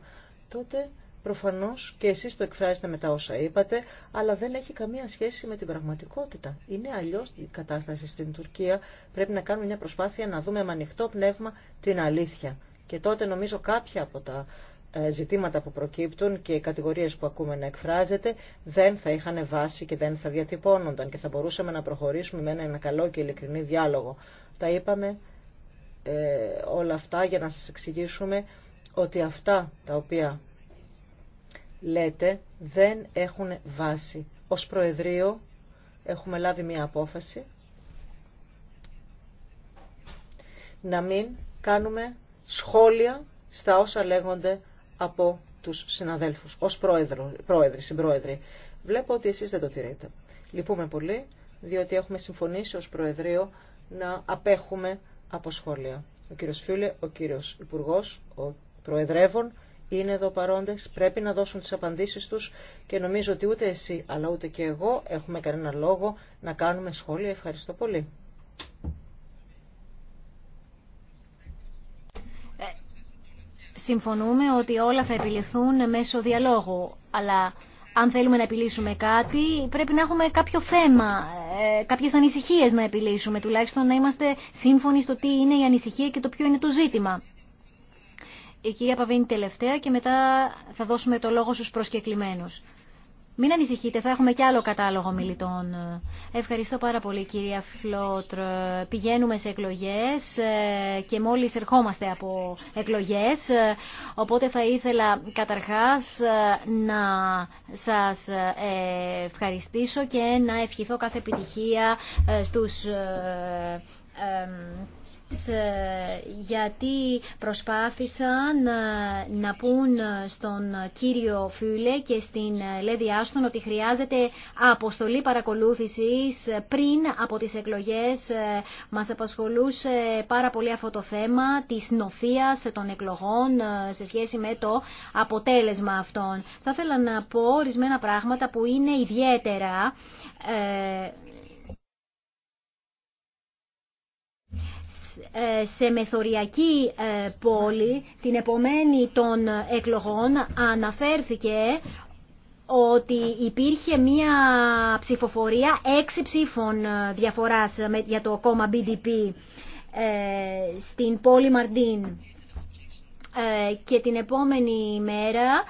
τότε προφανώς και εσείς το εκφράζετε με τα όσα είπατε, αλλά δεν έχει καμία σχέση με την πραγματικότητα. Είναι αλλιώς η κατάσταση στην Τουρκία. Πρέπει να κάνουμε μια προσπάθεια να δούμε με ανοιχτό πνεύμα την αλήθεια. Και τότε νομίζω κάποια από τα ε, ζητήματα που προκύπτουν και οι κατηγορίες που ακούμε να εκφράζεται δεν θα είχαν βάση και δεν θα διατυπώνονταν και θα μπορούσαμε να προχωρήσουμε με ένα καλό και ειλικρινή διάλογο. Τα είπαμε ε, όλα αυτά για να σας εξηγήσουμε ότι αυτά τα οποία λέτε δεν έχουν βάση. Ως Προεδρείο έχουμε λάβει μια απόφαση να μην κάνουμε σχόλια στα όσα λέγονται από τους συναδέλφους, ως πρόεδρο, πρόεδροι, συμπρόεδροι. Βλέπω ότι εσείς δεν το τηρείτε. Λυπούμε πολύ, διότι έχουμε συμφωνήσει ως Προεδρείο να απέχουμε από σχόλια. Ο κύριος Φίλε, ο κύριος Υπουργός, ο Προεδρεύων είναι εδώ παρόντες, πρέπει να δώσουν τις απαντήσεις τους και νομίζω ότι ούτε εσύ αλλά ούτε και εγώ έχουμε κανένα λόγο να κάνουμε σχόλια. Ευχαριστώ πολύ. συμφωνούμε ότι όλα θα επιληθούν μέσω διαλόγου. Αλλά αν θέλουμε να επιλύσουμε κάτι, πρέπει να έχουμε κάποιο θέμα, ε, κάποιες ανησυχίες να επιλύσουμε, τουλάχιστον να είμαστε σύμφωνοι στο τι είναι η ανησυχία και το ποιο είναι το ζήτημα. Η κυρία Παβίνη τελευταία και μετά θα δώσουμε το λόγο στους προσκεκλημένους. Μην ανησυχείτε, θα έχουμε και άλλο κατάλογο μιλητών. Ευχαριστώ πάρα πολύ κυρία Φλότρ. Πηγαίνουμε σε εκλογές ε, και μόλις ερχόμαστε από εκλογές. Ε, οπότε θα ήθελα καταρχάς ε, να σας ευχαριστήσω και να ευχηθώ κάθε επιτυχία στους ε, γιατί προσπάθησαν ε, να πούν στον κύριο Φιούλε και στην ε, Λέδη Άστον ότι χρειάζεται αποστολή παρακολούθησης πριν από τις εκλογές. Μας απασχολούσε πάρα πολύ αυτό το θέμα της νοθείας των εκλογών σε σχέση με το αποτέλεσμα αυτών. Θα ήθελα να πω ορισμένα πράγματα που είναι ιδιαίτερα Ε, σε μεθοριακή ε, πόλη την επομένη των εκλογών αναφέρθηκε ότι υπήρχε μία ψηφοφορία έξι ψήφων ε, διαφοράς για το κόμμα BDP στην πόλη Μαρτίν Και την επόμενη μέρα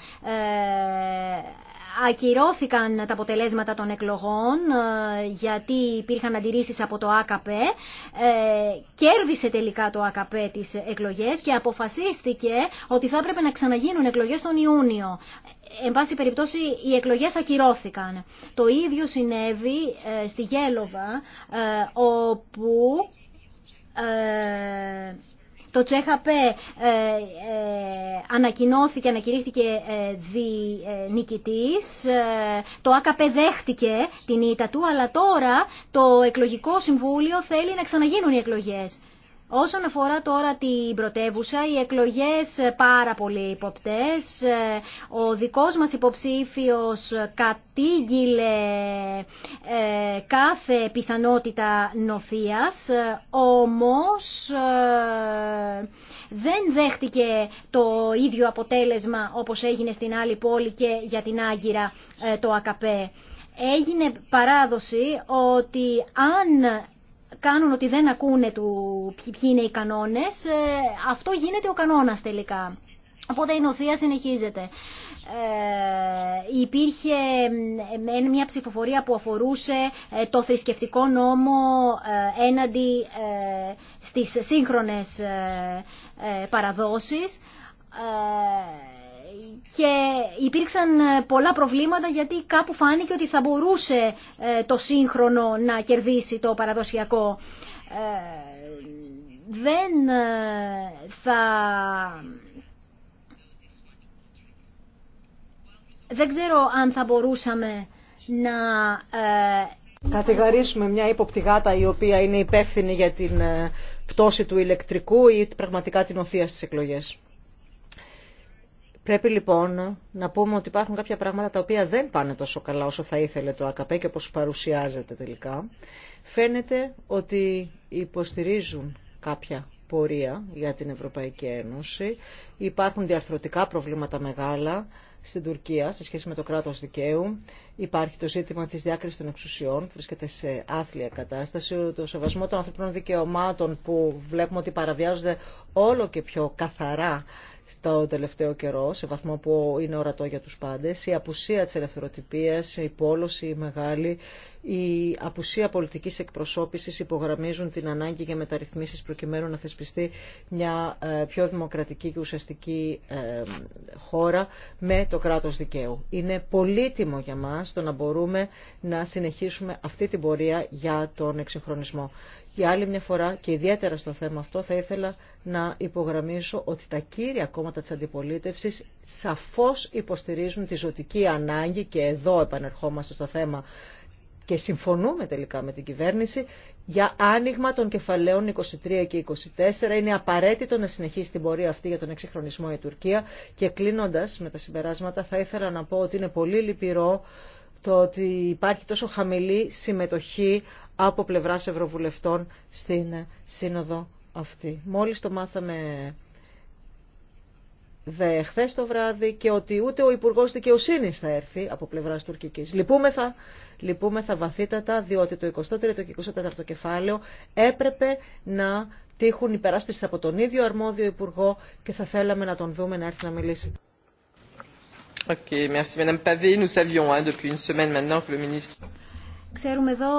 ακυρώθηκαν τα αποτελέσματα των εκλογών ε, γιατί υπήρχαν αντιρρήσεις από το ΑΚΠ. Ε, κέρδισε τελικά το ΑΚΠ τις εκλογές και αποφασίστηκε ότι θα έπρεπε να ξαναγίνουν εκλογές τον Ιούνιο. Εν πάση περιπτώσει οι εκλογές ακυρώθηκαν. Το ίδιο συνέβη ε, στη Γέλοβα όπου το ΤΣΕΧΑΠΕ ε, ανακοινώθηκε, ανακηρύχθηκε ε, ε, νικητής. Το ΑΚΑΠΕ δέχτηκε την ήττα του, αλλά τώρα το εκλογικό συμβούλιο θέλει να ξαναγίνουν οι εκλογές. Όσον αφορά τώρα την πρωτεύουσα, οι εκλογές πάρα πολύ υποπτές. Ο δικός μας υποψήφιος κατήγγειλε ε, κάθε πιθανότητα νοθείας, όμως ε, δεν δέχτηκε το ίδιο αποτέλεσμα όπως έγινε στην άλλη πόλη και για την Άγκυρα ε, το ΑΚΠ έγινε παράδοση ότι αν κάνουν ότι δεν ακούνε του, ποιοι είναι οι κανόνες, ε, αυτό γίνεται ο κανόνας τελικά. Οπότε η νοθεία συνεχίζεται. Ε, υπήρχε μια ψηφοφορία που αφορούσε ε, το θρησκευτικό νόμο έναντι στις σύγχρονες παραδόσεις και υπήρξαν ε, πολλά προβλήματα γιατί κάπου φάνηκε ότι θα μπορούσε ε, το σύγχρονο να κερδίσει το παραδοσιακό. Ε, δεν θα... Δεν ξέρω αν θα μπορούσαμε να... Κατηγορήσουμε μια ύποπτη η οποία είναι υπεύθυνη για την πτώση του ηλεκτρικού ή πραγματικά την οθεία στις εκλογές. Πρέπει λοιπόν να πούμε ότι υπάρχουν κάποια πράγματα τα οποία δεν πάνε τόσο καλά όσο θα ήθελε το ΑΚΠ και όπως παρουσιάζεται τελικά. Φαίνεται ότι υποστηρίζουν κάποια πορεία για την Ευρωπαϊκή Ένωση. Υπάρχουν διαρθρωτικά προβλήματα μεγάλα στην Τουρκία σε σχέση με το κράτος δικαίου. Υπάρχει το ζήτημα της διάκρισης των εξουσιών που βρίσκεται σε άθλια κατάσταση, το σεβασμό των ανθρωπίνων δικαιωμάτων που βλέπουμε ότι παραβιάζονται όλο και πιο καθαρά στο τελευταίο καιρό, σε βαθμό που είναι ορατό για τους πάντες, η απουσία της ελευθεροτυπίας, η πόλωση, η μεγάλη, η απουσία πολιτικής εκπροσώπησης υπογραμμίζουν την ανάγκη για μεταρρυθμίσεις προκειμένου να θεσπιστεί μια ε, πιο δημοκρατική και ουσιαστική ε, χώρα με το κράτος δικαίου. Είναι πολύτιμο για μας το να μπορούμε να συνεχίσουμε αυτή την πορεία για τον εξυγχρονισμό. Για άλλη μια φορά και ιδιαίτερα στο θέμα αυτό θα ήθελα να υπογραμμίσω ότι τα κύρια κόμματα της αντιπολίτευσης σαφώς υποστηρίζουν τη ζωτική ανάγκη και εδώ επανερχόμαστε στο θέμα και συμφωνούμε τελικά με την κυβέρνηση για άνοιγμα των κεφαλαίων 23 και 24. Είναι απαραίτητο να συνεχίσει την πορεία αυτή για τον εξυγχρονισμό η Τουρκία. Και κλείνοντα με τα συμπεράσματα, θα ήθελα να πω ότι είναι πολύ λυπηρό το ότι υπάρχει τόσο χαμηλή συμμετοχή από πλευράς Ευρωβουλευτών στην σύνοδο αυτή. Μόλι το μάθαμε δε χθε το βράδυ και ότι ούτε ο Υπουργό Δικαιοσύνη θα έρθει από πλευρά τουρκική. Λυπούμεθα, λυπούμεθα βαθύτατα, διότι το 23ο και 24ο κεφάλαιο έπρεπε να τύχουν υπεράσπιση από τον ίδιο αρμόδιο Υπουργό και θα θέλαμε να τον δούμε να έρθει να μιλήσει. Okay, merci, Ξέρουμε εδώ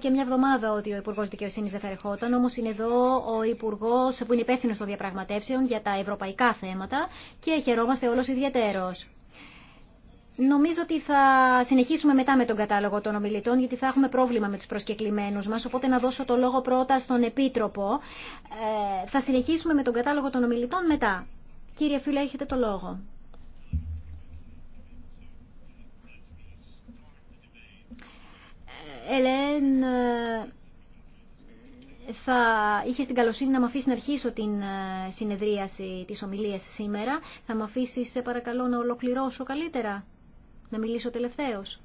και μια εβδομάδα ότι ο Υπουργό Δικαιοσύνη δεν θα ερχόταν, όμω είναι εδώ ο Υπουργό που είναι υπεύθυνο των διαπραγματεύσεων για τα ευρωπαϊκά θέματα και χαιρόμαστε όλο ιδιαίτερο. Νομίζω ότι θα συνεχίσουμε μετά με τον κατάλογο των ομιλητών, γιατί θα έχουμε πρόβλημα με του προσκεκλημένου μα, οπότε να δώσω το λόγο πρώτα στον Επίτροπο. Ε, θα συνεχίσουμε με τον κατάλογο των ομιλητών μετά. Κύριε Φίλε, έχετε το λόγο. Ελέν, ε, θα είχε την καλοσύνη να μου αφήσει να αρχίσω την ε, συνεδρίαση της ομιλίας σήμερα. Θα με αφήσει σε παρακαλώ να ολοκληρώσω καλύτερα, να μιλήσω τελευταίος.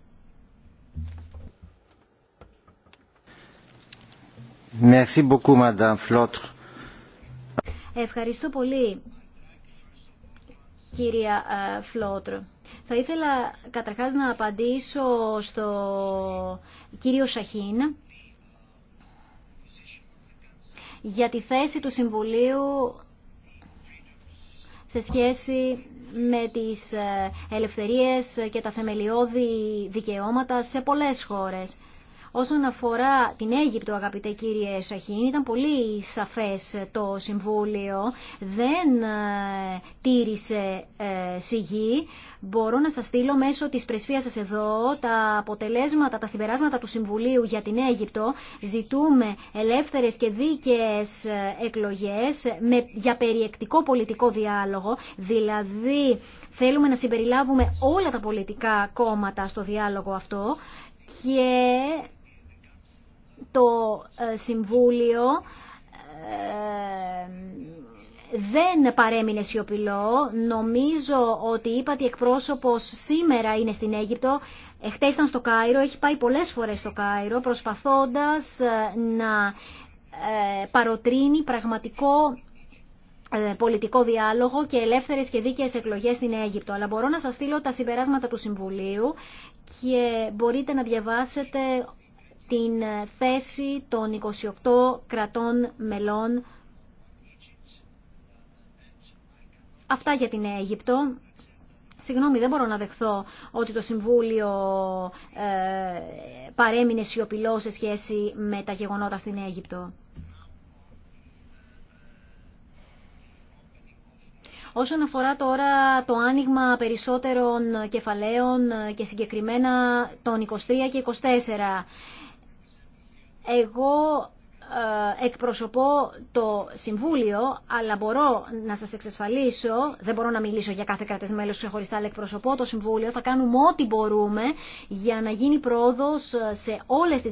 Ευχαριστώ πολύ, κυρία ε, Φλότρ. Θα ήθελα καταρχάς να απαντήσω στο κύριο Σαχίν για τη θέση του Συμβουλίου σε σχέση με τις ε, ελευθερίες και τα θεμελιώδη δικαιώματα σε πολλές χώρες. Όσον αφορά την Αίγυπτο, αγαπητέ κύριε Σαχίν, ήταν πολύ σαφές το Συμβούλιο. Δεν ε, τήρησε ε, σιγή. Μπορώ να σας στείλω μέσω της πρεσφείας σας εδώ τα αποτελέσματα, τα συμπεράσματα του Συμβουλίου για την Αίγυπτο. Ζητούμε ελεύθερες και δίκαιες ε, εκλογές με, για περιεκτικό πολιτικό διάλογο. Δηλαδή θέλουμε να συμπεριλάβουμε όλα τα πολιτικά κόμματα στο διάλογο αυτό και το ε, Συμβούλιο ε, δεν παρέμεινε σιωπηλό. Νομίζω ότι είπα ότι εκπρόσωπος σήμερα είναι στην Αίγυπτο. Εχθές ήταν στο Κάιρο, έχει πάει πολλές φορές στο Κάιρο, προσπαθώντας ε, να παροτρύνει πραγματικό πολιτικό διάλογο και ελεύθερες και δίκαιες εκλογές στην Αίγυπτο. Αλλά μπορώ να σας στείλω τα συμπεράσματα του Συμβουλίου και μπορείτε να διαβάσετε την ε, θέση των 28 κρατών μελών. Αυτά για την Αίγυπτο. Συγγνώμη, δεν μπορώ να δεχθώ ότι το Συμβούλιο ε, παρέμεινε σιωπηλό σε σχέση με τα γεγονότα στην Αίγυπτο. Όσον αφορά τώρα το άνοιγμα περισσότερων κεφαλαίων και συγκεκριμένα των 23 και 24, εγώ ε, εκπροσωπώ το Συμβούλιο, αλλά μπορώ να σας εξασφαλίσω, δεν μπορώ να μιλήσω για κάθε κράτες μέλος ξεχωριστά, αλλά εκπροσωπώ το Συμβούλιο, θα κάνουμε ό,τι μπορούμε για να γίνει πρόοδος σε όλες τις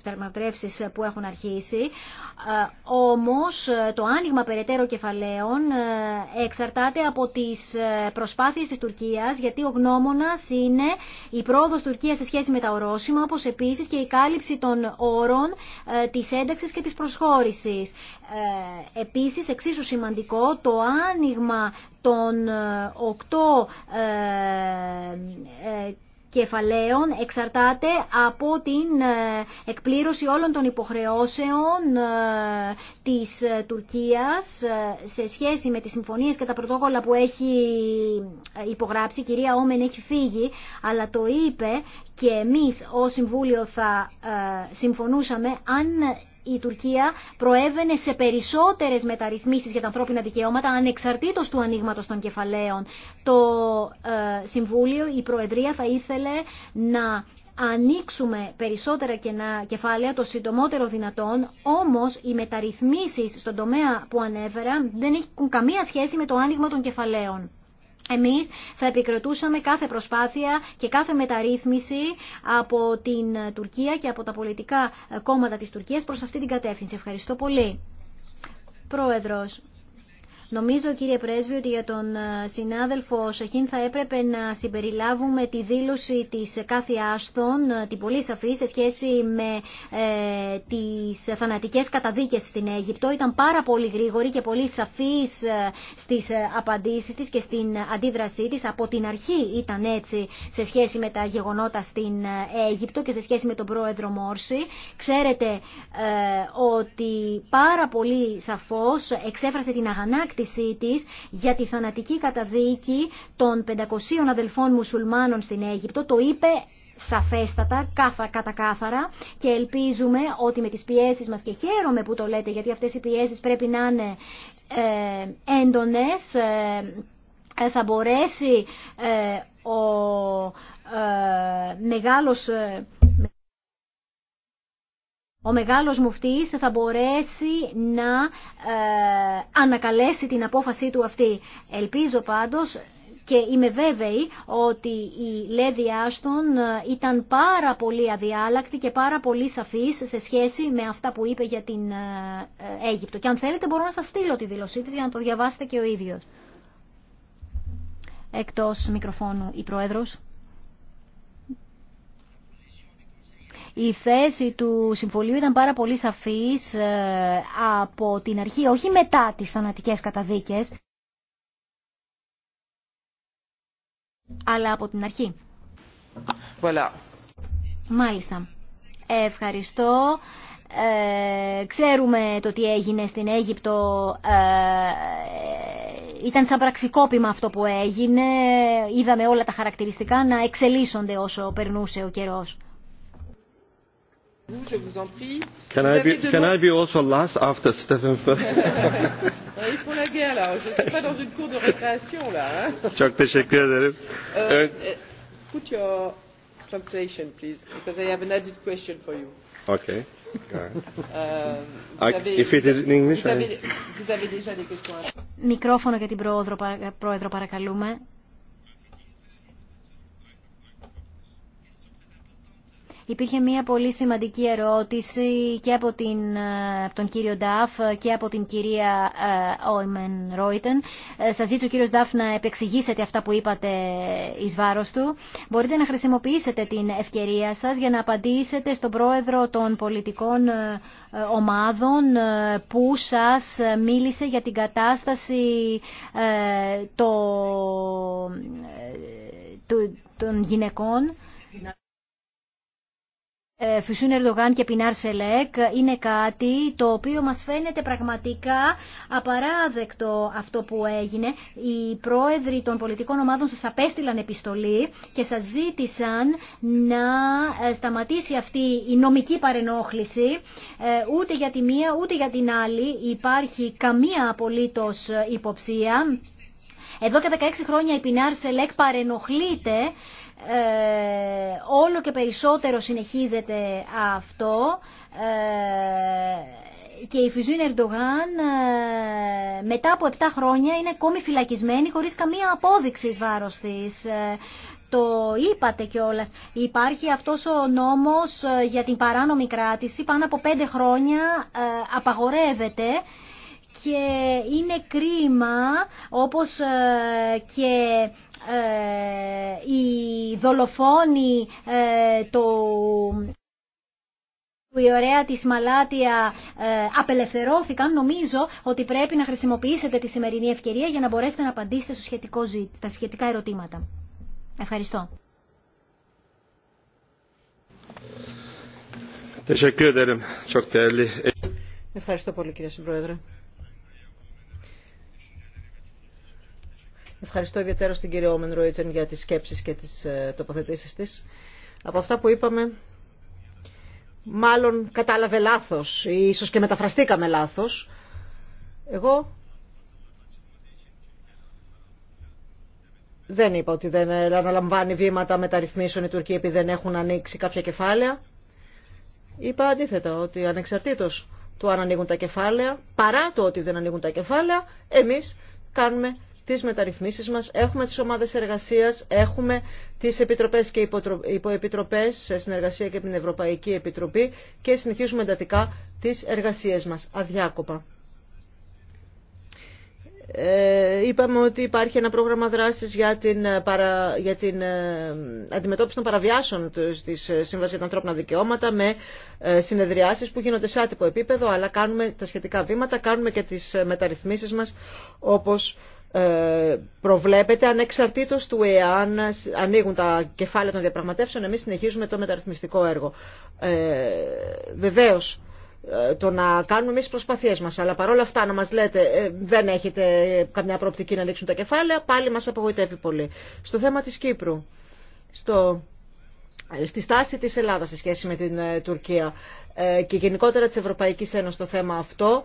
διαπραγματεύσεις που έχουν αρχίσει. Ε, όμως το άνοιγμα περαιτέρω κεφαλαίων ε, εξαρτάται από τις προσπάθειες της Τουρκίας, γιατί ο γνώμονας είναι η πρόοδος Τουρκίας σε σχέση με τα ορόσημα, όπως επίσης και η κάλυψη των όρων της ένταξης και της προσχώρησης. Ε, επίσης, εξίσου σημαντικό, το άνοιγμα των ε, οκτώ ε, κεφαλαίων εξαρτάται από την ε, εκπλήρωση όλων των υποχρεώσεων ε, της ε, Τουρκίας σε σχέση με τις συμφωνίες και τα πρωτόκολλα που έχει υπογράψει. Η κυρία Όμεν έχει φύγει, αλλά το είπε και εμείς ως Συμβούλιο θα συμφωνούσαμε αν η Τουρκία προέβαινε σε περισσότερες μεταρρυθμίσεις για τα ανθρώπινα δικαιώματα ανεξαρτήτως του ανοίγματο των κεφαλαίων. Το ε, Συμβούλιο, η Προεδρία θα ήθελε να ανοίξουμε περισσότερα κενά κεφάλαια το συντομότερο δυνατόν, όμως οι μεταρρυθμίσεις στον τομέα που ανέφερα δεν έχουν καμία σχέση με το άνοιγμα των κεφαλαίων εμείς θα επικροτούσαμε κάθε προσπάθεια και κάθε μεταρρύθμιση από την Τουρκία και από τα πολιτικά κόμματα της Τουρκίας προς αυτή την κατεύθυνση. Ευχαριστώ πολύ. Πρόεδρος, Νομίζω κύριε Πρέσβη ότι για τον ε, συνάδελφο Σαχίν θα έπρεπε να συμπεριλάβουμε τη δήλωση της κάθε άστον, ε, την πολύ σαφή σε σχέση με ε, τις θανατικές καταδίκες στην Αίγυπτο. Ήταν πάρα πολύ γρήγορη και πολύ σαφής ε, στις απαντήσεις της και στην αντίδρασή της. Από την αρχή ήταν έτσι σε σχέση με τα γεγονότα στην Αίγυπτο και σε σχέση με τον πρόεδρο Μόρση. Ξέρετε ότι πάρα πολύ σαφώς εξέφρασε την αγανάκτηση για τη θανατική καταδίκη των 500 αδελφών μουσουλμάνων στην Αίγυπτο. Το είπε σαφέστατα, κάθα, κατακάθαρα και ελπίζουμε ότι με τις πιέσεις μας και χαίρομαι που το λέτε γιατί αυτές οι πιέσεις πρέπει να είναι ε, έντονες ε, ε, θα μπορέσει ε, ο μεγάλος ο μεγάλος μουφτής θα μπορέσει να ε, ανακαλέσει την απόφασή του αυτή. Ελπίζω πάντως και είμαι βέβαιη ότι η Λέδη Άστον ε, ήταν πάρα πολύ αδιάλακτη και πάρα πολύ σαφής σε σχέση με αυτά που είπε για την ε, Αίγυπτο. Και αν θέλετε μπορώ να σας στείλω τη δήλωσή της για να το διαβάσετε και ο ίδιος. Εκτός μικροφώνου η Πρόεδρος. Η θέση του Συμβουλίου ήταν πάρα πολύ σαφής ε, από την αρχή, όχι μετά τις θανατικές καταδίκες, αλλά από την αρχή. Voilà. Μάλιστα. Ευχαριστώ. Ε, ξέρουμε το τι έγινε στην Αίγυπτο. Ε, ήταν σαν πραξικόπημα αυτό που έγινε. Είδαμε όλα τα χαρακτηριστικά να εξελίσσονται όσο περνούσε ο καιρός. Je vous en prie. Can I be, can I be also last after Stephen Il faut la guerre là. Je ne suis pas dans une cour de récréation là. Hein. Çok teşekkür ederim. Uh, put your translation please, because I have an added question for you. Okay. If it is Vous avez déjà des questions. Μικρόφωνο για την πρόεδρο, πρόεδρο παρακαλούμε. Υπήρχε μια πολύ σημαντική ερώτηση και από, την, ε, τον κύριο Νταφ και από την κυρία ε, Όιμεν Ρόιτεν. Ε, σας ζήτησε ο κύριος Νταφ να επεξηγήσετε αυτά που είπατε ει βάρο του. Μπορείτε να χρησιμοποιήσετε την ευκαιρία σας για να απαντήσετε στον πρόεδρο των πολιτικών ομάδων που σας μίλησε για την κατάσταση το, των γυναικών ε, Φυσούν Ερδογάν και Πινάρ Σελέκ είναι κάτι το οποίο μας φαίνεται πραγματικά απαράδεκτο αυτό που έγινε. Οι πρόεδροι των πολιτικών ομάδων σας απέστειλαν επιστολή και σας ζήτησαν να ε, σταματήσει αυτή η νομική παρενόχληση ε, ούτε για τη μία ούτε για την άλλη υπάρχει καμία απολύτως υποψία. Εδώ και 16 χρόνια η Πινάρ Σελέκ παρενοχλείται ε, όλο και περισσότερο συνεχίζεται αυτό ε, και η Φιζούν Ερντογάν ε, μετά από 7 χρόνια είναι ακόμη φυλακισμένη χωρίς καμία απόδειξη εις βάρος της. Το είπατε κιόλα. Υπάρχει αυτός ο νόμος για την παράνομη κράτηση πάνω από 5 χρόνια απαγορεύεται και είναι κρίμα όπως ε, και ε, οι δολοφόνοι ε, του η ωραία της Μαλάτια απελευθερώθηκαν, νομίζω ότι πρέπει να χρησιμοποιήσετε τη σημερινή ευκαιρία για να μπορέσετε να απαντήσετε στο στα σχετικά ερωτήματα. Ευχαριστώ. Ευχαριστώ πολύ κύριε Συμπρόεδρε. Ευχαριστώ ιδιαίτερα στην κυρία Όμεν Ρόιτσεν για τις σκέψεις και τις ε, τοποθετήσεις της. Από αυτά που είπαμε, μάλλον κατάλαβε λάθος ή ίσως και μεταφραστήκαμε λάθος. Εγώ δεν είπα ότι δεν αναλαμβάνει βήματα μεταρρυθμίσεων η Τουρκία επειδή δεν έχουν ανοίξει κάποια κεφάλαια. Είπα αντίθετα ότι ανεξαρτήτως του αν ανοίγουν τα κεφάλαια, παρά το ότι δεν ανοίγουν τα κεφάλαια, εμείς κάνουμε τι μεταρρυθμίσει μας, έχουμε τις ομάδες εργασία, έχουμε τις επιτροπές και υποεπιτροπέ σε συνεργασία και με την Ευρωπαϊκή Επιτροπή και συνεχίζουμε εντατικά τις εργασίες μας, αδιάκοπα. Ε, είπαμε ότι υπάρχει ένα πρόγραμμα δράσης για την, ε, ε, αντιμετώπιση των παραβιάσεων της Σύμβασης για τα Ανθρώπινα Δικαιώματα με συνεδριάσεις που γίνονται σε άτυπο επίπεδο, αλλά κάνουμε τα σχετικά βήματα, κάνουμε και τις μεταρρυθμίσεις μας όπως προβλέπεται ανεξαρτήτως του εάν ανοίγουν τα κεφάλαια των διαπραγματεύσεων εμείς συνεχίζουμε το μεταρρυθμιστικό έργο. Ε, ε, το να κάνουμε εμεί προσπαθίε μα. Αλλά παρόλα αυτά να μα λέτε ε, δεν έχετε καμιά προοπτική να ανοίξουν τα κεφάλαια, πάλι μα απογοητεύει πολύ. Στο θέμα τη Κύπρου, στο, ε, στη στάση τη Ελλάδα σε σχέση με την Τουρκία και γενικότερα τη Ευρωπαϊκή Ένωση στο θέμα αυτό,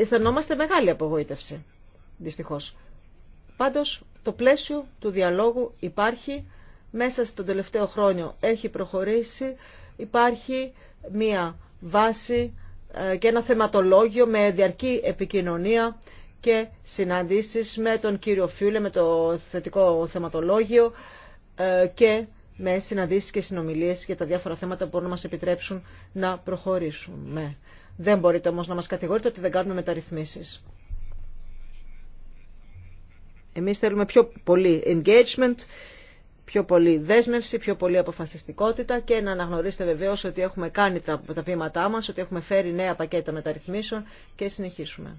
αισθανόμαστε μεγάλη απογοήτευση. Δυστυχώ. Πάντω, το πλαίσιο του διαλόγου υπάρχει. Μέσα στον τελευταίο χρόνο έχει προχωρήσει. Υπάρχει μία βάση ε, και ένα θεματολόγιο με διαρκή επικοινωνία και συναντήσεις με τον κύριο Φιούλε, με το θετικό θεματολόγιο ε, και με συναντήσεις και συνομιλίες για τα διάφορα θέματα που μπορούν να μας επιτρέψουν να προχωρήσουμε. Δεν μπορείτε όμως να μας κατηγορείτε ότι δεν κάνουμε μεταρρυθμίσεις. Εμείς θέλουμε πιο πολύ engagement πιο πολύ δέσμευση, πιο πολύ αποφασιστικότητα και να αναγνωρίσετε βεβαίω ότι έχουμε κάνει τα, βήματά μα, ότι έχουμε φέρει νέα πακέτα μεταρρυθμίσεων και συνεχίσουμε.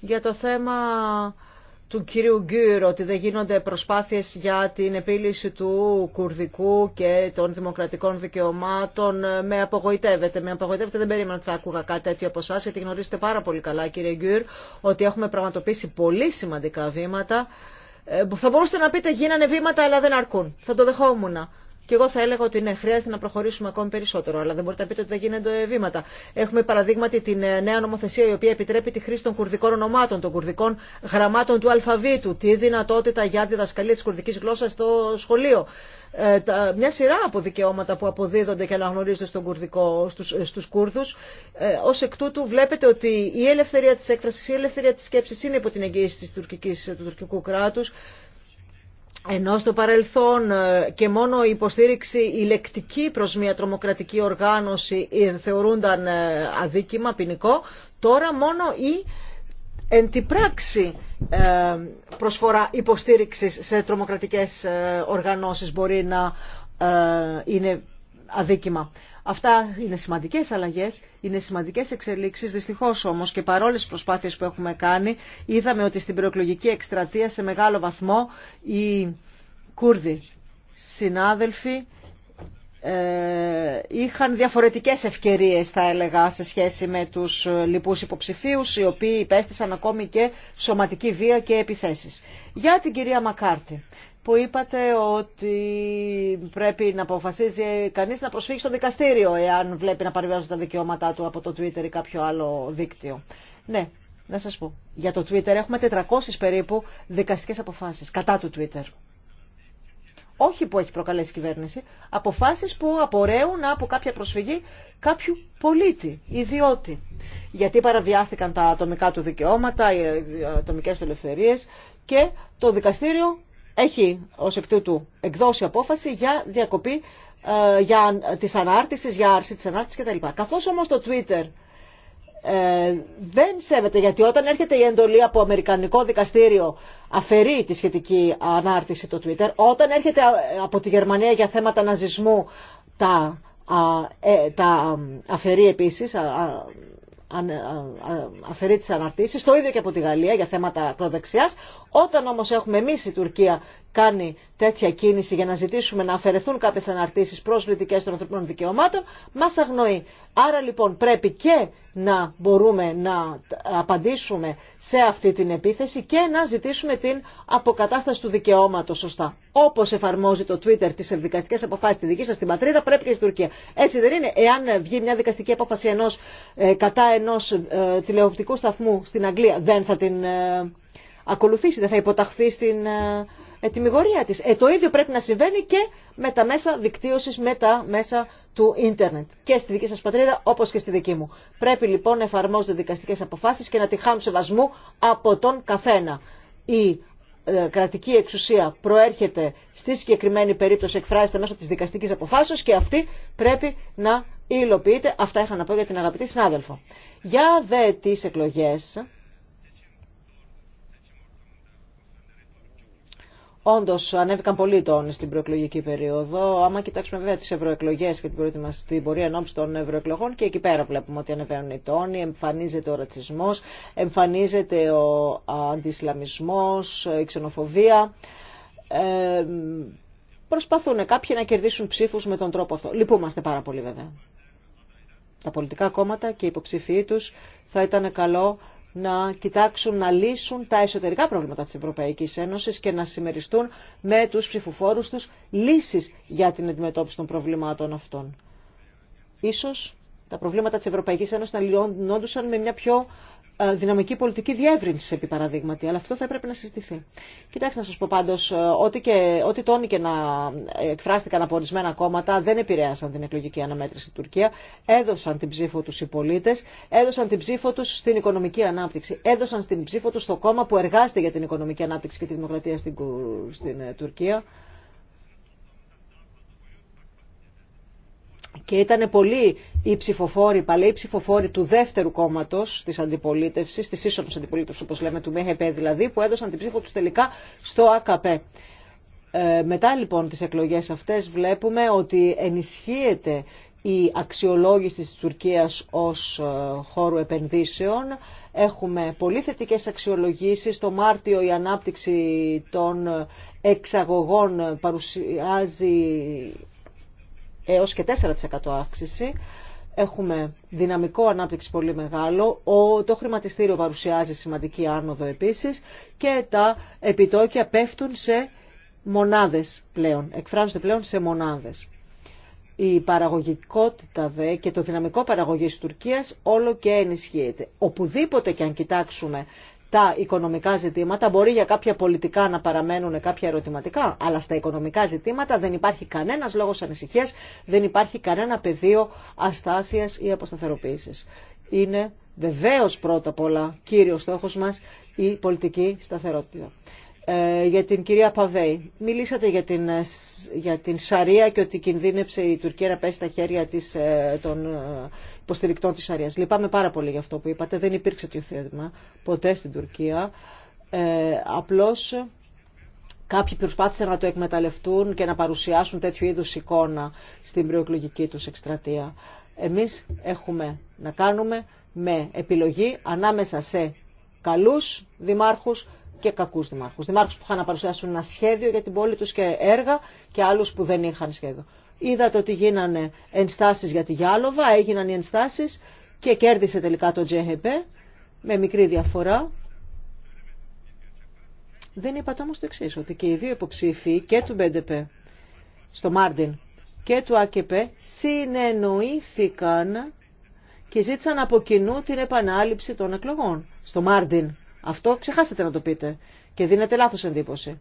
Για το θέμα του κυρίου Γκύρ ότι δεν γίνονται προσπάθειε για την επίλυση του κουρδικού και των δημοκρατικών δικαιωμάτων με απογοητεύεται. Με απογοητεύεται δεν περίμενα ότι θα ακούγα κάτι τέτοιο από εσά γιατί γνωρίζετε πάρα πολύ καλά κύριε Γκύρ ότι έχουμε πραγματοποιήσει πολύ σημαντικά βήματα ε, θα μπορούσατε να πείτε γίνανε βήματα αλλά δεν αρκούν. Θα το δεχόμουν. Και εγώ θα έλεγα ότι ναι, χρειάζεται να προχωρήσουμε ακόμη περισσότερο, αλλά δεν μπορείτε να πείτε ότι δεν γίνονται βήματα. Έχουμε παραδείγματι την ε, νέα νομοθεσία η οποία επιτρέπει τη χρήση των κουρδικών ονομάτων, των κουρδικών γραμμάτων του αλφαβήτου, τη δυνατότητα για διδασκαλία τη κουρδική γλώσσα στο σχολείο. Ε, μια σειρά από δικαιώματα που αποδίδονται και αναγνωρίζονται στον κουρδικό, στους, ε, στους Κούρδους. ως εκ τούτου βλέπετε ότι η ελευθερία της έκφρασης, η ελευθερία της σκέψης είναι υπό την εγγύηση της τουρκικής, του τουρκικού κράτους ενώ στο παρελθόν ε, και μόνο η υποστήριξη ηλεκτική προς μια τρομοκρατική οργάνωση ε, θεωρούνταν ε, αδίκημα, ποινικό, τώρα μόνο η εν προσφορά υποστήριξης σε τρομοκρατικές οργανώσεις μπορεί να είναι αδίκημα. Αυτά είναι σημαντικέ αλλαγέ, είναι σημαντικέ εξελίξει. Δυστυχώ όμω και παρόλε τι προσπάθειε που έχουμε κάνει, είδαμε ότι στην προεκλογική εκστρατεία σε μεγάλο βαθμό οι Κούρδοι συνάδελφοι ε, είχαν διαφορετικές ευκαιρίες θα έλεγα σε σχέση με τους λοιπούς υποψηφίους οι οποίοι υπέστησαν ακόμη και σωματική βία και επιθέσεις. Για την κυρία Μακάρτη που είπατε ότι πρέπει να αποφασίζει κανείς να προσφύγει στο δικαστήριο εάν βλέπει να παρεμβάζουν τα δικαιώματά του από το Twitter ή κάποιο άλλο δίκτυο. Ναι, να σας πω. Για το Twitter έχουμε 400 περίπου δικαστικές αποφάσεις κατά του Twitter. Όχι που έχει προκαλέσει η κυβέρνηση, αποφάσεις που απορρέουν από κάποια προσφυγή κάποιου πολίτη, ιδιώτη. Γιατί παραβιάστηκαν τα ατομικά του δικαιώματα, οι ατομικές ελευθερίες και το δικαστήριο έχει ως εκ τούτου εκδώσει απόφαση για διακοπή ε, για, της ανάρτησης, για άρση της ανάρτησης κτλ. Καθώς όμως το Twitter ε, δεν σέβεται, γιατί όταν έρχεται η εντολή από Αμερικανικό δικαστήριο αφαιρεί τη σχετική ανάρτηση το Twitter, όταν έρχεται ε, από τη Γερμανία για θέματα ναζισμού τα, αφαιρεί επίσης, α, αφαιρεί τι αναρτήσει, το ίδιο και από τη Γαλλία για θέματα προδεξιά, Όταν όμως έχουμε εμείς η Τουρκία κάνει τέτοια κίνηση για να ζητήσουμε να αφαιρεθούν κάποιε αναρτήσει προσβλητικέ των ανθρωπίνων δικαιωμάτων, μα αγνοεί. Άρα λοιπόν πρέπει και να μπορούμε να απαντήσουμε σε αυτή την επίθεση και να ζητήσουμε την αποκατάσταση του δικαιώματο σωστά. Όπω εφαρμόζει το Twitter τι δικαστικέ αποφάσει στη δική σα στην πατρίδα, πρέπει και στην Τουρκία. Έτσι δεν είναι. Εάν βγει μια δικαστική απόφαση ενός, ε, κατά ενό ε, τηλεοπτικού σταθμού στην Αγγλία, δεν θα την ε, ακολουθήσει, δεν θα υποταχθεί στην ετοιμιγορία της. Ε, το ίδιο πρέπει να συμβαίνει και με τα μέσα δικτύωσης, με τα μέσα του ίντερνετ. Και στη δική σας πατρίδα όπως και στη δική μου. Πρέπει λοιπόν να εφαρμόζονται δικαστικές αποφάσεις και να τη χάνουν σεβασμού από τον καθένα. Η ε, κρατική εξουσία προέρχεται στη συγκεκριμένη περίπτωση, εκφράζεται μέσω της δικαστικής αποφάσεως και αυτή πρέπει να υλοποιείται. Αυτά είχα να πω για την αγαπητή συνάδελφο. Για δε τις εκλογές, Όντω, ανέβηκαν πολύ τόνοι στην προεκλογική περίοδο. Άμα κοιτάξουμε βέβαια τι ευρωεκλογέ και την, την πορεία ενόψη των ευρωεκλογών, και εκεί πέρα βλέπουμε ότι ανεβαίνουν οι τόνοι, εμφανίζεται ο ρατσισμό, εμφανίζεται ο αντισλαμισμό, η ξενοφοβία. Ε, προσπαθούν κάποιοι να κερδίσουν ψήφου με τον τρόπο αυτό. Λυπούμαστε πάρα πολύ βέβαια. Τα πολιτικά κόμματα και οι υποψηφοί του θα ήταν καλό να κοιτάξουν να λύσουν τα εσωτερικά προβλήματα της Ευρωπαϊκής Ένωσης και να συμμεριστούν με τους ψηφοφόρους τους λύσεις για την αντιμετώπιση των προβλημάτων αυτών. Ίσως τα προβλήματα της Ευρωπαϊκής Ένωσης να λιώνονταν με μια πιο ε, δυναμική πολιτική διεύρυνση, επί παραδείγματι. Αλλά αυτό θα έπρεπε να συζητηθεί. Κοιτάξτε να σα πω πάντω, ε, ό,τι, και, ό,τι να εκφράστηκαν από ορισμένα κόμματα δεν επηρέασαν την εκλογική αναμέτρηση στην Τουρκία. Έδωσαν την ψήφο του οι πολίτε, έδωσαν την ψήφο του στην οικονομική ανάπτυξη. Έδωσαν την ψήφο του στο κόμμα που εργάζεται για την οικονομική ανάπτυξη και τη δημοκρατία στην, στην ε, Τουρκία. και ήταν πολύ οι ψηφοφόροι, παλαιοί ψηφοφόροι του δεύτερου κόμματο τη αντιπολίτευση, τη ίσονο αντιπολίτευση όπω λέμε, του ΜΕΧΕΠΕ δηλαδή, που έδωσαν την ψήφο του τελικά στο ΑΚΠ. Ε, μετά λοιπόν τις εκλογές αυτές βλέπουμε ότι ενισχύεται η αξιολόγηση της Τουρκίας ως ε, χώρου επενδύσεων. Έχουμε πολύ θετικές αξιολογήσεις. Το Μάρτιο η ανάπτυξη των ε, εξαγωγών παρουσιάζει έως και 4% αύξηση. Έχουμε δυναμικό ανάπτυξη πολύ μεγάλο, το χρηματιστήριο παρουσιάζει σημαντική άνοδο επίσης και τα επιτόκια πέφτουν σε μονάδες πλέον, εκφράζονται πλέον σε μονάδες. Η παραγωγικότητα δε και το δυναμικό παραγωγής Τουρκίας όλο και ενισχύεται. Οπουδήποτε και αν κοιτάξουμε τα οικονομικά ζητήματα μπορεί για κάποια πολιτικά να παραμένουν κάποια ερωτηματικά, αλλά στα οικονομικά ζητήματα δεν υπάρχει κανένας λόγος ανησυχία, δεν υπάρχει κανένα πεδίο αστάθεια ή αποσταθεροποίηση. Είναι βεβαίω πρώτα απ' όλα κύριος στόχος μας η πολιτική σταθερότητα. Ε, για την κυρία Παβέη. Μιλήσατε για την, ε, την Σαρία και ότι κινδύνεψε η Τουρκία να πέσει στα χέρια της, ε, των υποστηρικτών της Σαρίας. Λυπάμαι πάρα πολύ για αυτό που είπατε. Δεν υπήρξε το θέμα ποτέ στην Τουρκία. Ε, απλώς κάποιοι προσπάθησαν να το εκμεταλλευτούν και να παρουσιάσουν τέτοιου είδους εικόνα στην προεκλογική τους εκστρατεία. Εμείς έχουμε να κάνουμε με επιλογή ανάμεσα σε καλούς δημάρχους και κακού δημάρχου. Δημάρχου που είχαν να παρουσιάσουν ένα σχέδιο για την πόλη του και έργα και άλλου που δεν είχαν σχέδιο. Είδατε ότι γίνανε ενστάσει για τη Γιάλοβα, έγιναν οι ενστάσει και κέρδισε τελικά το JHP με μικρή διαφορά. Δεν είπατε όμω το εξή, ότι και οι δύο υποψήφοι και του Μπέντεπε στο Μάρτιν και του ΑΚΕΠΕ συνεννοήθηκαν και ζήτησαν από κοινού την επανάληψη των εκλογών στο Μάρτιν. Αυτό ξεχάσετε να το πείτε και δίνετε λάθος εντύπωση.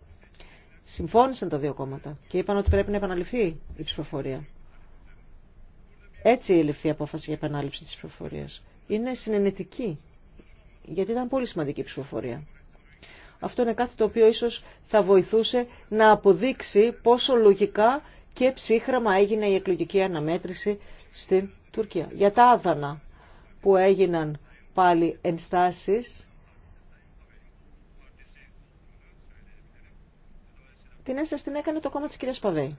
Συμφώνησαν τα δύο κόμματα και είπαν ότι πρέπει να επαναληφθεί η ψηφοφορία. Έτσι η η απόφαση για επανάληψη της ψηφοφορίας. Είναι συνενετική, γιατί ήταν πολύ σημαντική η ψηφοφορία. Αυτό είναι κάτι το οποίο ίσως θα βοηθούσε να αποδείξει πόσο λογικά και ψύχραμα έγινε η εκλογική αναμέτρηση στην Τουρκία. Για τα άδανα που έγιναν πάλι ενστάσεις την ένσταση την έκανε το κόμμα της κυρίας Παβέη.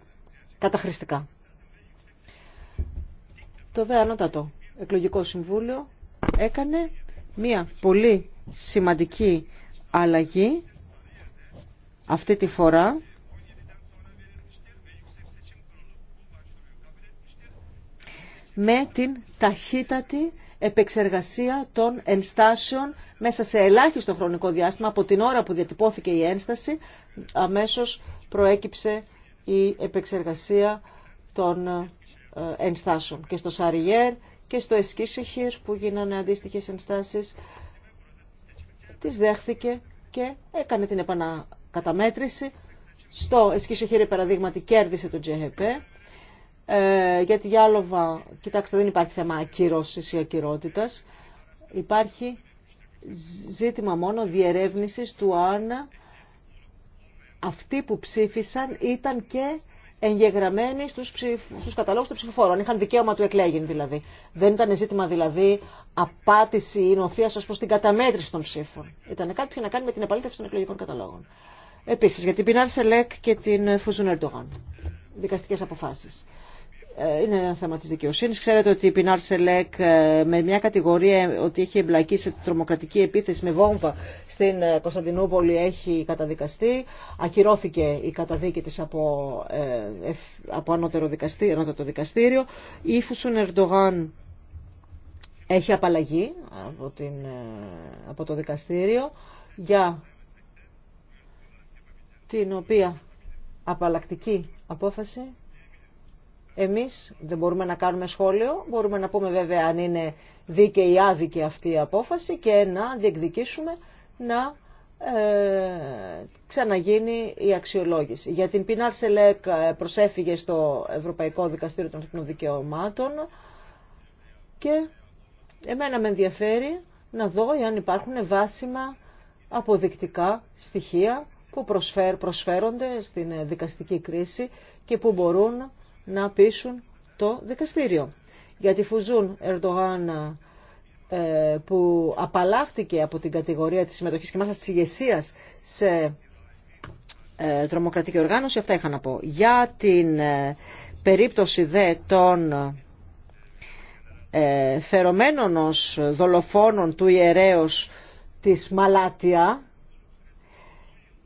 Καταχρηστικά. Το δε ανώτατο εκλογικό συμβούλιο έκανε μία πολύ σημαντική αλλαγή αυτή τη φορά με την ταχύτατη επεξεργασία των ενστάσεων μέσα σε ελάχιστο χρονικό διάστημα. Από την ώρα που διατυπώθηκε η ένσταση, αμέσως προέκυψε η επεξεργασία των ε, ενστάσεων. Και στο Σαριέρ και στο Εσκίσεχυρ που γίνανε αντίστοιχες ενστάσεις, τις δέχθηκε και έκανε την επανακαταμέτρηση. Στο Εσκίσεχυρ, παραδείγματι, κέρδισε το GHP ε, για άλλο κοιτάξτε, δεν υπάρχει θέμα ακύρωση ή ακυρότητα. Υπάρχει ζήτημα μόνο διερεύνηση του αν αυτοί που ψήφισαν ήταν και εγγεγραμμένοι στους, ψηφ... στους καταλόγους των ψηφοφόρων. Είχαν δικαίωμα του εκλέγην δηλαδή. Δεν ήταν ζήτημα δηλαδή απάτηση ή νοθείας ως προς την καταμέτρηση των ψήφων. Ήταν κάτι που είχε να κάνει με την επαλήθευση των εκλογικών καταλόγων. Επίσης για την Πινάρ Σελέκ και την Φουζούν Ερντογάν. Δικαστικές αποφάσεις. Ε, είναι ένα θέμα της δικαιοσύνης. Ξέρετε ότι η Πινάρ Σελέκ ε, με μια κατηγορία ότι έχει εμπλακεί σε τρομοκρατική επίθεση με βόμβα στην ε, Κωνσταντινούπολη έχει καταδικαστεί. Ακυρώθηκε η καταδίκη της από, από ανώτερο δικαστήριο, ανώτερο δικαστήριο. Η Φουσούν Ερντογάν έχει απαλλαγή από, την, από το δικαστήριο για την οποία απαλλακτική απόφαση εμείς δεν μπορούμε να κάνουμε σχόλιο, μπορούμε να πούμε βέβαια αν είναι δίκαιη ή άδικη αυτή η απόφαση και να διεκδικήσουμε να ε, ξαναγίνει η αξιολόγηση. Για την Πινάρ Σελέκ ε, προσέφυγε στο Ευρωπαϊκό Δικαστήριο των Ανθρωπίνων Δικαιωμάτων και εμένα με ενδιαφέρει να δω αν υπάρχουν βάσιμα αποδεικτικά στοιχεία που προσφέρονται στην ε, δικαστική κρίση και που μπορούν να πείσουν το δικαστήριο. Γιατί φουζούν Ερντογάν ε, που απαλλάχθηκε από την κατηγορία της συμμετοχής και μάλιστα της ηγεσία σε ε, τρομοκρατική οργάνωση, αυτά είχα να πω. Για την ε, περίπτωση δε των φερωμένων ως δολοφόνων του ιερέως της Μαλάτια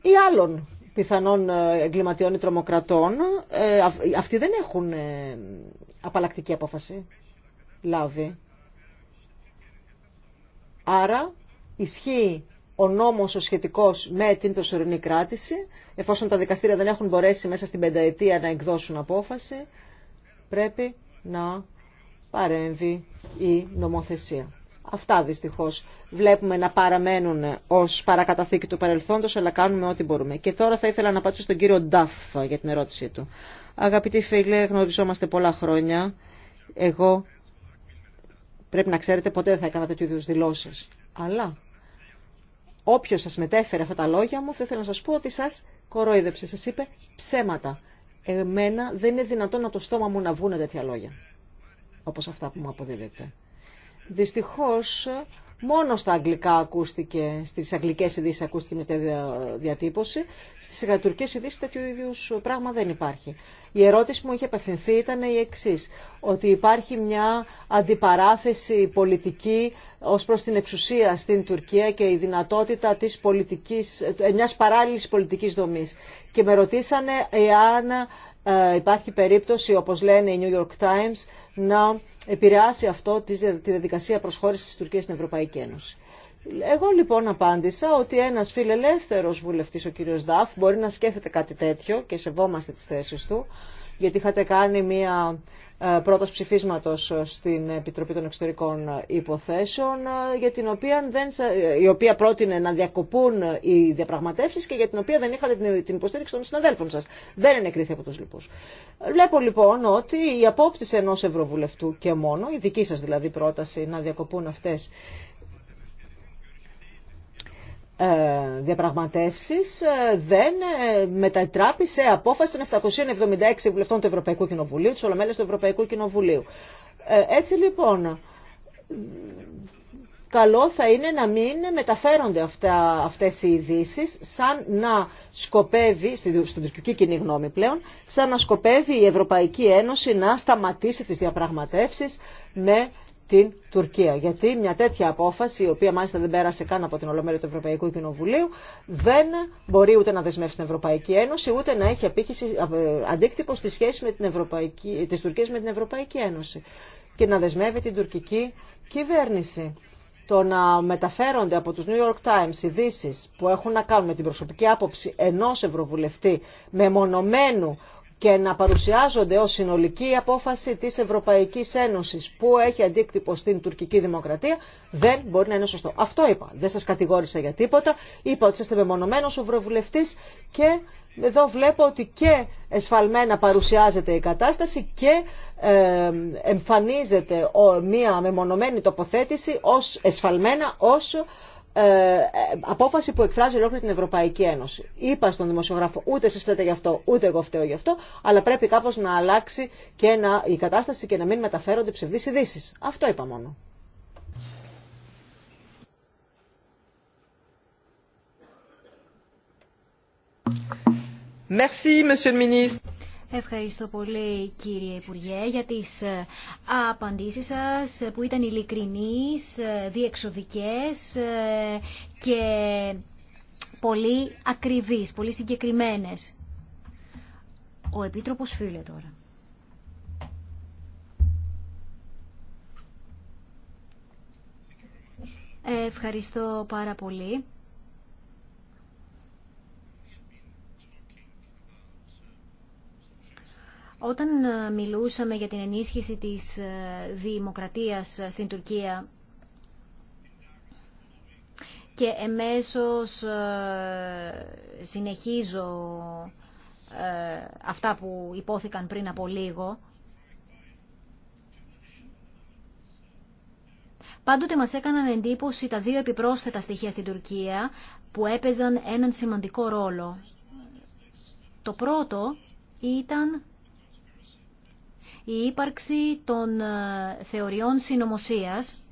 ή άλλων πιθανών ε, εγκληματιών ή τρομοκρατών, ε, αυτοί δεν έχουν ε, απαλλακτική απόφαση λάβει. Άρα ισχύει ο νόμος ο σχετικός με την προσωρινή κράτηση, εφόσον τα δικαστήρια δεν έχουν μπορέσει μέσα στην πενταετία να εκδώσουν απόφαση, πρέπει να παρέμβει η νομοθεσία. Αυτά δυστυχώ, βλέπουμε να παραμένουν ω παρακαταθήκη του παρελθόντος, αλλά κάνουμε ό,τι μπορούμε. Και τώρα θα ήθελα να πάτσω στον κύριο Νταφ για την ερώτησή του. Αγαπητοί φίλοι, γνωριζόμαστε πολλά χρόνια. Εγώ πρέπει να ξέρετε ποτέ δεν θα έκανα τέτοιου είδου δηλώσει. Αλλά όποιο σα μετέφερε αυτά τα λόγια μου, θα ήθελα να σα πω ότι σα κορόιδεψε, σα είπε ψέματα. Εμένα δεν είναι δυνατόν από το στόμα μου να βγουν τέτοια λόγια, όπω αυτά που μου αποδίδεται. Δυστυχώς μόνο στα αγγλικά ακούστηκε, στις αγγλικές ειδήσει ακούστηκε με τέτοια διατύπωση. Στις τα ειδήσει τέτοιου ίδιου πράγμα δεν υπάρχει. Η ερώτηση που μου είχε απευθυνθεί ήταν η εξή. Ότι υπάρχει μια αντιπαράθεση πολιτική ως προς την εξουσία στην Τουρκία και η δυνατότητα της πολιτικής, ε, μιας παράλληλης πολιτικής δομής. Και με ρωτήσανε εάν ε, υπάρχει περίπτωση, όπως λένε οι New York Times, να επηρεάσει αυτό τη διαδικασία προσχώρησης της Τουρκίας στην Ευρωπαϊκή Ένωση. Εγώ λοιπόν απάντησα ότι ένας φιλελεύθερος βουλευτής, ο κύριος Δαφ, μπορεί να σκέφτεται κάτι τέτοιο και σεβόμαστε τις θέσεις του, γιατί είχατε κάνει μια ε, πρώτος ψηφίσματος στην Επιτροπή των Εξωτερικών Υποθέσεων, ε, για την οποία δεν, ε, η οποία πρότεινε να διακοπούν οι διαπραγματεύσεις και για την οποία δεν είχατε την υποστήριξη των συναδέλφων σας. Δεν είναι κρίθη από τους λοιπούς. Βλέπω λοιπόν ότι οι απόψεις ενός Ευρωβουλευτού και μόνο, η δική σας δηλαδή πρόταση να διακοπούν αυτές ε, διαπραγματεύσεις ε, δεν ε, μετατράπει σε απόφαση των 776 βουλευτών του Ευρωπαϊκού Κοινοβουλίου, της Ολομέλειας του Ευρωπαϊκού Κοινοβουλίου. έτσι λοιπόν, καλό θα είναι να μην μεταφέρονται αυτά, αυτές οι ειδήσει σαν να σκοπεύει, στην τουρκική κοινή γνώμη πλέον, σαν να σκοπεύει η Ευρωπαϊκή Ένωση να σταματήσει τις διαπραγματεύσεις με την Τουρκία. Γιατί μια τέτοια απόφαση, η οποία μάλιστα δεν πέρασε καν από την Ολομέλεια του Ευρωπαϊκού Κοινοβουλίου, δεν μπορεί ούτε να δεσμεύσει την Ευρωπαϊκή Ένωση, ούτε να έχει ε, αντίκτυπο στη σχέση με την της Τουρκίας με την Ευρωπαϊκή Ένωση και να δεσμεύει την τουρκική κυβέρνηση. Το να μεταφέρονται από τους New York Times ειδήσει που έχουν να κάνουν με την προσωπική άποψη ενός Ευρωβουλευτή μεμονωμένου και να παρουσιάζονται ως συνολική απόφαση της Ευρωπαϊκής Ένωσης που έχει αντίκτυπο στην τουρκική δημοκρατία δεν μπορεί να είναι σωστό. Αυτό είπα. Δεν σας κατηγόρησα για τίποτα. Είπα ότι είστε μεμονωμένος ο Ευρωβουλευτής και εδώ βλέπω ότι και εσφαλμένα παρουσιάζεται η κατάσταση και ε, εμφανίζεται μία μεμονωμένη τοποθέτηση ως εσφαλμένα όσο... Ε, ε, απόφαση που εκφράζει ολόκληρη την Ευρωπαϊκή Ένωση. Είπα στον δημοσιογράφο, ούτε εσεί φταίτε γι' αυτό, ούτε εγώ φταίω γι' αυτό, αλλά πρέπει κάπω να αλλάξει και να, η κατάσταση και να μην μεταφέρονται ψευδεί ειδήσει. Αυτό είπα μόνο. Merci, Monsieur le Ministre. Ευχαριστώ πολύ κύριε Υπουργέ για τις ε, απαντήσεις σας που ήταν ειλικρινείς, ε, διεξοδικές ε, και πολύ ακριβείς, πολύ συγκεκριμένες. Ο Επίτροπος Φίλε τώρα. Ευχαριστώ πάρα πολύ. Όταν ε, μιλούσαμε για την ενίσχυση της ε, δημοκρατίας ε, στην Τουρκία και εμέσως συνεχίζω αυτά που υπόθηκαν πριν από λίγο, Πάντοτε μας έκαναν εντύπωση τα δύο επιπρόσθετα στοιχεία στην Τουρκία που έπαιζαν έναν σημαντικό ρόλο. Το πρώτο ήταν η ύπαρξη των ε, θεωριών συνωμοσίας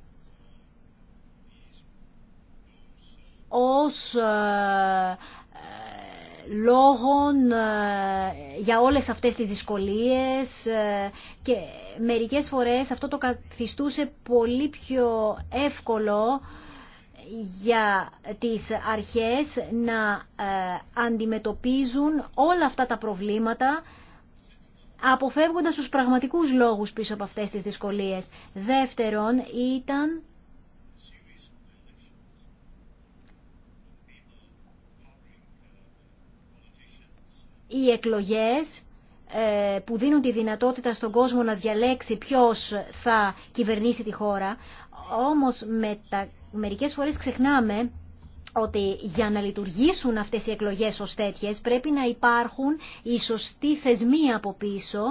ως ε, ε, λόγων για όλες αυτές τις δυσκολίες και μερικές φορές αυτό το καθιστούσε πολύ πιο εύκολο για τις αρχές να αντιμετωπίζουν όλα αυτά τα προβλήματα αποφεύγοντας τους πραγματικούς λόγους πίσω από αυτές τις δυσκολίες. Δεύτερον, ήταν οι εκλογές ε, που δίνουν τη δυνατότητα στον κόσμο να διαλέξει ποιος θα κυβερνήσει τη χώρα. Όμως με τα... μερικές φορές ξεχνάμε ότι για να λειτουργήσουν αυτές οι εκλογές ως τέτοιες πρέπει να υπάρχουν οι σωστοί θεσμοί από πίσω,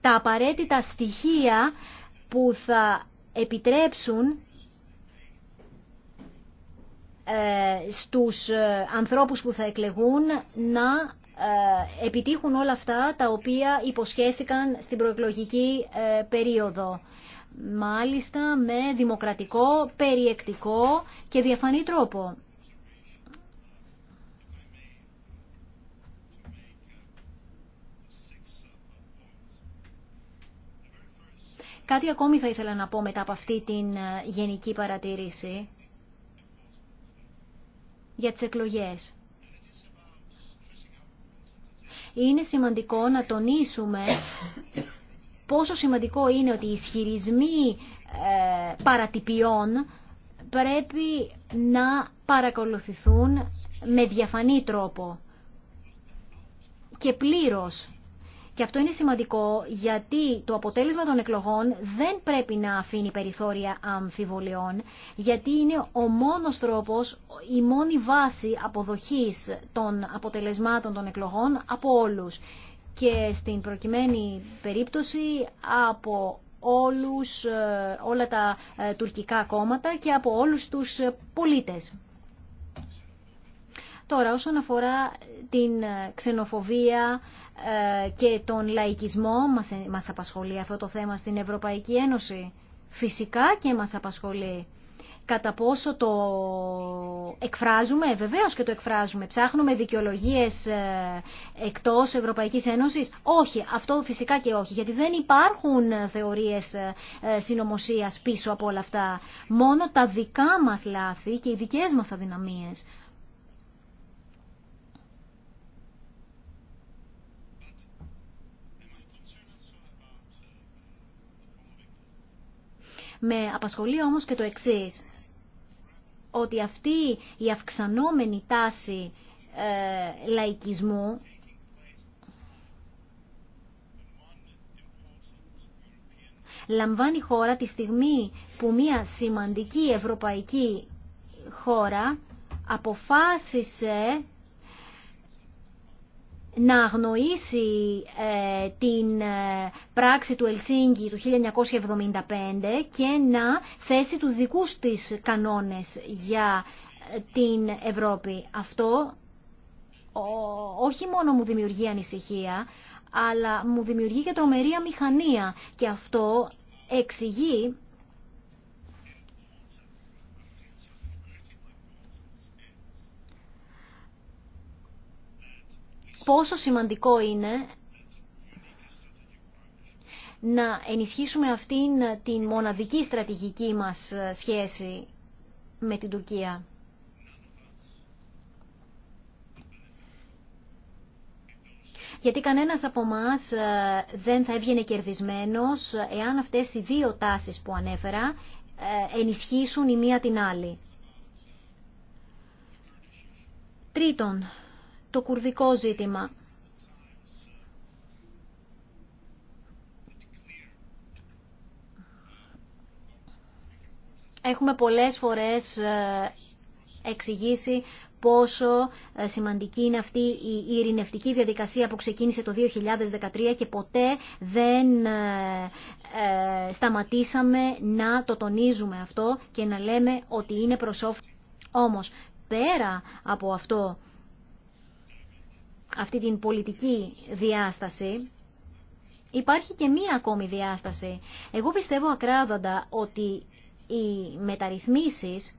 τα απαραίτητα στοιχεία που θα επιτρέψουν ε, στους ε, ανθρώπους που θα εκλεγούν να ε, επιτύχουν όλα αυτά τα οποία υποσχέθηκαν στην προεκλογική περίοδο μάλιστα με δημοκρατικό, περιεκτικό και διαφανή τρόπο. Κάτι ακόμη θα ήθελα να πω μετά από αυτή την ε, γενική παρατήρηση για τις εκλογές. Είναι σημαντικό να τονίσουμε πόσο σημαντικό είναι ότι οι ισχυρισμοί ε, παρατυπιών πρέπει να παρακολουθηθούν με διαφανή τρόπο και πλήρως. Και αυτό είναι σημαντικό γιατί το αποτέλεσμα των εκλογών δεν πρέπει να αφήνει περιθώρια αμφιβολιών, γιατί είναι ο μόνος τρόπος, η μόνη βάση αποδοχής των αποτελεσμάτων των εκλογών από όλους και στην προκειμένη περίπτωση από όλους, ε, όλα τα ε, τουρκικά κόμματα και από όλους τους ε, πολίτες. Τώρα, όσον αφορά την ξενοφοβία και τον λαϊκισμό, μας απασχολεί αυτό το θέμα στην Ευρωπαϊκή Ένωση. Φυσικά και μας απασχολεί. Κατά πόσο το εκφράζουμε, βεβαίως και το εκφράζουμε. Ψάχνουμε δικαιολογίες ε, εκτός Ευρωπαϊκής Ένωσης. Όχι, αυτό φυσικά και όχι, γιατί δεν υπάρχουν θεωρίες ε, ε, συνωμοσία πίσω από όλα αυτά. Μόνο τα δικά μας λάθη και οι δικές μας αδυναμίες. Με απασχολεί όμως και το εξής ότι αυτή η αυξανόμενη τάση ε, λαϊκισμού λαμβάνει χώρα τη στιγμή που μια σημαντική ευρωπαϊκή χώρα αποφάσισε να αγνοήσει ε, την ε, πράξη του Ελσίνγκη του 1975 και να θέσει τους δικούς της κανόνες για ε, την Ευρώπη. Αυτό όχι μόνο μου δημιουργεί ανησυχία, αλλά μου δημιουργεί και τρομερή αμηχανία. Και αυτό εξηγεί πόσο σημαντικό είναι να ενισχύσουμε αυτήν την μοναδική στρατηγική μας σχέση με την Τουρκία. Γιατί κανένας από μας ε, δεν θα έβγαινε κερδισμένος ε, εάν αυτές οι δύο τάσεις που ανέφερα ε, ενισχύσουν η μία την άλλη. Τρίτον, το κουρδικό ζήτημα. Έχουμε πολλές φορές ε, εξηγήσει πόσο ε, σημαντική είναι αυτή η ειρηνευτική διαδικασία που ξεκίνησε το 2013 και ποτέ δεν ε, σταματήσαμε να το τονίζουμε αυτό και να λέμε ότι είναι προσώφη. Όμως, πέρα από αυτό αυτή την πολιτική διάσταση, υπάρχει και μία ακόμη διάσταση. Εγώ πιστεύω ακράδαντα ότι οι μεταρρυθμίσεις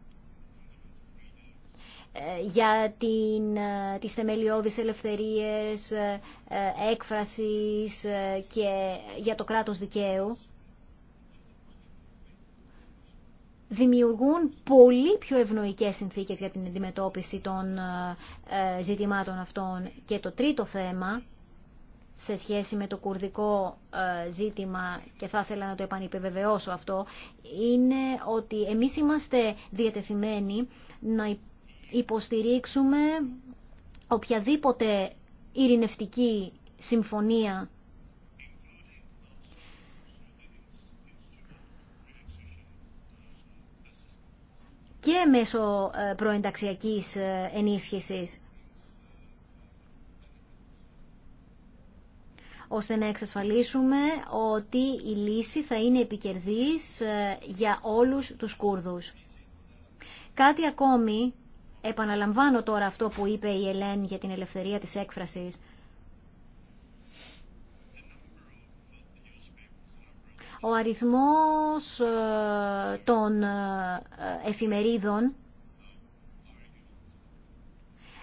ε, για την, ε, τις θεμελιώδεις ελευθερίες, ε, έκφρασης και για το κράτος δικαίου, δημιουργούν πολύ πιο ευνοϊκές συνθήκες για την αντιμετώπιση των ε, ε, ζητημάτων αυτών. Και το τρίτο θέμα, σε σχέση με το κουρδικό ε, ζήτημα, και θα ήθελα να το επανυπεβεβαιώσω αυτό, είναι ότι εμείς είμαστε διατεθειμένοι να υποστηρίξουμε οποιαδήποτε ειρηνευτική συμφωνία και μέσω ε, προενταξιακής ε, ενίσχυσης. ώστε να εξασφαλίσουμε ότι η λύση θα είναι επικερδής ε, για όλους τους Κούρδους. Κάτι ακόμη, επαναλαμβάνω τώρα αυτό που είπε η Ελένη για την ελευθερία της έκφρασης, Ο αριθμός ε, των ε, εφημερίδων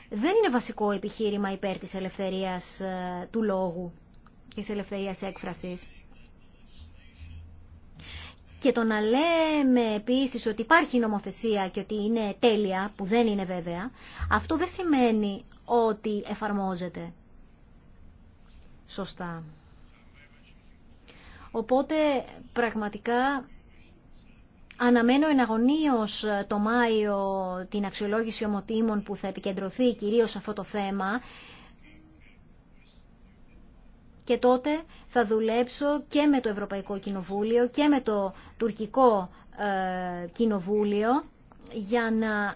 δεν είναι βασικό επιχείρημα υπέρ της ελευθερίας ε, του λόγου και της ελευθερίας έκφρασης. Και το να λέμε επίσης ότι υπάρχει νομοθεσία και ότι είναι τέλεια, που δεν είναι βέβαια, αυτό δεν σημαίνει ότι εφαρμόζεται σωστά. Οπότε πραγματικά Αναμένω εναγωνίως το Μάιο την αξιολόγηση ομοτήμων που θα επικεντρωθεί κυρίως σε αυτό το θέμα και τότε θα δουλέψω και με το Ευρωπαϊκό Κοινοβούλιο και με το Τουρκικό ε, Κοινοβούλιο για να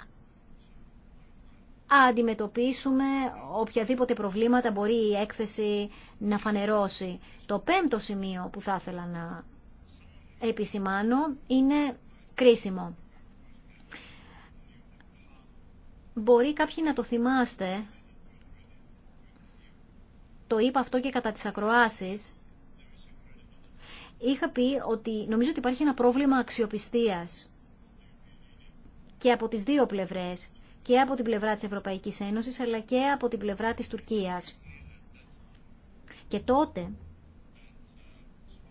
αντιμετωπίσουμε οποιαδήποτε προβλήματα μπορεί η έκθεση να φανερώσει. Το πέμπτο σημείο που θα ήθελα να επισημάνω είναι κρίσιμο. Μπορεί κάποιοι να το θυμάστε, το είπα αυτό και κατά τις ακροάσεις, είχα πει ότι νομίζω ότι υπάρχει ένα πρόβλημα αξιοπιστίας και από τις δύο πλευρές και από την πλευρά της Ευρωπαϊκής Ένωσης αλλά και από την πλευρά της Τουρκίας. Και τότε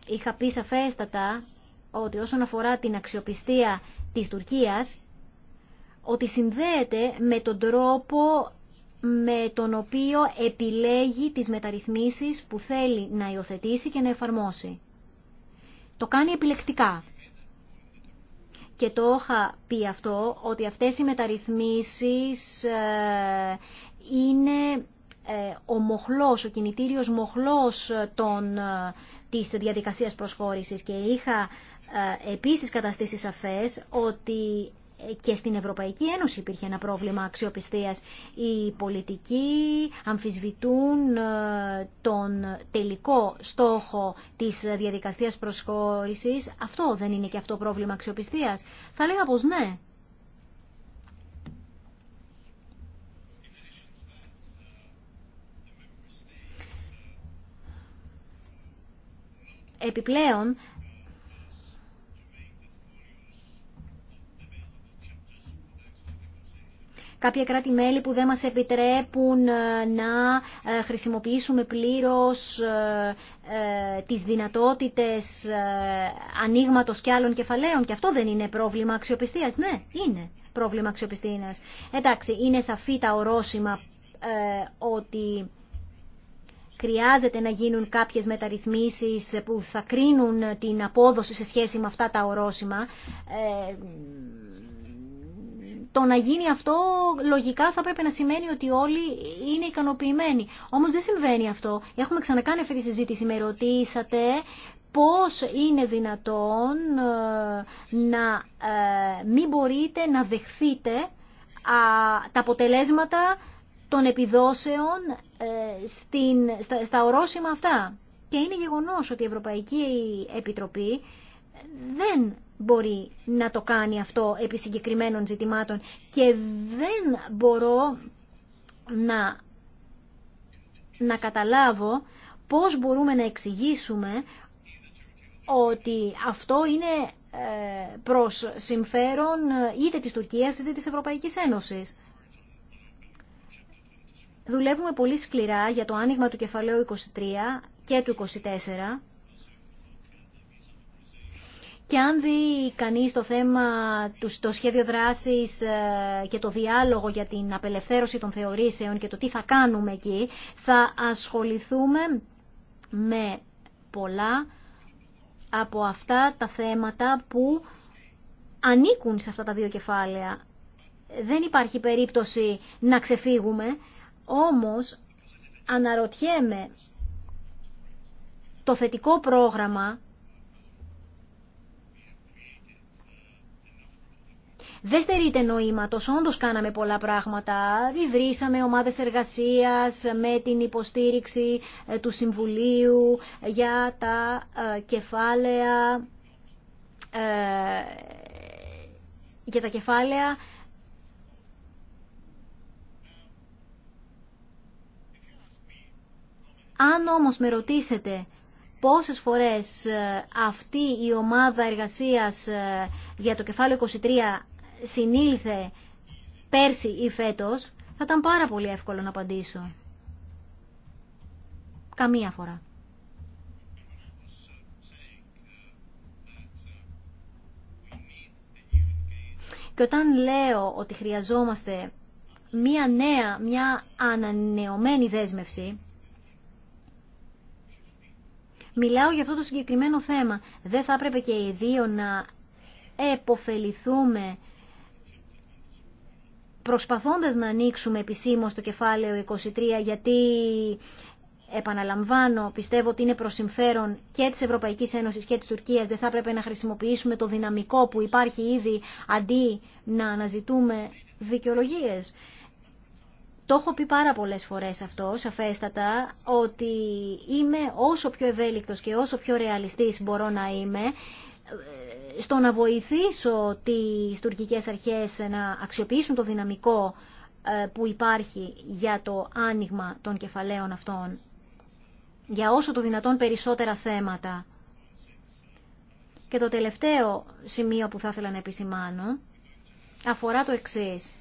είχα πει σαφέστατα ότι όσον αφορά την αξιοπιστία της Τουρκίας ότι συνδέεται με τον τρόπο με τον οποίο επιλέγει τις μεταρρυθμίσεις που θέλει να υιοθετήσει και να εφαρμόσει. Το κάνει επιλεκτικά και το είχα πει αυτό, ότι αυτές οι μεταρρυθμίσεις ε, είναι ε, ο μοχλός, ο κινητήριος μοχλός ε, των, της διαδικασίας προσχώρησης και είχα επίσης καταστήσει σαφές ότι και στην Ευρωπαϊκή Ένωση υπήρχε ένα πρόβλημα αξιοπιστίας. Οι πολιτικοί αμφισβητούν ε, τον τελικό στόχο της διαδικασίας προσχώρησης. Αυτό δεν είναι και αυτό πρόβλημα αξιοπιστίας. Θα λέγα πως ναι. Επιπλέον, κάποια κράτη-μέλη που δεν μας επιτρέπουν ε, να ε, χρησιμοποιήσουμε πλήρως ε, τις δυνατότητες ανοίγματο και άλλων κεφαλαίων και αυτό δεν είναι πρόβλημα αξιοπιστίας. Ναι, είναι πρόβλημα αξιοπιστίας. Εντάξει, είναι σαφή τα ορόσημα ότι χρειάζεται να γίνουν κάποιες μεταρρυθμίσεις που θα κρίνουν την απόδοση σε σχέση με αυτά τα ορόσημα το να γίνει αυτό λογικά θα πρέπει να σημαίνει ότι όλοι είναι ικανοποιημένοι. Όμως δεν συμβαίνει αυτό. Έχουμε ξανακάνει αυτή τη συζήτηση. Με ρωτήσατε πώς είναι δυνατόν ε, να ε, μην μπορείτε να δεχθείτε τα αποτελέσματα των επιδόσεων ε, στην, στα, στα ορόσημα αυτά. Και είναι γεγονός ότι η Ευρωπαϊκή Επιτροπή δεν μπορεί να το κάνει αυτό επί συγκεκριμένων ζητημάτων και δεν μπορώ να, να καταλάβω πώς μπορούμε να εξηγήσουμε ότι αυτό είναι ε, προς συμφέρον είτε της Τουρκίας είτε της Ευρωπαϊκής Ένωσης. Δουλεύουμε πολύ σκληρά για το άνοιγμα του κεφαλαίου 23 και του 24 και αν δει κανείς το θέμα, το σχέδιο δράσης ε, και το διάλογο για την απελευθέρωση των θεωρήσεων και το τι θα κάνουμε εκεί, θα ασχοληθούμε με πολλά από αυτά τα θέματα που ανήκουν σε αυτά τα δύο κεφάλαια. Δεν υπάρχει περίπτωση να ξεφύγουμε, όμως αναρωτιέμαι το θετικό πρόγραμμα δεν στερείται νοήματος. Όντως κάναμε πολλά πράγματα. Ιδρύσαμε ομάδες εργασίας με την υποστήριξη ε, του Συμβουλίου για τα ε, κεφάλαια ε, για τα κεφάλαια Αν όμως με ρωτήσετε πόσες φορές αυτή η ομάδα εργασίας για το κεφάλαιο 23 συνήλθε πέρσι ή φέτος, θα ήταν πάρα πολύ εύκολο να απαντήσω. Καμία φορά. Και όταν λέω ότι χρειαζόμαστε μία νέα, μία ανανεωμένη δέσμευση, μιλάω για αυτό το συγκεκριμένο θέμα. Δεν θα έπρεπε και οι δύο να εποφεληθούμε προσπαθώντας να ανοίξουμε επισήμως το κεφάλαιο 23 γιατί επαναλαμβάνω, πιστεύω ότι είναι προ συμφέρον και τη Ευρωπαϊκή Ένωση και τη Τουρκία. Δεν θα έπρεπε να χρησιμοποιήσουμε το δυναμικό που υπάρχει ήδη αντί να αναζητούμε δικαιολογίε. Το έχω πει πάρα πολλές φορές αυτό, σαφέστατα, ότι είμαι όσο πιο ευέλικτος και όσο πιο ρεαλιστής μπορώ να είμαι, ε, στο να βοηθήσω τις τουρκικές αρχές να αξιοποιήσουν το δυναμικό ε, που υπάρχει για το άνοιγμα των κεφαλαίων αυτών, για όσο το δυνατόν περισσότερα θέματα. Και το τελευταίο σημείο που θα ήθελα να επισημάνω αφορά το εξής.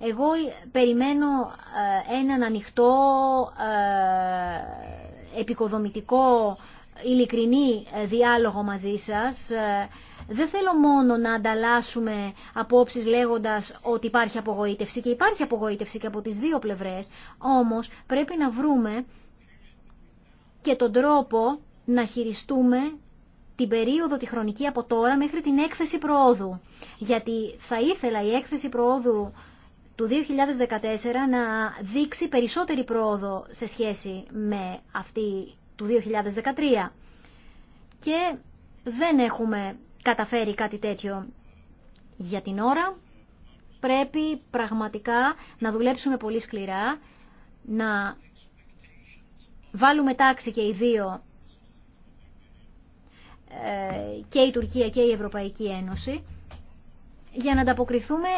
Εγώ περιμένω ε, έναν ανοιχτό, ε, επικοδομητικό, ειλικρινή ε, διάλογο μαζί σας. Δεν θέλω μόνο να ανταλλάσσουμε απόψεις λέγοντας ότι υπάρχει απογοήτευση και υπάρχει απογοήτευση και από τις δύο πλευρές, όμως πρέπει να βρούμε και τον τρόπο να χειριστούμε την περίοδο τη χρονική από τώρα μέχρι την έκθεση προόδου. Γιατί θα ήθελα η έκθεση προόδου του 2014 να δείξει περισσότερη πρόοδο σε σχέση με αυτή του 2013. Και δεν έχουμε καταφέρει κάτι τέτοιο για την ώρα. Πρέπει πραγματικά να δουλέψουμε πολύ σκληρά, να βάλουμε τάξη και οι δύο, ε, και η Τουρκία και η Ευρωπαϊκή Ένωση, για να ανταποκριθούμε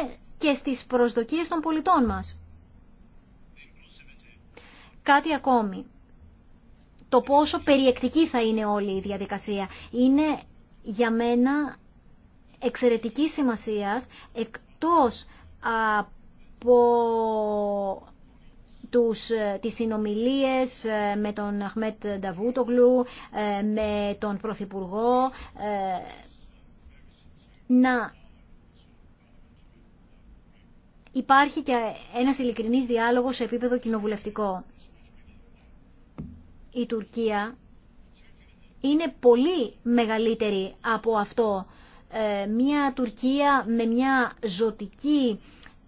και στις προσδοκίες των πολιτών μας. Κάτι ακόμη. Το πόσο περιεκτική θα είναι όλη η διαδικασία. Είναι για μένα εξαιρετική σημασίας εκτός από τους, τις συνομιλίες ε, με τον Αχμέτ Νταβούτογλου, ε, με τον Πρωθυπουργό, ε, να υπάρχει και ένας ειλικρινής διάλογος σε επίπεδο κοινοβουλευτικό. Η Τουρκία είναι πολύ μεγαλύτερη από αυτό. Ε, μια Τουρκία με μια ζωτική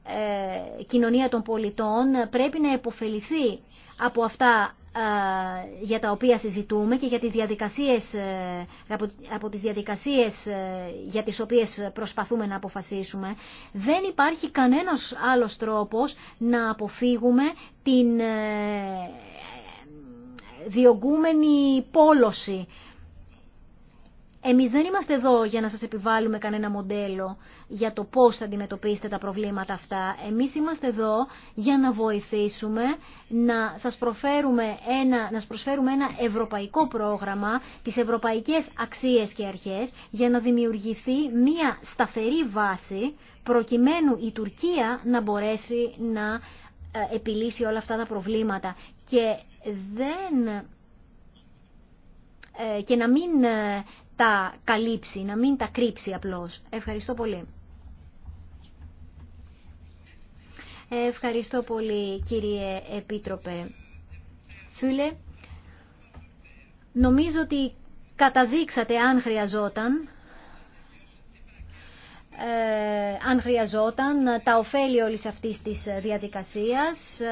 ε, κοινωνία των πολιτών πρέπει να επωφεληθεί από αυτά για τα οποία συζητούμε και για τις διαδικασίες, ε, από τις διαδικασίες ε, για τις οποίες προσπαθούμε να αποφασίσουμε, δεν υπάρχει κανένας άλλος τρόπος να αποφύγουμε την ε, διωγγούμενη πόλωση εμείς δεν είμαστε εδώ για να σας επιβάλλουμε κανένα μοντέλο για το πώς θα αντιμετωπίσετε τα προβλήματα αυτά. Εμείς είμαστε εδώ για να βοηθήσουμε, να σας, προσφέρουμε ένα, να σας προσφέρουμε ένα ευρωπαϊκό πρόγραμμα, τις ευρωπαϊκές αξίες και αρχές, για να δημιουργηθεί μια σταθερή βάση προκειμένου η Τουρκία να μπορέσει να ε, επιλύσει όλα αυτά τα προβλήματα. Και δεν ε, και να μην ε, τα καλύψει, να μην τα κρύψει απλώς. Ευχαριστώ πολύ. Ευχαριστώ πολύ κύριε Επίτροπε Φούλε. Νομίζω ότι καταδείξατε αν χρειαζόταν ε, αν τα ωφέλη όλης αυτής της διαδικασίας ε,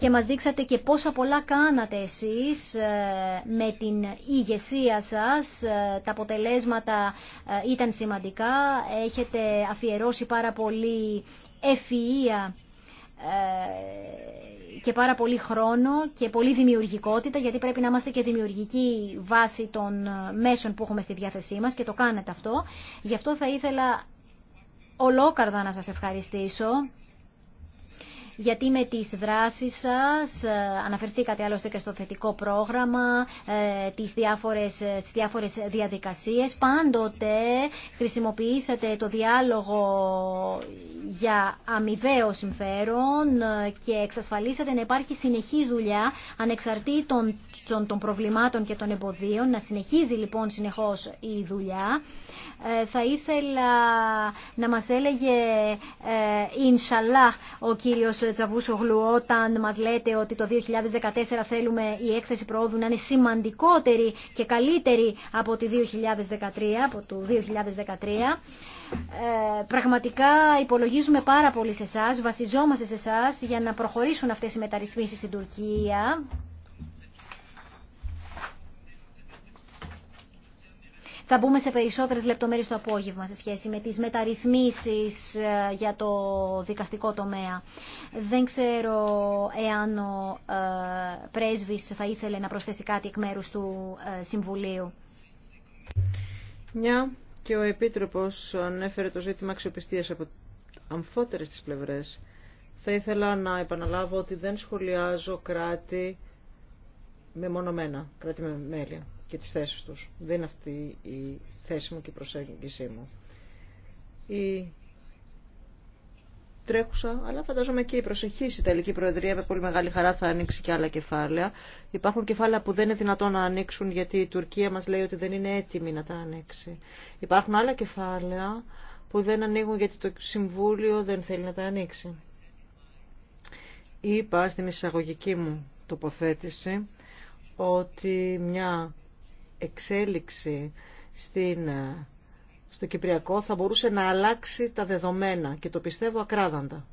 και μας δείξατε και πόσα πολλά κάνατε εσείς ε, με την ηγεσία σας. Ε, τα αποτελέσματα ε, ήταν σημαντικά. Έχετε αφιερώσει πάρα πολύ ευφυΐα και πάρα πολύ χρόνο και πολύ δημιουργικότητα, γιατί πρέπει να είμαστε και δημιουργικοί βάσει των μέσων που έχουμε στη διάθεσή μας και το κάνετε αυτό. Γι' αυτό θα ήθελα ολόκαρδα να σας ευχαριστήσω γιατί με τις δράσεις σας ε, αναφερθήκατε άλλωστε και στο θετικό πρόγραμμα, ε, τις διάφορες, ε, τις διάφορες διαδικασίες. Πάντοτε χρησιμοποιήσατε το διάλογο για αμοιβαίο συμφέρον και εξασφαλίσατε να υπάρχει συνεχή δουλειά ανεξαρτήτων των προβλημάτων και των εμποδίων, να συνεχίζει λοιπόν συνεχώς η δουλειά. Ε, θα ήθελα να μας έλεγε ε, Ινσαλά ο κύριος Τσαβούσογλου όταν μας λέτε ότι το 2014 θέλουμε η έκθεση προόδου να είναι σημαντικότερη και καλύτερη από, το 2013, από το 2013. Ε, πραγματικά υπολογίζουμε πάρα πολύ σε εσά, βασιζόμαστε σε εσά για να προχωρήσουν αυτές οι μεταρρυθμίσεις στην Τουρκία. Θα μπούμε σε περισσότερες λεπτομέρειες το απόγευμα σε σχέση με τις μεταρρυθμίσεις ε, για το δικαστικό τομέα. Δεν ξέρω εάν ο ε, πρέσβης θα ήθελε να προσθέσει κάτι εκ μέρους του ε, Συμβουλίου. Μια και ο Επίτροπος ανέφερε το ζήτημα αξιοπιστίας από αμφότερες τις πλευρές. Θα ήθελα να επαναλάβω ότι δεν σχολιάζω κράτη μονομένα, κράτη με μέλη και τις θέσεις τους. Δεν είναι αυτή η θέση μου και η προσέγγιση μου. Η τρέχουσα, αλλά φαντάζομαι και η προσεχή η Ιταλική Προεδρία με πολύ μεγάλη χαρά θα ανοίξει και άλλα κεφάλαια. Υπάρχουν κεφάλαια που δεν είναι δυνατόν να ανοίξουν γιατί η Τουρκία μας λέει ότι δεν είναι έτοιμη να τα ανοίξει. Υπάρχουν άλλα κεφάλαια που δεν ανοίγουν γιατί το Συμβούλιο δεν θέλει να τα ανοίξει. Είπα στην εισαγωγική μου τοποθέτηση ότι μια εξέλιξη στην, ε, στο Κυπριακό θα μπορούσε να αλλάξει τα δεδομένα και το πιστεύω ακράδαντα.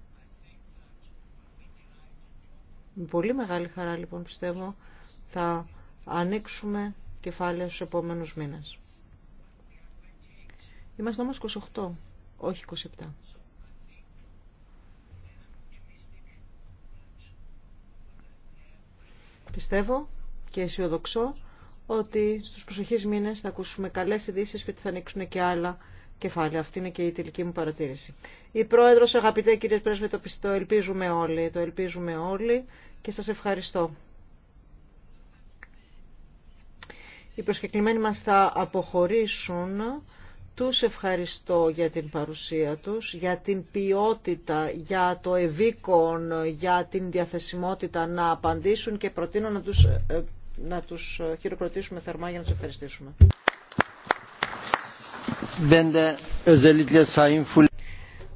Με πολύ μεγάλη χαρά λοιπόν πιστεύω θα ανοίξουμε κεφάλαια στους επόμενους μήνες. Είμαστε όμως 28, όχι 27. Πιστεύω και αισιοδοξώ ότι στους προσεχείς μήνες θα ακούσουμε καλές ειδήσει και ότι θα ανοίξουν και άλλα κεφάλαια. Αυτή είναι και η τελική μου παρατήρηση. Η Πρόεδρος, αγαπητέ κύριε Πρέσβη, το, το ελπίζουμε όλοι, το ελπίζουμε όλοι και σας ευχαριστώ. Οι προσκεκλημένοι μας θα αποχωρήσουν. Τους ευχαριστώ για την παρουσία τους, για την ποιότητα, για το ευήκον, για την διαθεσιμότητα να απαντήσουν και προτείνω να τους ε, να τους χειροκροτήσουμε θερμά για να τους ευχαριστήσουμε. Uh,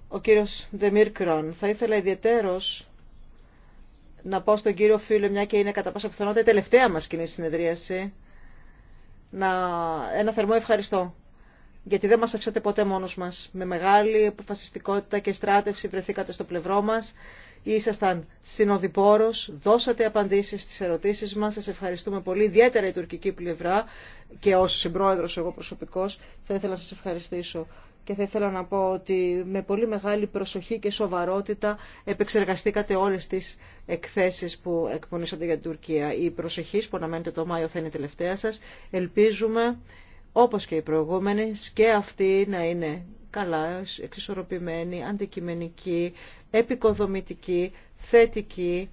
Ο κύριος Δεμίρκρον, θα ήθελα ιδιαιτέρως να πω στον κύριο Φίλε, μια και είναι κατά πάσα πιθανότητα η τελευταία μας κοινή συνεδρίαση, να... ένα θερμό ευχαριστώ γιατί δεν μας αφήσατε ποτέ μόνος μας. Με μεγάλη αποφασιστικότητα και στράτευση βρεθήκατε στο πλευρό μας. Ήσασταν συνοδοιπόρος, δώσατε απαντήσεις στις ερωτήσεις μας. Σας ευχαριστούμε πολύ, ιδιαίτερα η τουρκική πλευρά και ως συμπρόεδρος εγώ προσωπικός θα ήθελα να σας ευχαριστήσω. Και θα ήθελα να πω ότι με πολύ μεγάλη προσοχή και σοβαρότητα επεξεργαστήκατε όλες τις εκθέσεις που εκπονήσατε για την Τουρκία. Η προσοχή που αναμένετε το Μάιο θα είναι η τελευταία σας. Ελπίζουμε όπως και οι προηγούμενες και αυτή να είναι καλά, εξισορροπημένη, αντικειμενική, επικοδομητική, θετική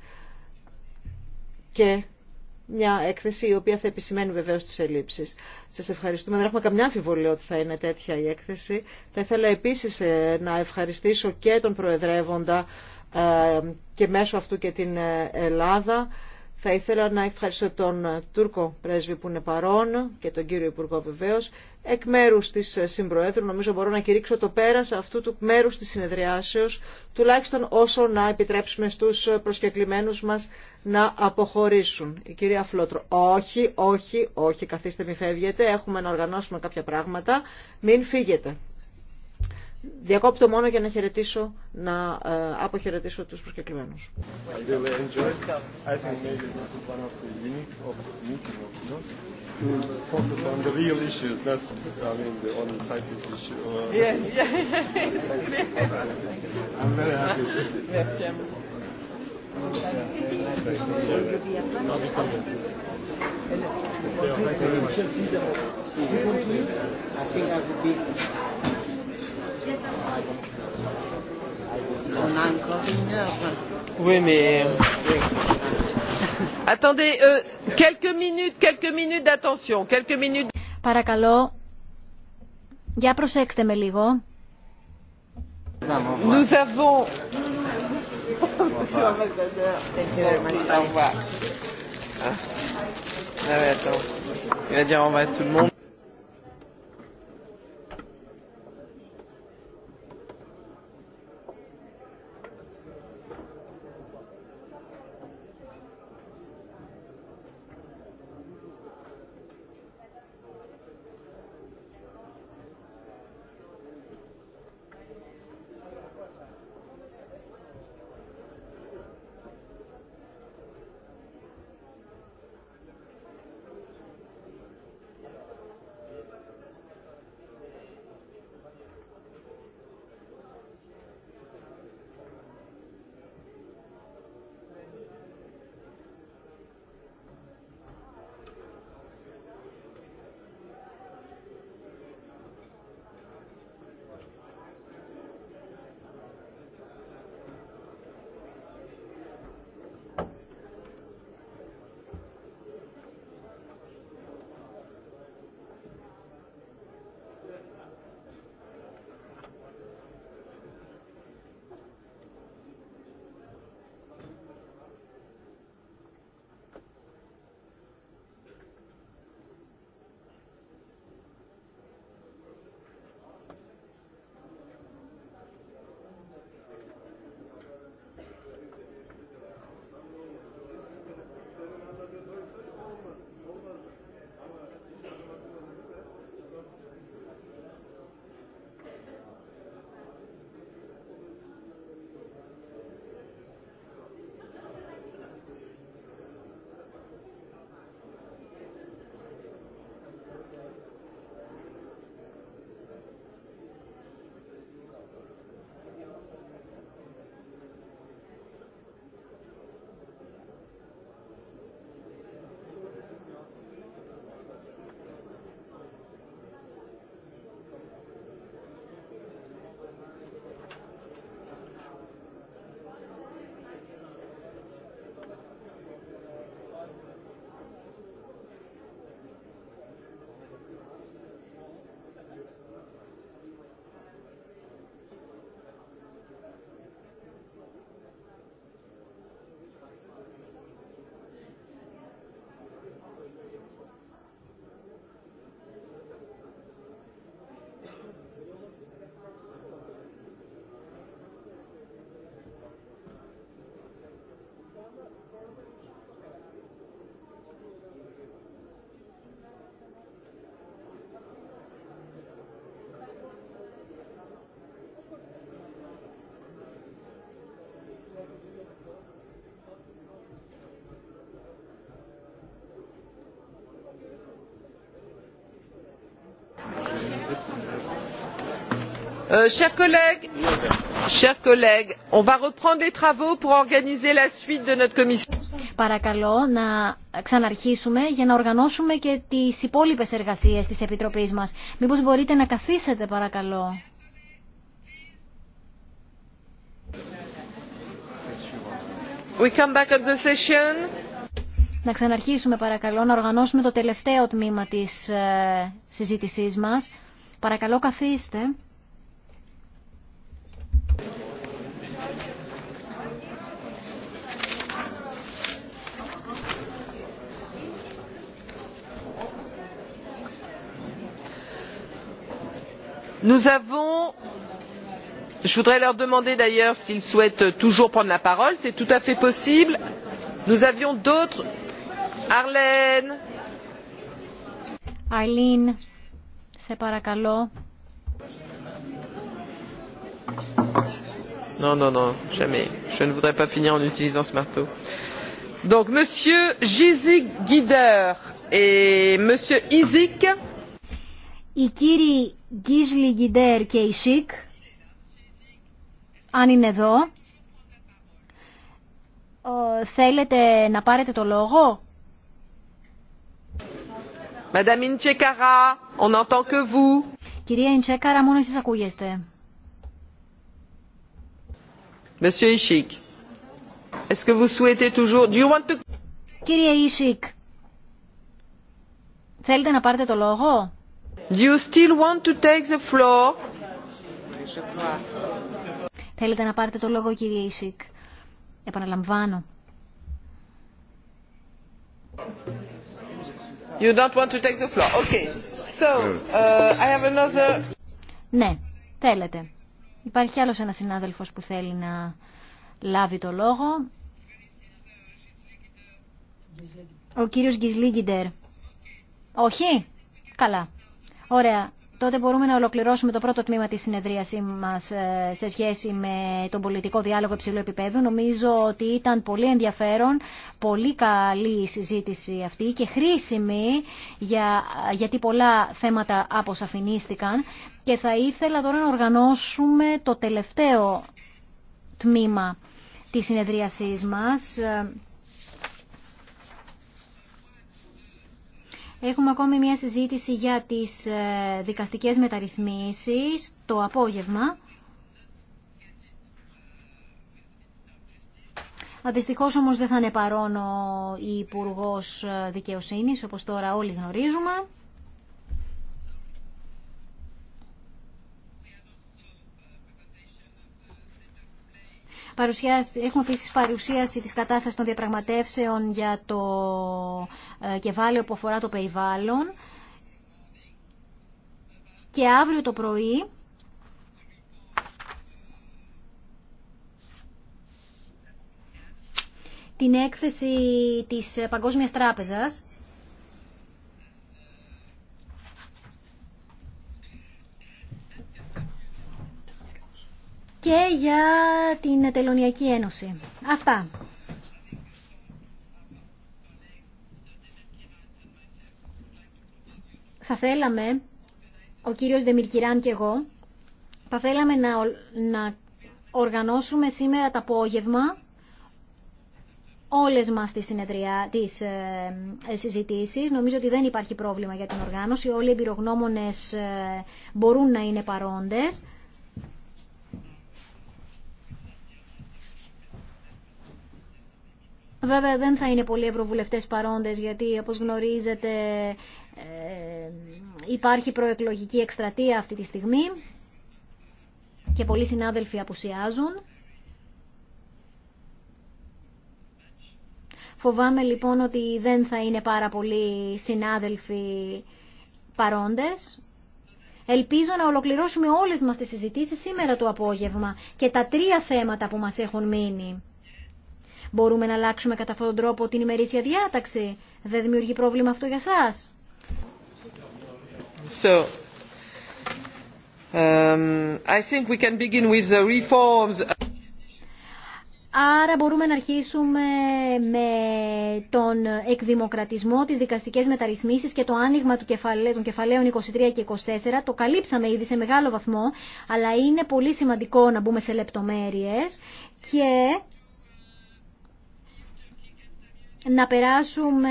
και μια έκθεση η οποία θα επισημαίνει βεβαίως τις ελλείψεις. Σας ευχαριστούμε. Δεν έχουμε καμιά αμφιβολία ότι θα είναι τέτοια η έκθεση. Θα ήθελα επίσης ε, να ευχαριστήσω και τον Προεδρεύοντα ε, και μέσω αυτού και την ε, Ελλάδα. Θα ήθελα να ευχαριστώ τον Τούρκο πρέσβη που είναι παρόν και τον κύριο Υπουργό βεβαίω. Εκ μέρου τη Συμπροέδρου, νομίζω μπορώ να κηρύξω το πέρα αυτού του μέρου τη συνεδριάσεω, τουλάχιστον όσο να επιτρέψουμε στου προσκεκλημένου μα να αποχωρήσουν. Η κυρία Φλότρο, όχι, όχι, όχι, καθίστε, μην φεύγετε. Έχουμε να οργανώσουμε κάποια πράγματα. Μην φύγετε. Διακόπτω μόνο για να χαιρετήσω, να ε, αποχαιρετήσω τους προσκεκλημένους. On a encore une heure. Oui, mais. Attendez, quelques minutes, quelques minutes d'attention, quelques minutes. Παρακαλώ, για προσέξτε με λίγο. Nous avons. Monsieur l'ambassadeur, au revoir. Ah, mais attends, il va dire au revoir à tout le monde. Euh, chers collègues, on va reprendre les travaux pour organiser la suite de notre commission. Παρακαλώ να ξαναρχίσουμε για να οργανώσουμε και τις υπόλοιπες εργασίες της Επιτροπής μας. Μήπως μπορείτε να καθίσετε παρακαλώ. We come back at the session. Να ξαναρχίσουμε παρακαλώ να οργανώσουμε το τελευταίο τμήμα της ε, συζήτησής μας. Παρακαλώ καθίστε. Nous avons je voudrais leur demander d'ailleurs s'ils souhaitent toujours prendre la parole c'est tout à fait possible nous avions d'autres Arlène Arlene c'est Non non non jamais je ne voudrais pas finir en utilisant ce marteau Donc monsieur Gizik Guider et monsieur Izik Γκίζλι Γκιντέρ και η Σίκ, αν είναι εδώ, Ο, θέλετε να πάρετε το λόγο. Madame Inchekara, on entend que vous. Κυρία Ιντσέκαρα, μόνο εσείς ακούγεστε. Monsieur Ishik, est-ce que vous souhaitez toujours... Do you want to... Κύριε Ishik, θέλετε να πάρετε το λόγο? You still want to take the floor? Θέλετε να πάρετε το λόγο, κύριε Ισικ. Επαναλαμβάνω. You don't want to take the floor. Okay. So, uh, I have another... Ναι, θέλετε. Υπάρχει άλλος ένας συνάδελφος που θέλει να λάβει το λόγο. Ο κύριος Γκισλίγκιντερ. Όχι. Καλά. Ωραία. Τότε μπορούμε να ολοκληρώσουμε το πρώτο τμήμα της συνεδρίασή μας ε, σε σχέση με τον πολιτικό διάλογο υψηλού επίπεδου. Νομίζω ότι ήταν πολύ ενδιαφέρον, πολύ καλή η συζήτηση αυτή και χρήσιμη για, γιατί πολλά θέματα αποσαφηνίστηκαν και θα ήθελα τώρα να οργανώσουμε το τελευταίο τμήμα της συνεδρίασής μας Έχουμε ακόμη μια συζήτηση για τις ε, δικαστικές μεταρρυθμίσεις το απόγευμα. Δυστυχώ όμως δεν θα είναι παρόν ο Υπουργός ε, Δικαιοσύνης, όπως τώρα όλοι γνωρίζουμε. Έχουν επίση παρουσίαση της κατάστασης των διαπραγματεύσεων για το ε, κεφάλαιο που αφορά το περιβάλλον. Και αύριο το πρωί την έκθεση της Παγκόσμιας Τράπεζας και για την Τελωνιακή Ένωση. Αυτά. Θα θέλαμε, ο κύριος Δεμιρκυράν και εγώ, θα θέλαμε να, να οργανώσουμε σήμερα το απόγευμα όλες μας τις, συνεδριά, τις ε, ε, συζητήσεις. Νομίζω ότι δεν υπάρχει πρόβλημα για την οργάνωση. Όλοι οι εμπειρογνώμονες ε, μπορούν να είναι παρόντες. Βέβαια δεν θα είναι πολλοί ευρωβουλευτές παρόντες γιατί όπως γνωρίζετε ε, υπάρχει προεκλογική εκστρατεία αυτή τη στιγμή και πολλοί συνάδελφοι απουσιάζουν. Φοβάμαι λοιπόν ότι δεν θα είναι πάρα πολλοί συνάδελφοι παρόντες. Ελπίζω να ολοκληρώσουμε όλες μας τις συζητήσεις σήμερα το απόγευμα και τα τρία θέματα που μας έχουν μείνει. Μπορούμε να αλλάξουμε κατά αυτόν τον τρόπο την ημερήσια διάταξη. Δεν δημιουργεί πρόβλημα αυτό για σας. So, um, I think we can begin with the reforms. Άρα μπορούμε να αρχίσουμε με τον εκδημοκρατισμό, τις δικαστικές μεταρρυθμίσεις και το άνοιγμα του κεφαλαίου, των κεφαλαίων 23 και 24. Το καλύψαμε ήδη σε μεγάλο βαθμό, αλλά είναι πολύ σημαντικό να μπούμε σε λεπτομέρειες και να περάσουμε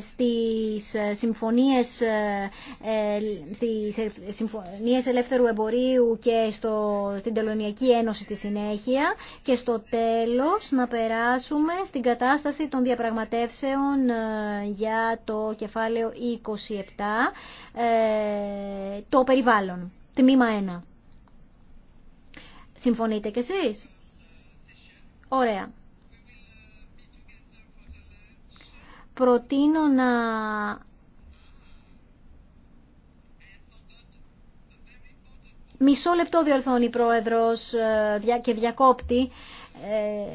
στις ε, συμφωνίες, ε, ε, στις συμφωνίες ελεύθερου εμπορίου και στο, στην Τελωνιακή Ένωση στη συνέχεια και στο τέλος να περάσουμε στην κατάσταση των διαπραγματεύσεων για το κεφάλαιο 27, το περιβάλλον, τμήμα 1. Συμφωνείτε κι εσείς? Ωραία. προτείνω να Μισό λεπτό διορθώνει η Πρόεδρος ε, και διακόπτη ε,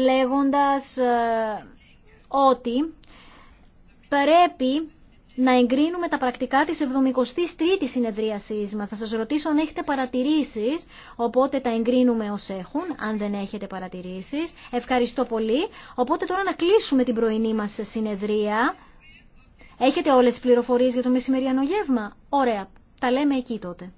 λέγοντας ε, ότι πρέπει να εγκρίνουμε τα πρακτικά της 73ης συνεδρίασής μας. Θα σας ρωτήσω αν έχετε παρατηρήσεις, οπότε τα εγκρίνουμε ως έχουν, αν δεν έχετε παρατηρήσεις. Ευχαριστώ πολύ. Οπότε τώρα να κλείσουμε την πρωινή μας συνεδρία. Έχετε όλες τις πληροφορίες για το μεσημεριανό γεύμα. Ωραία. Τα λέμε εκεί τότε.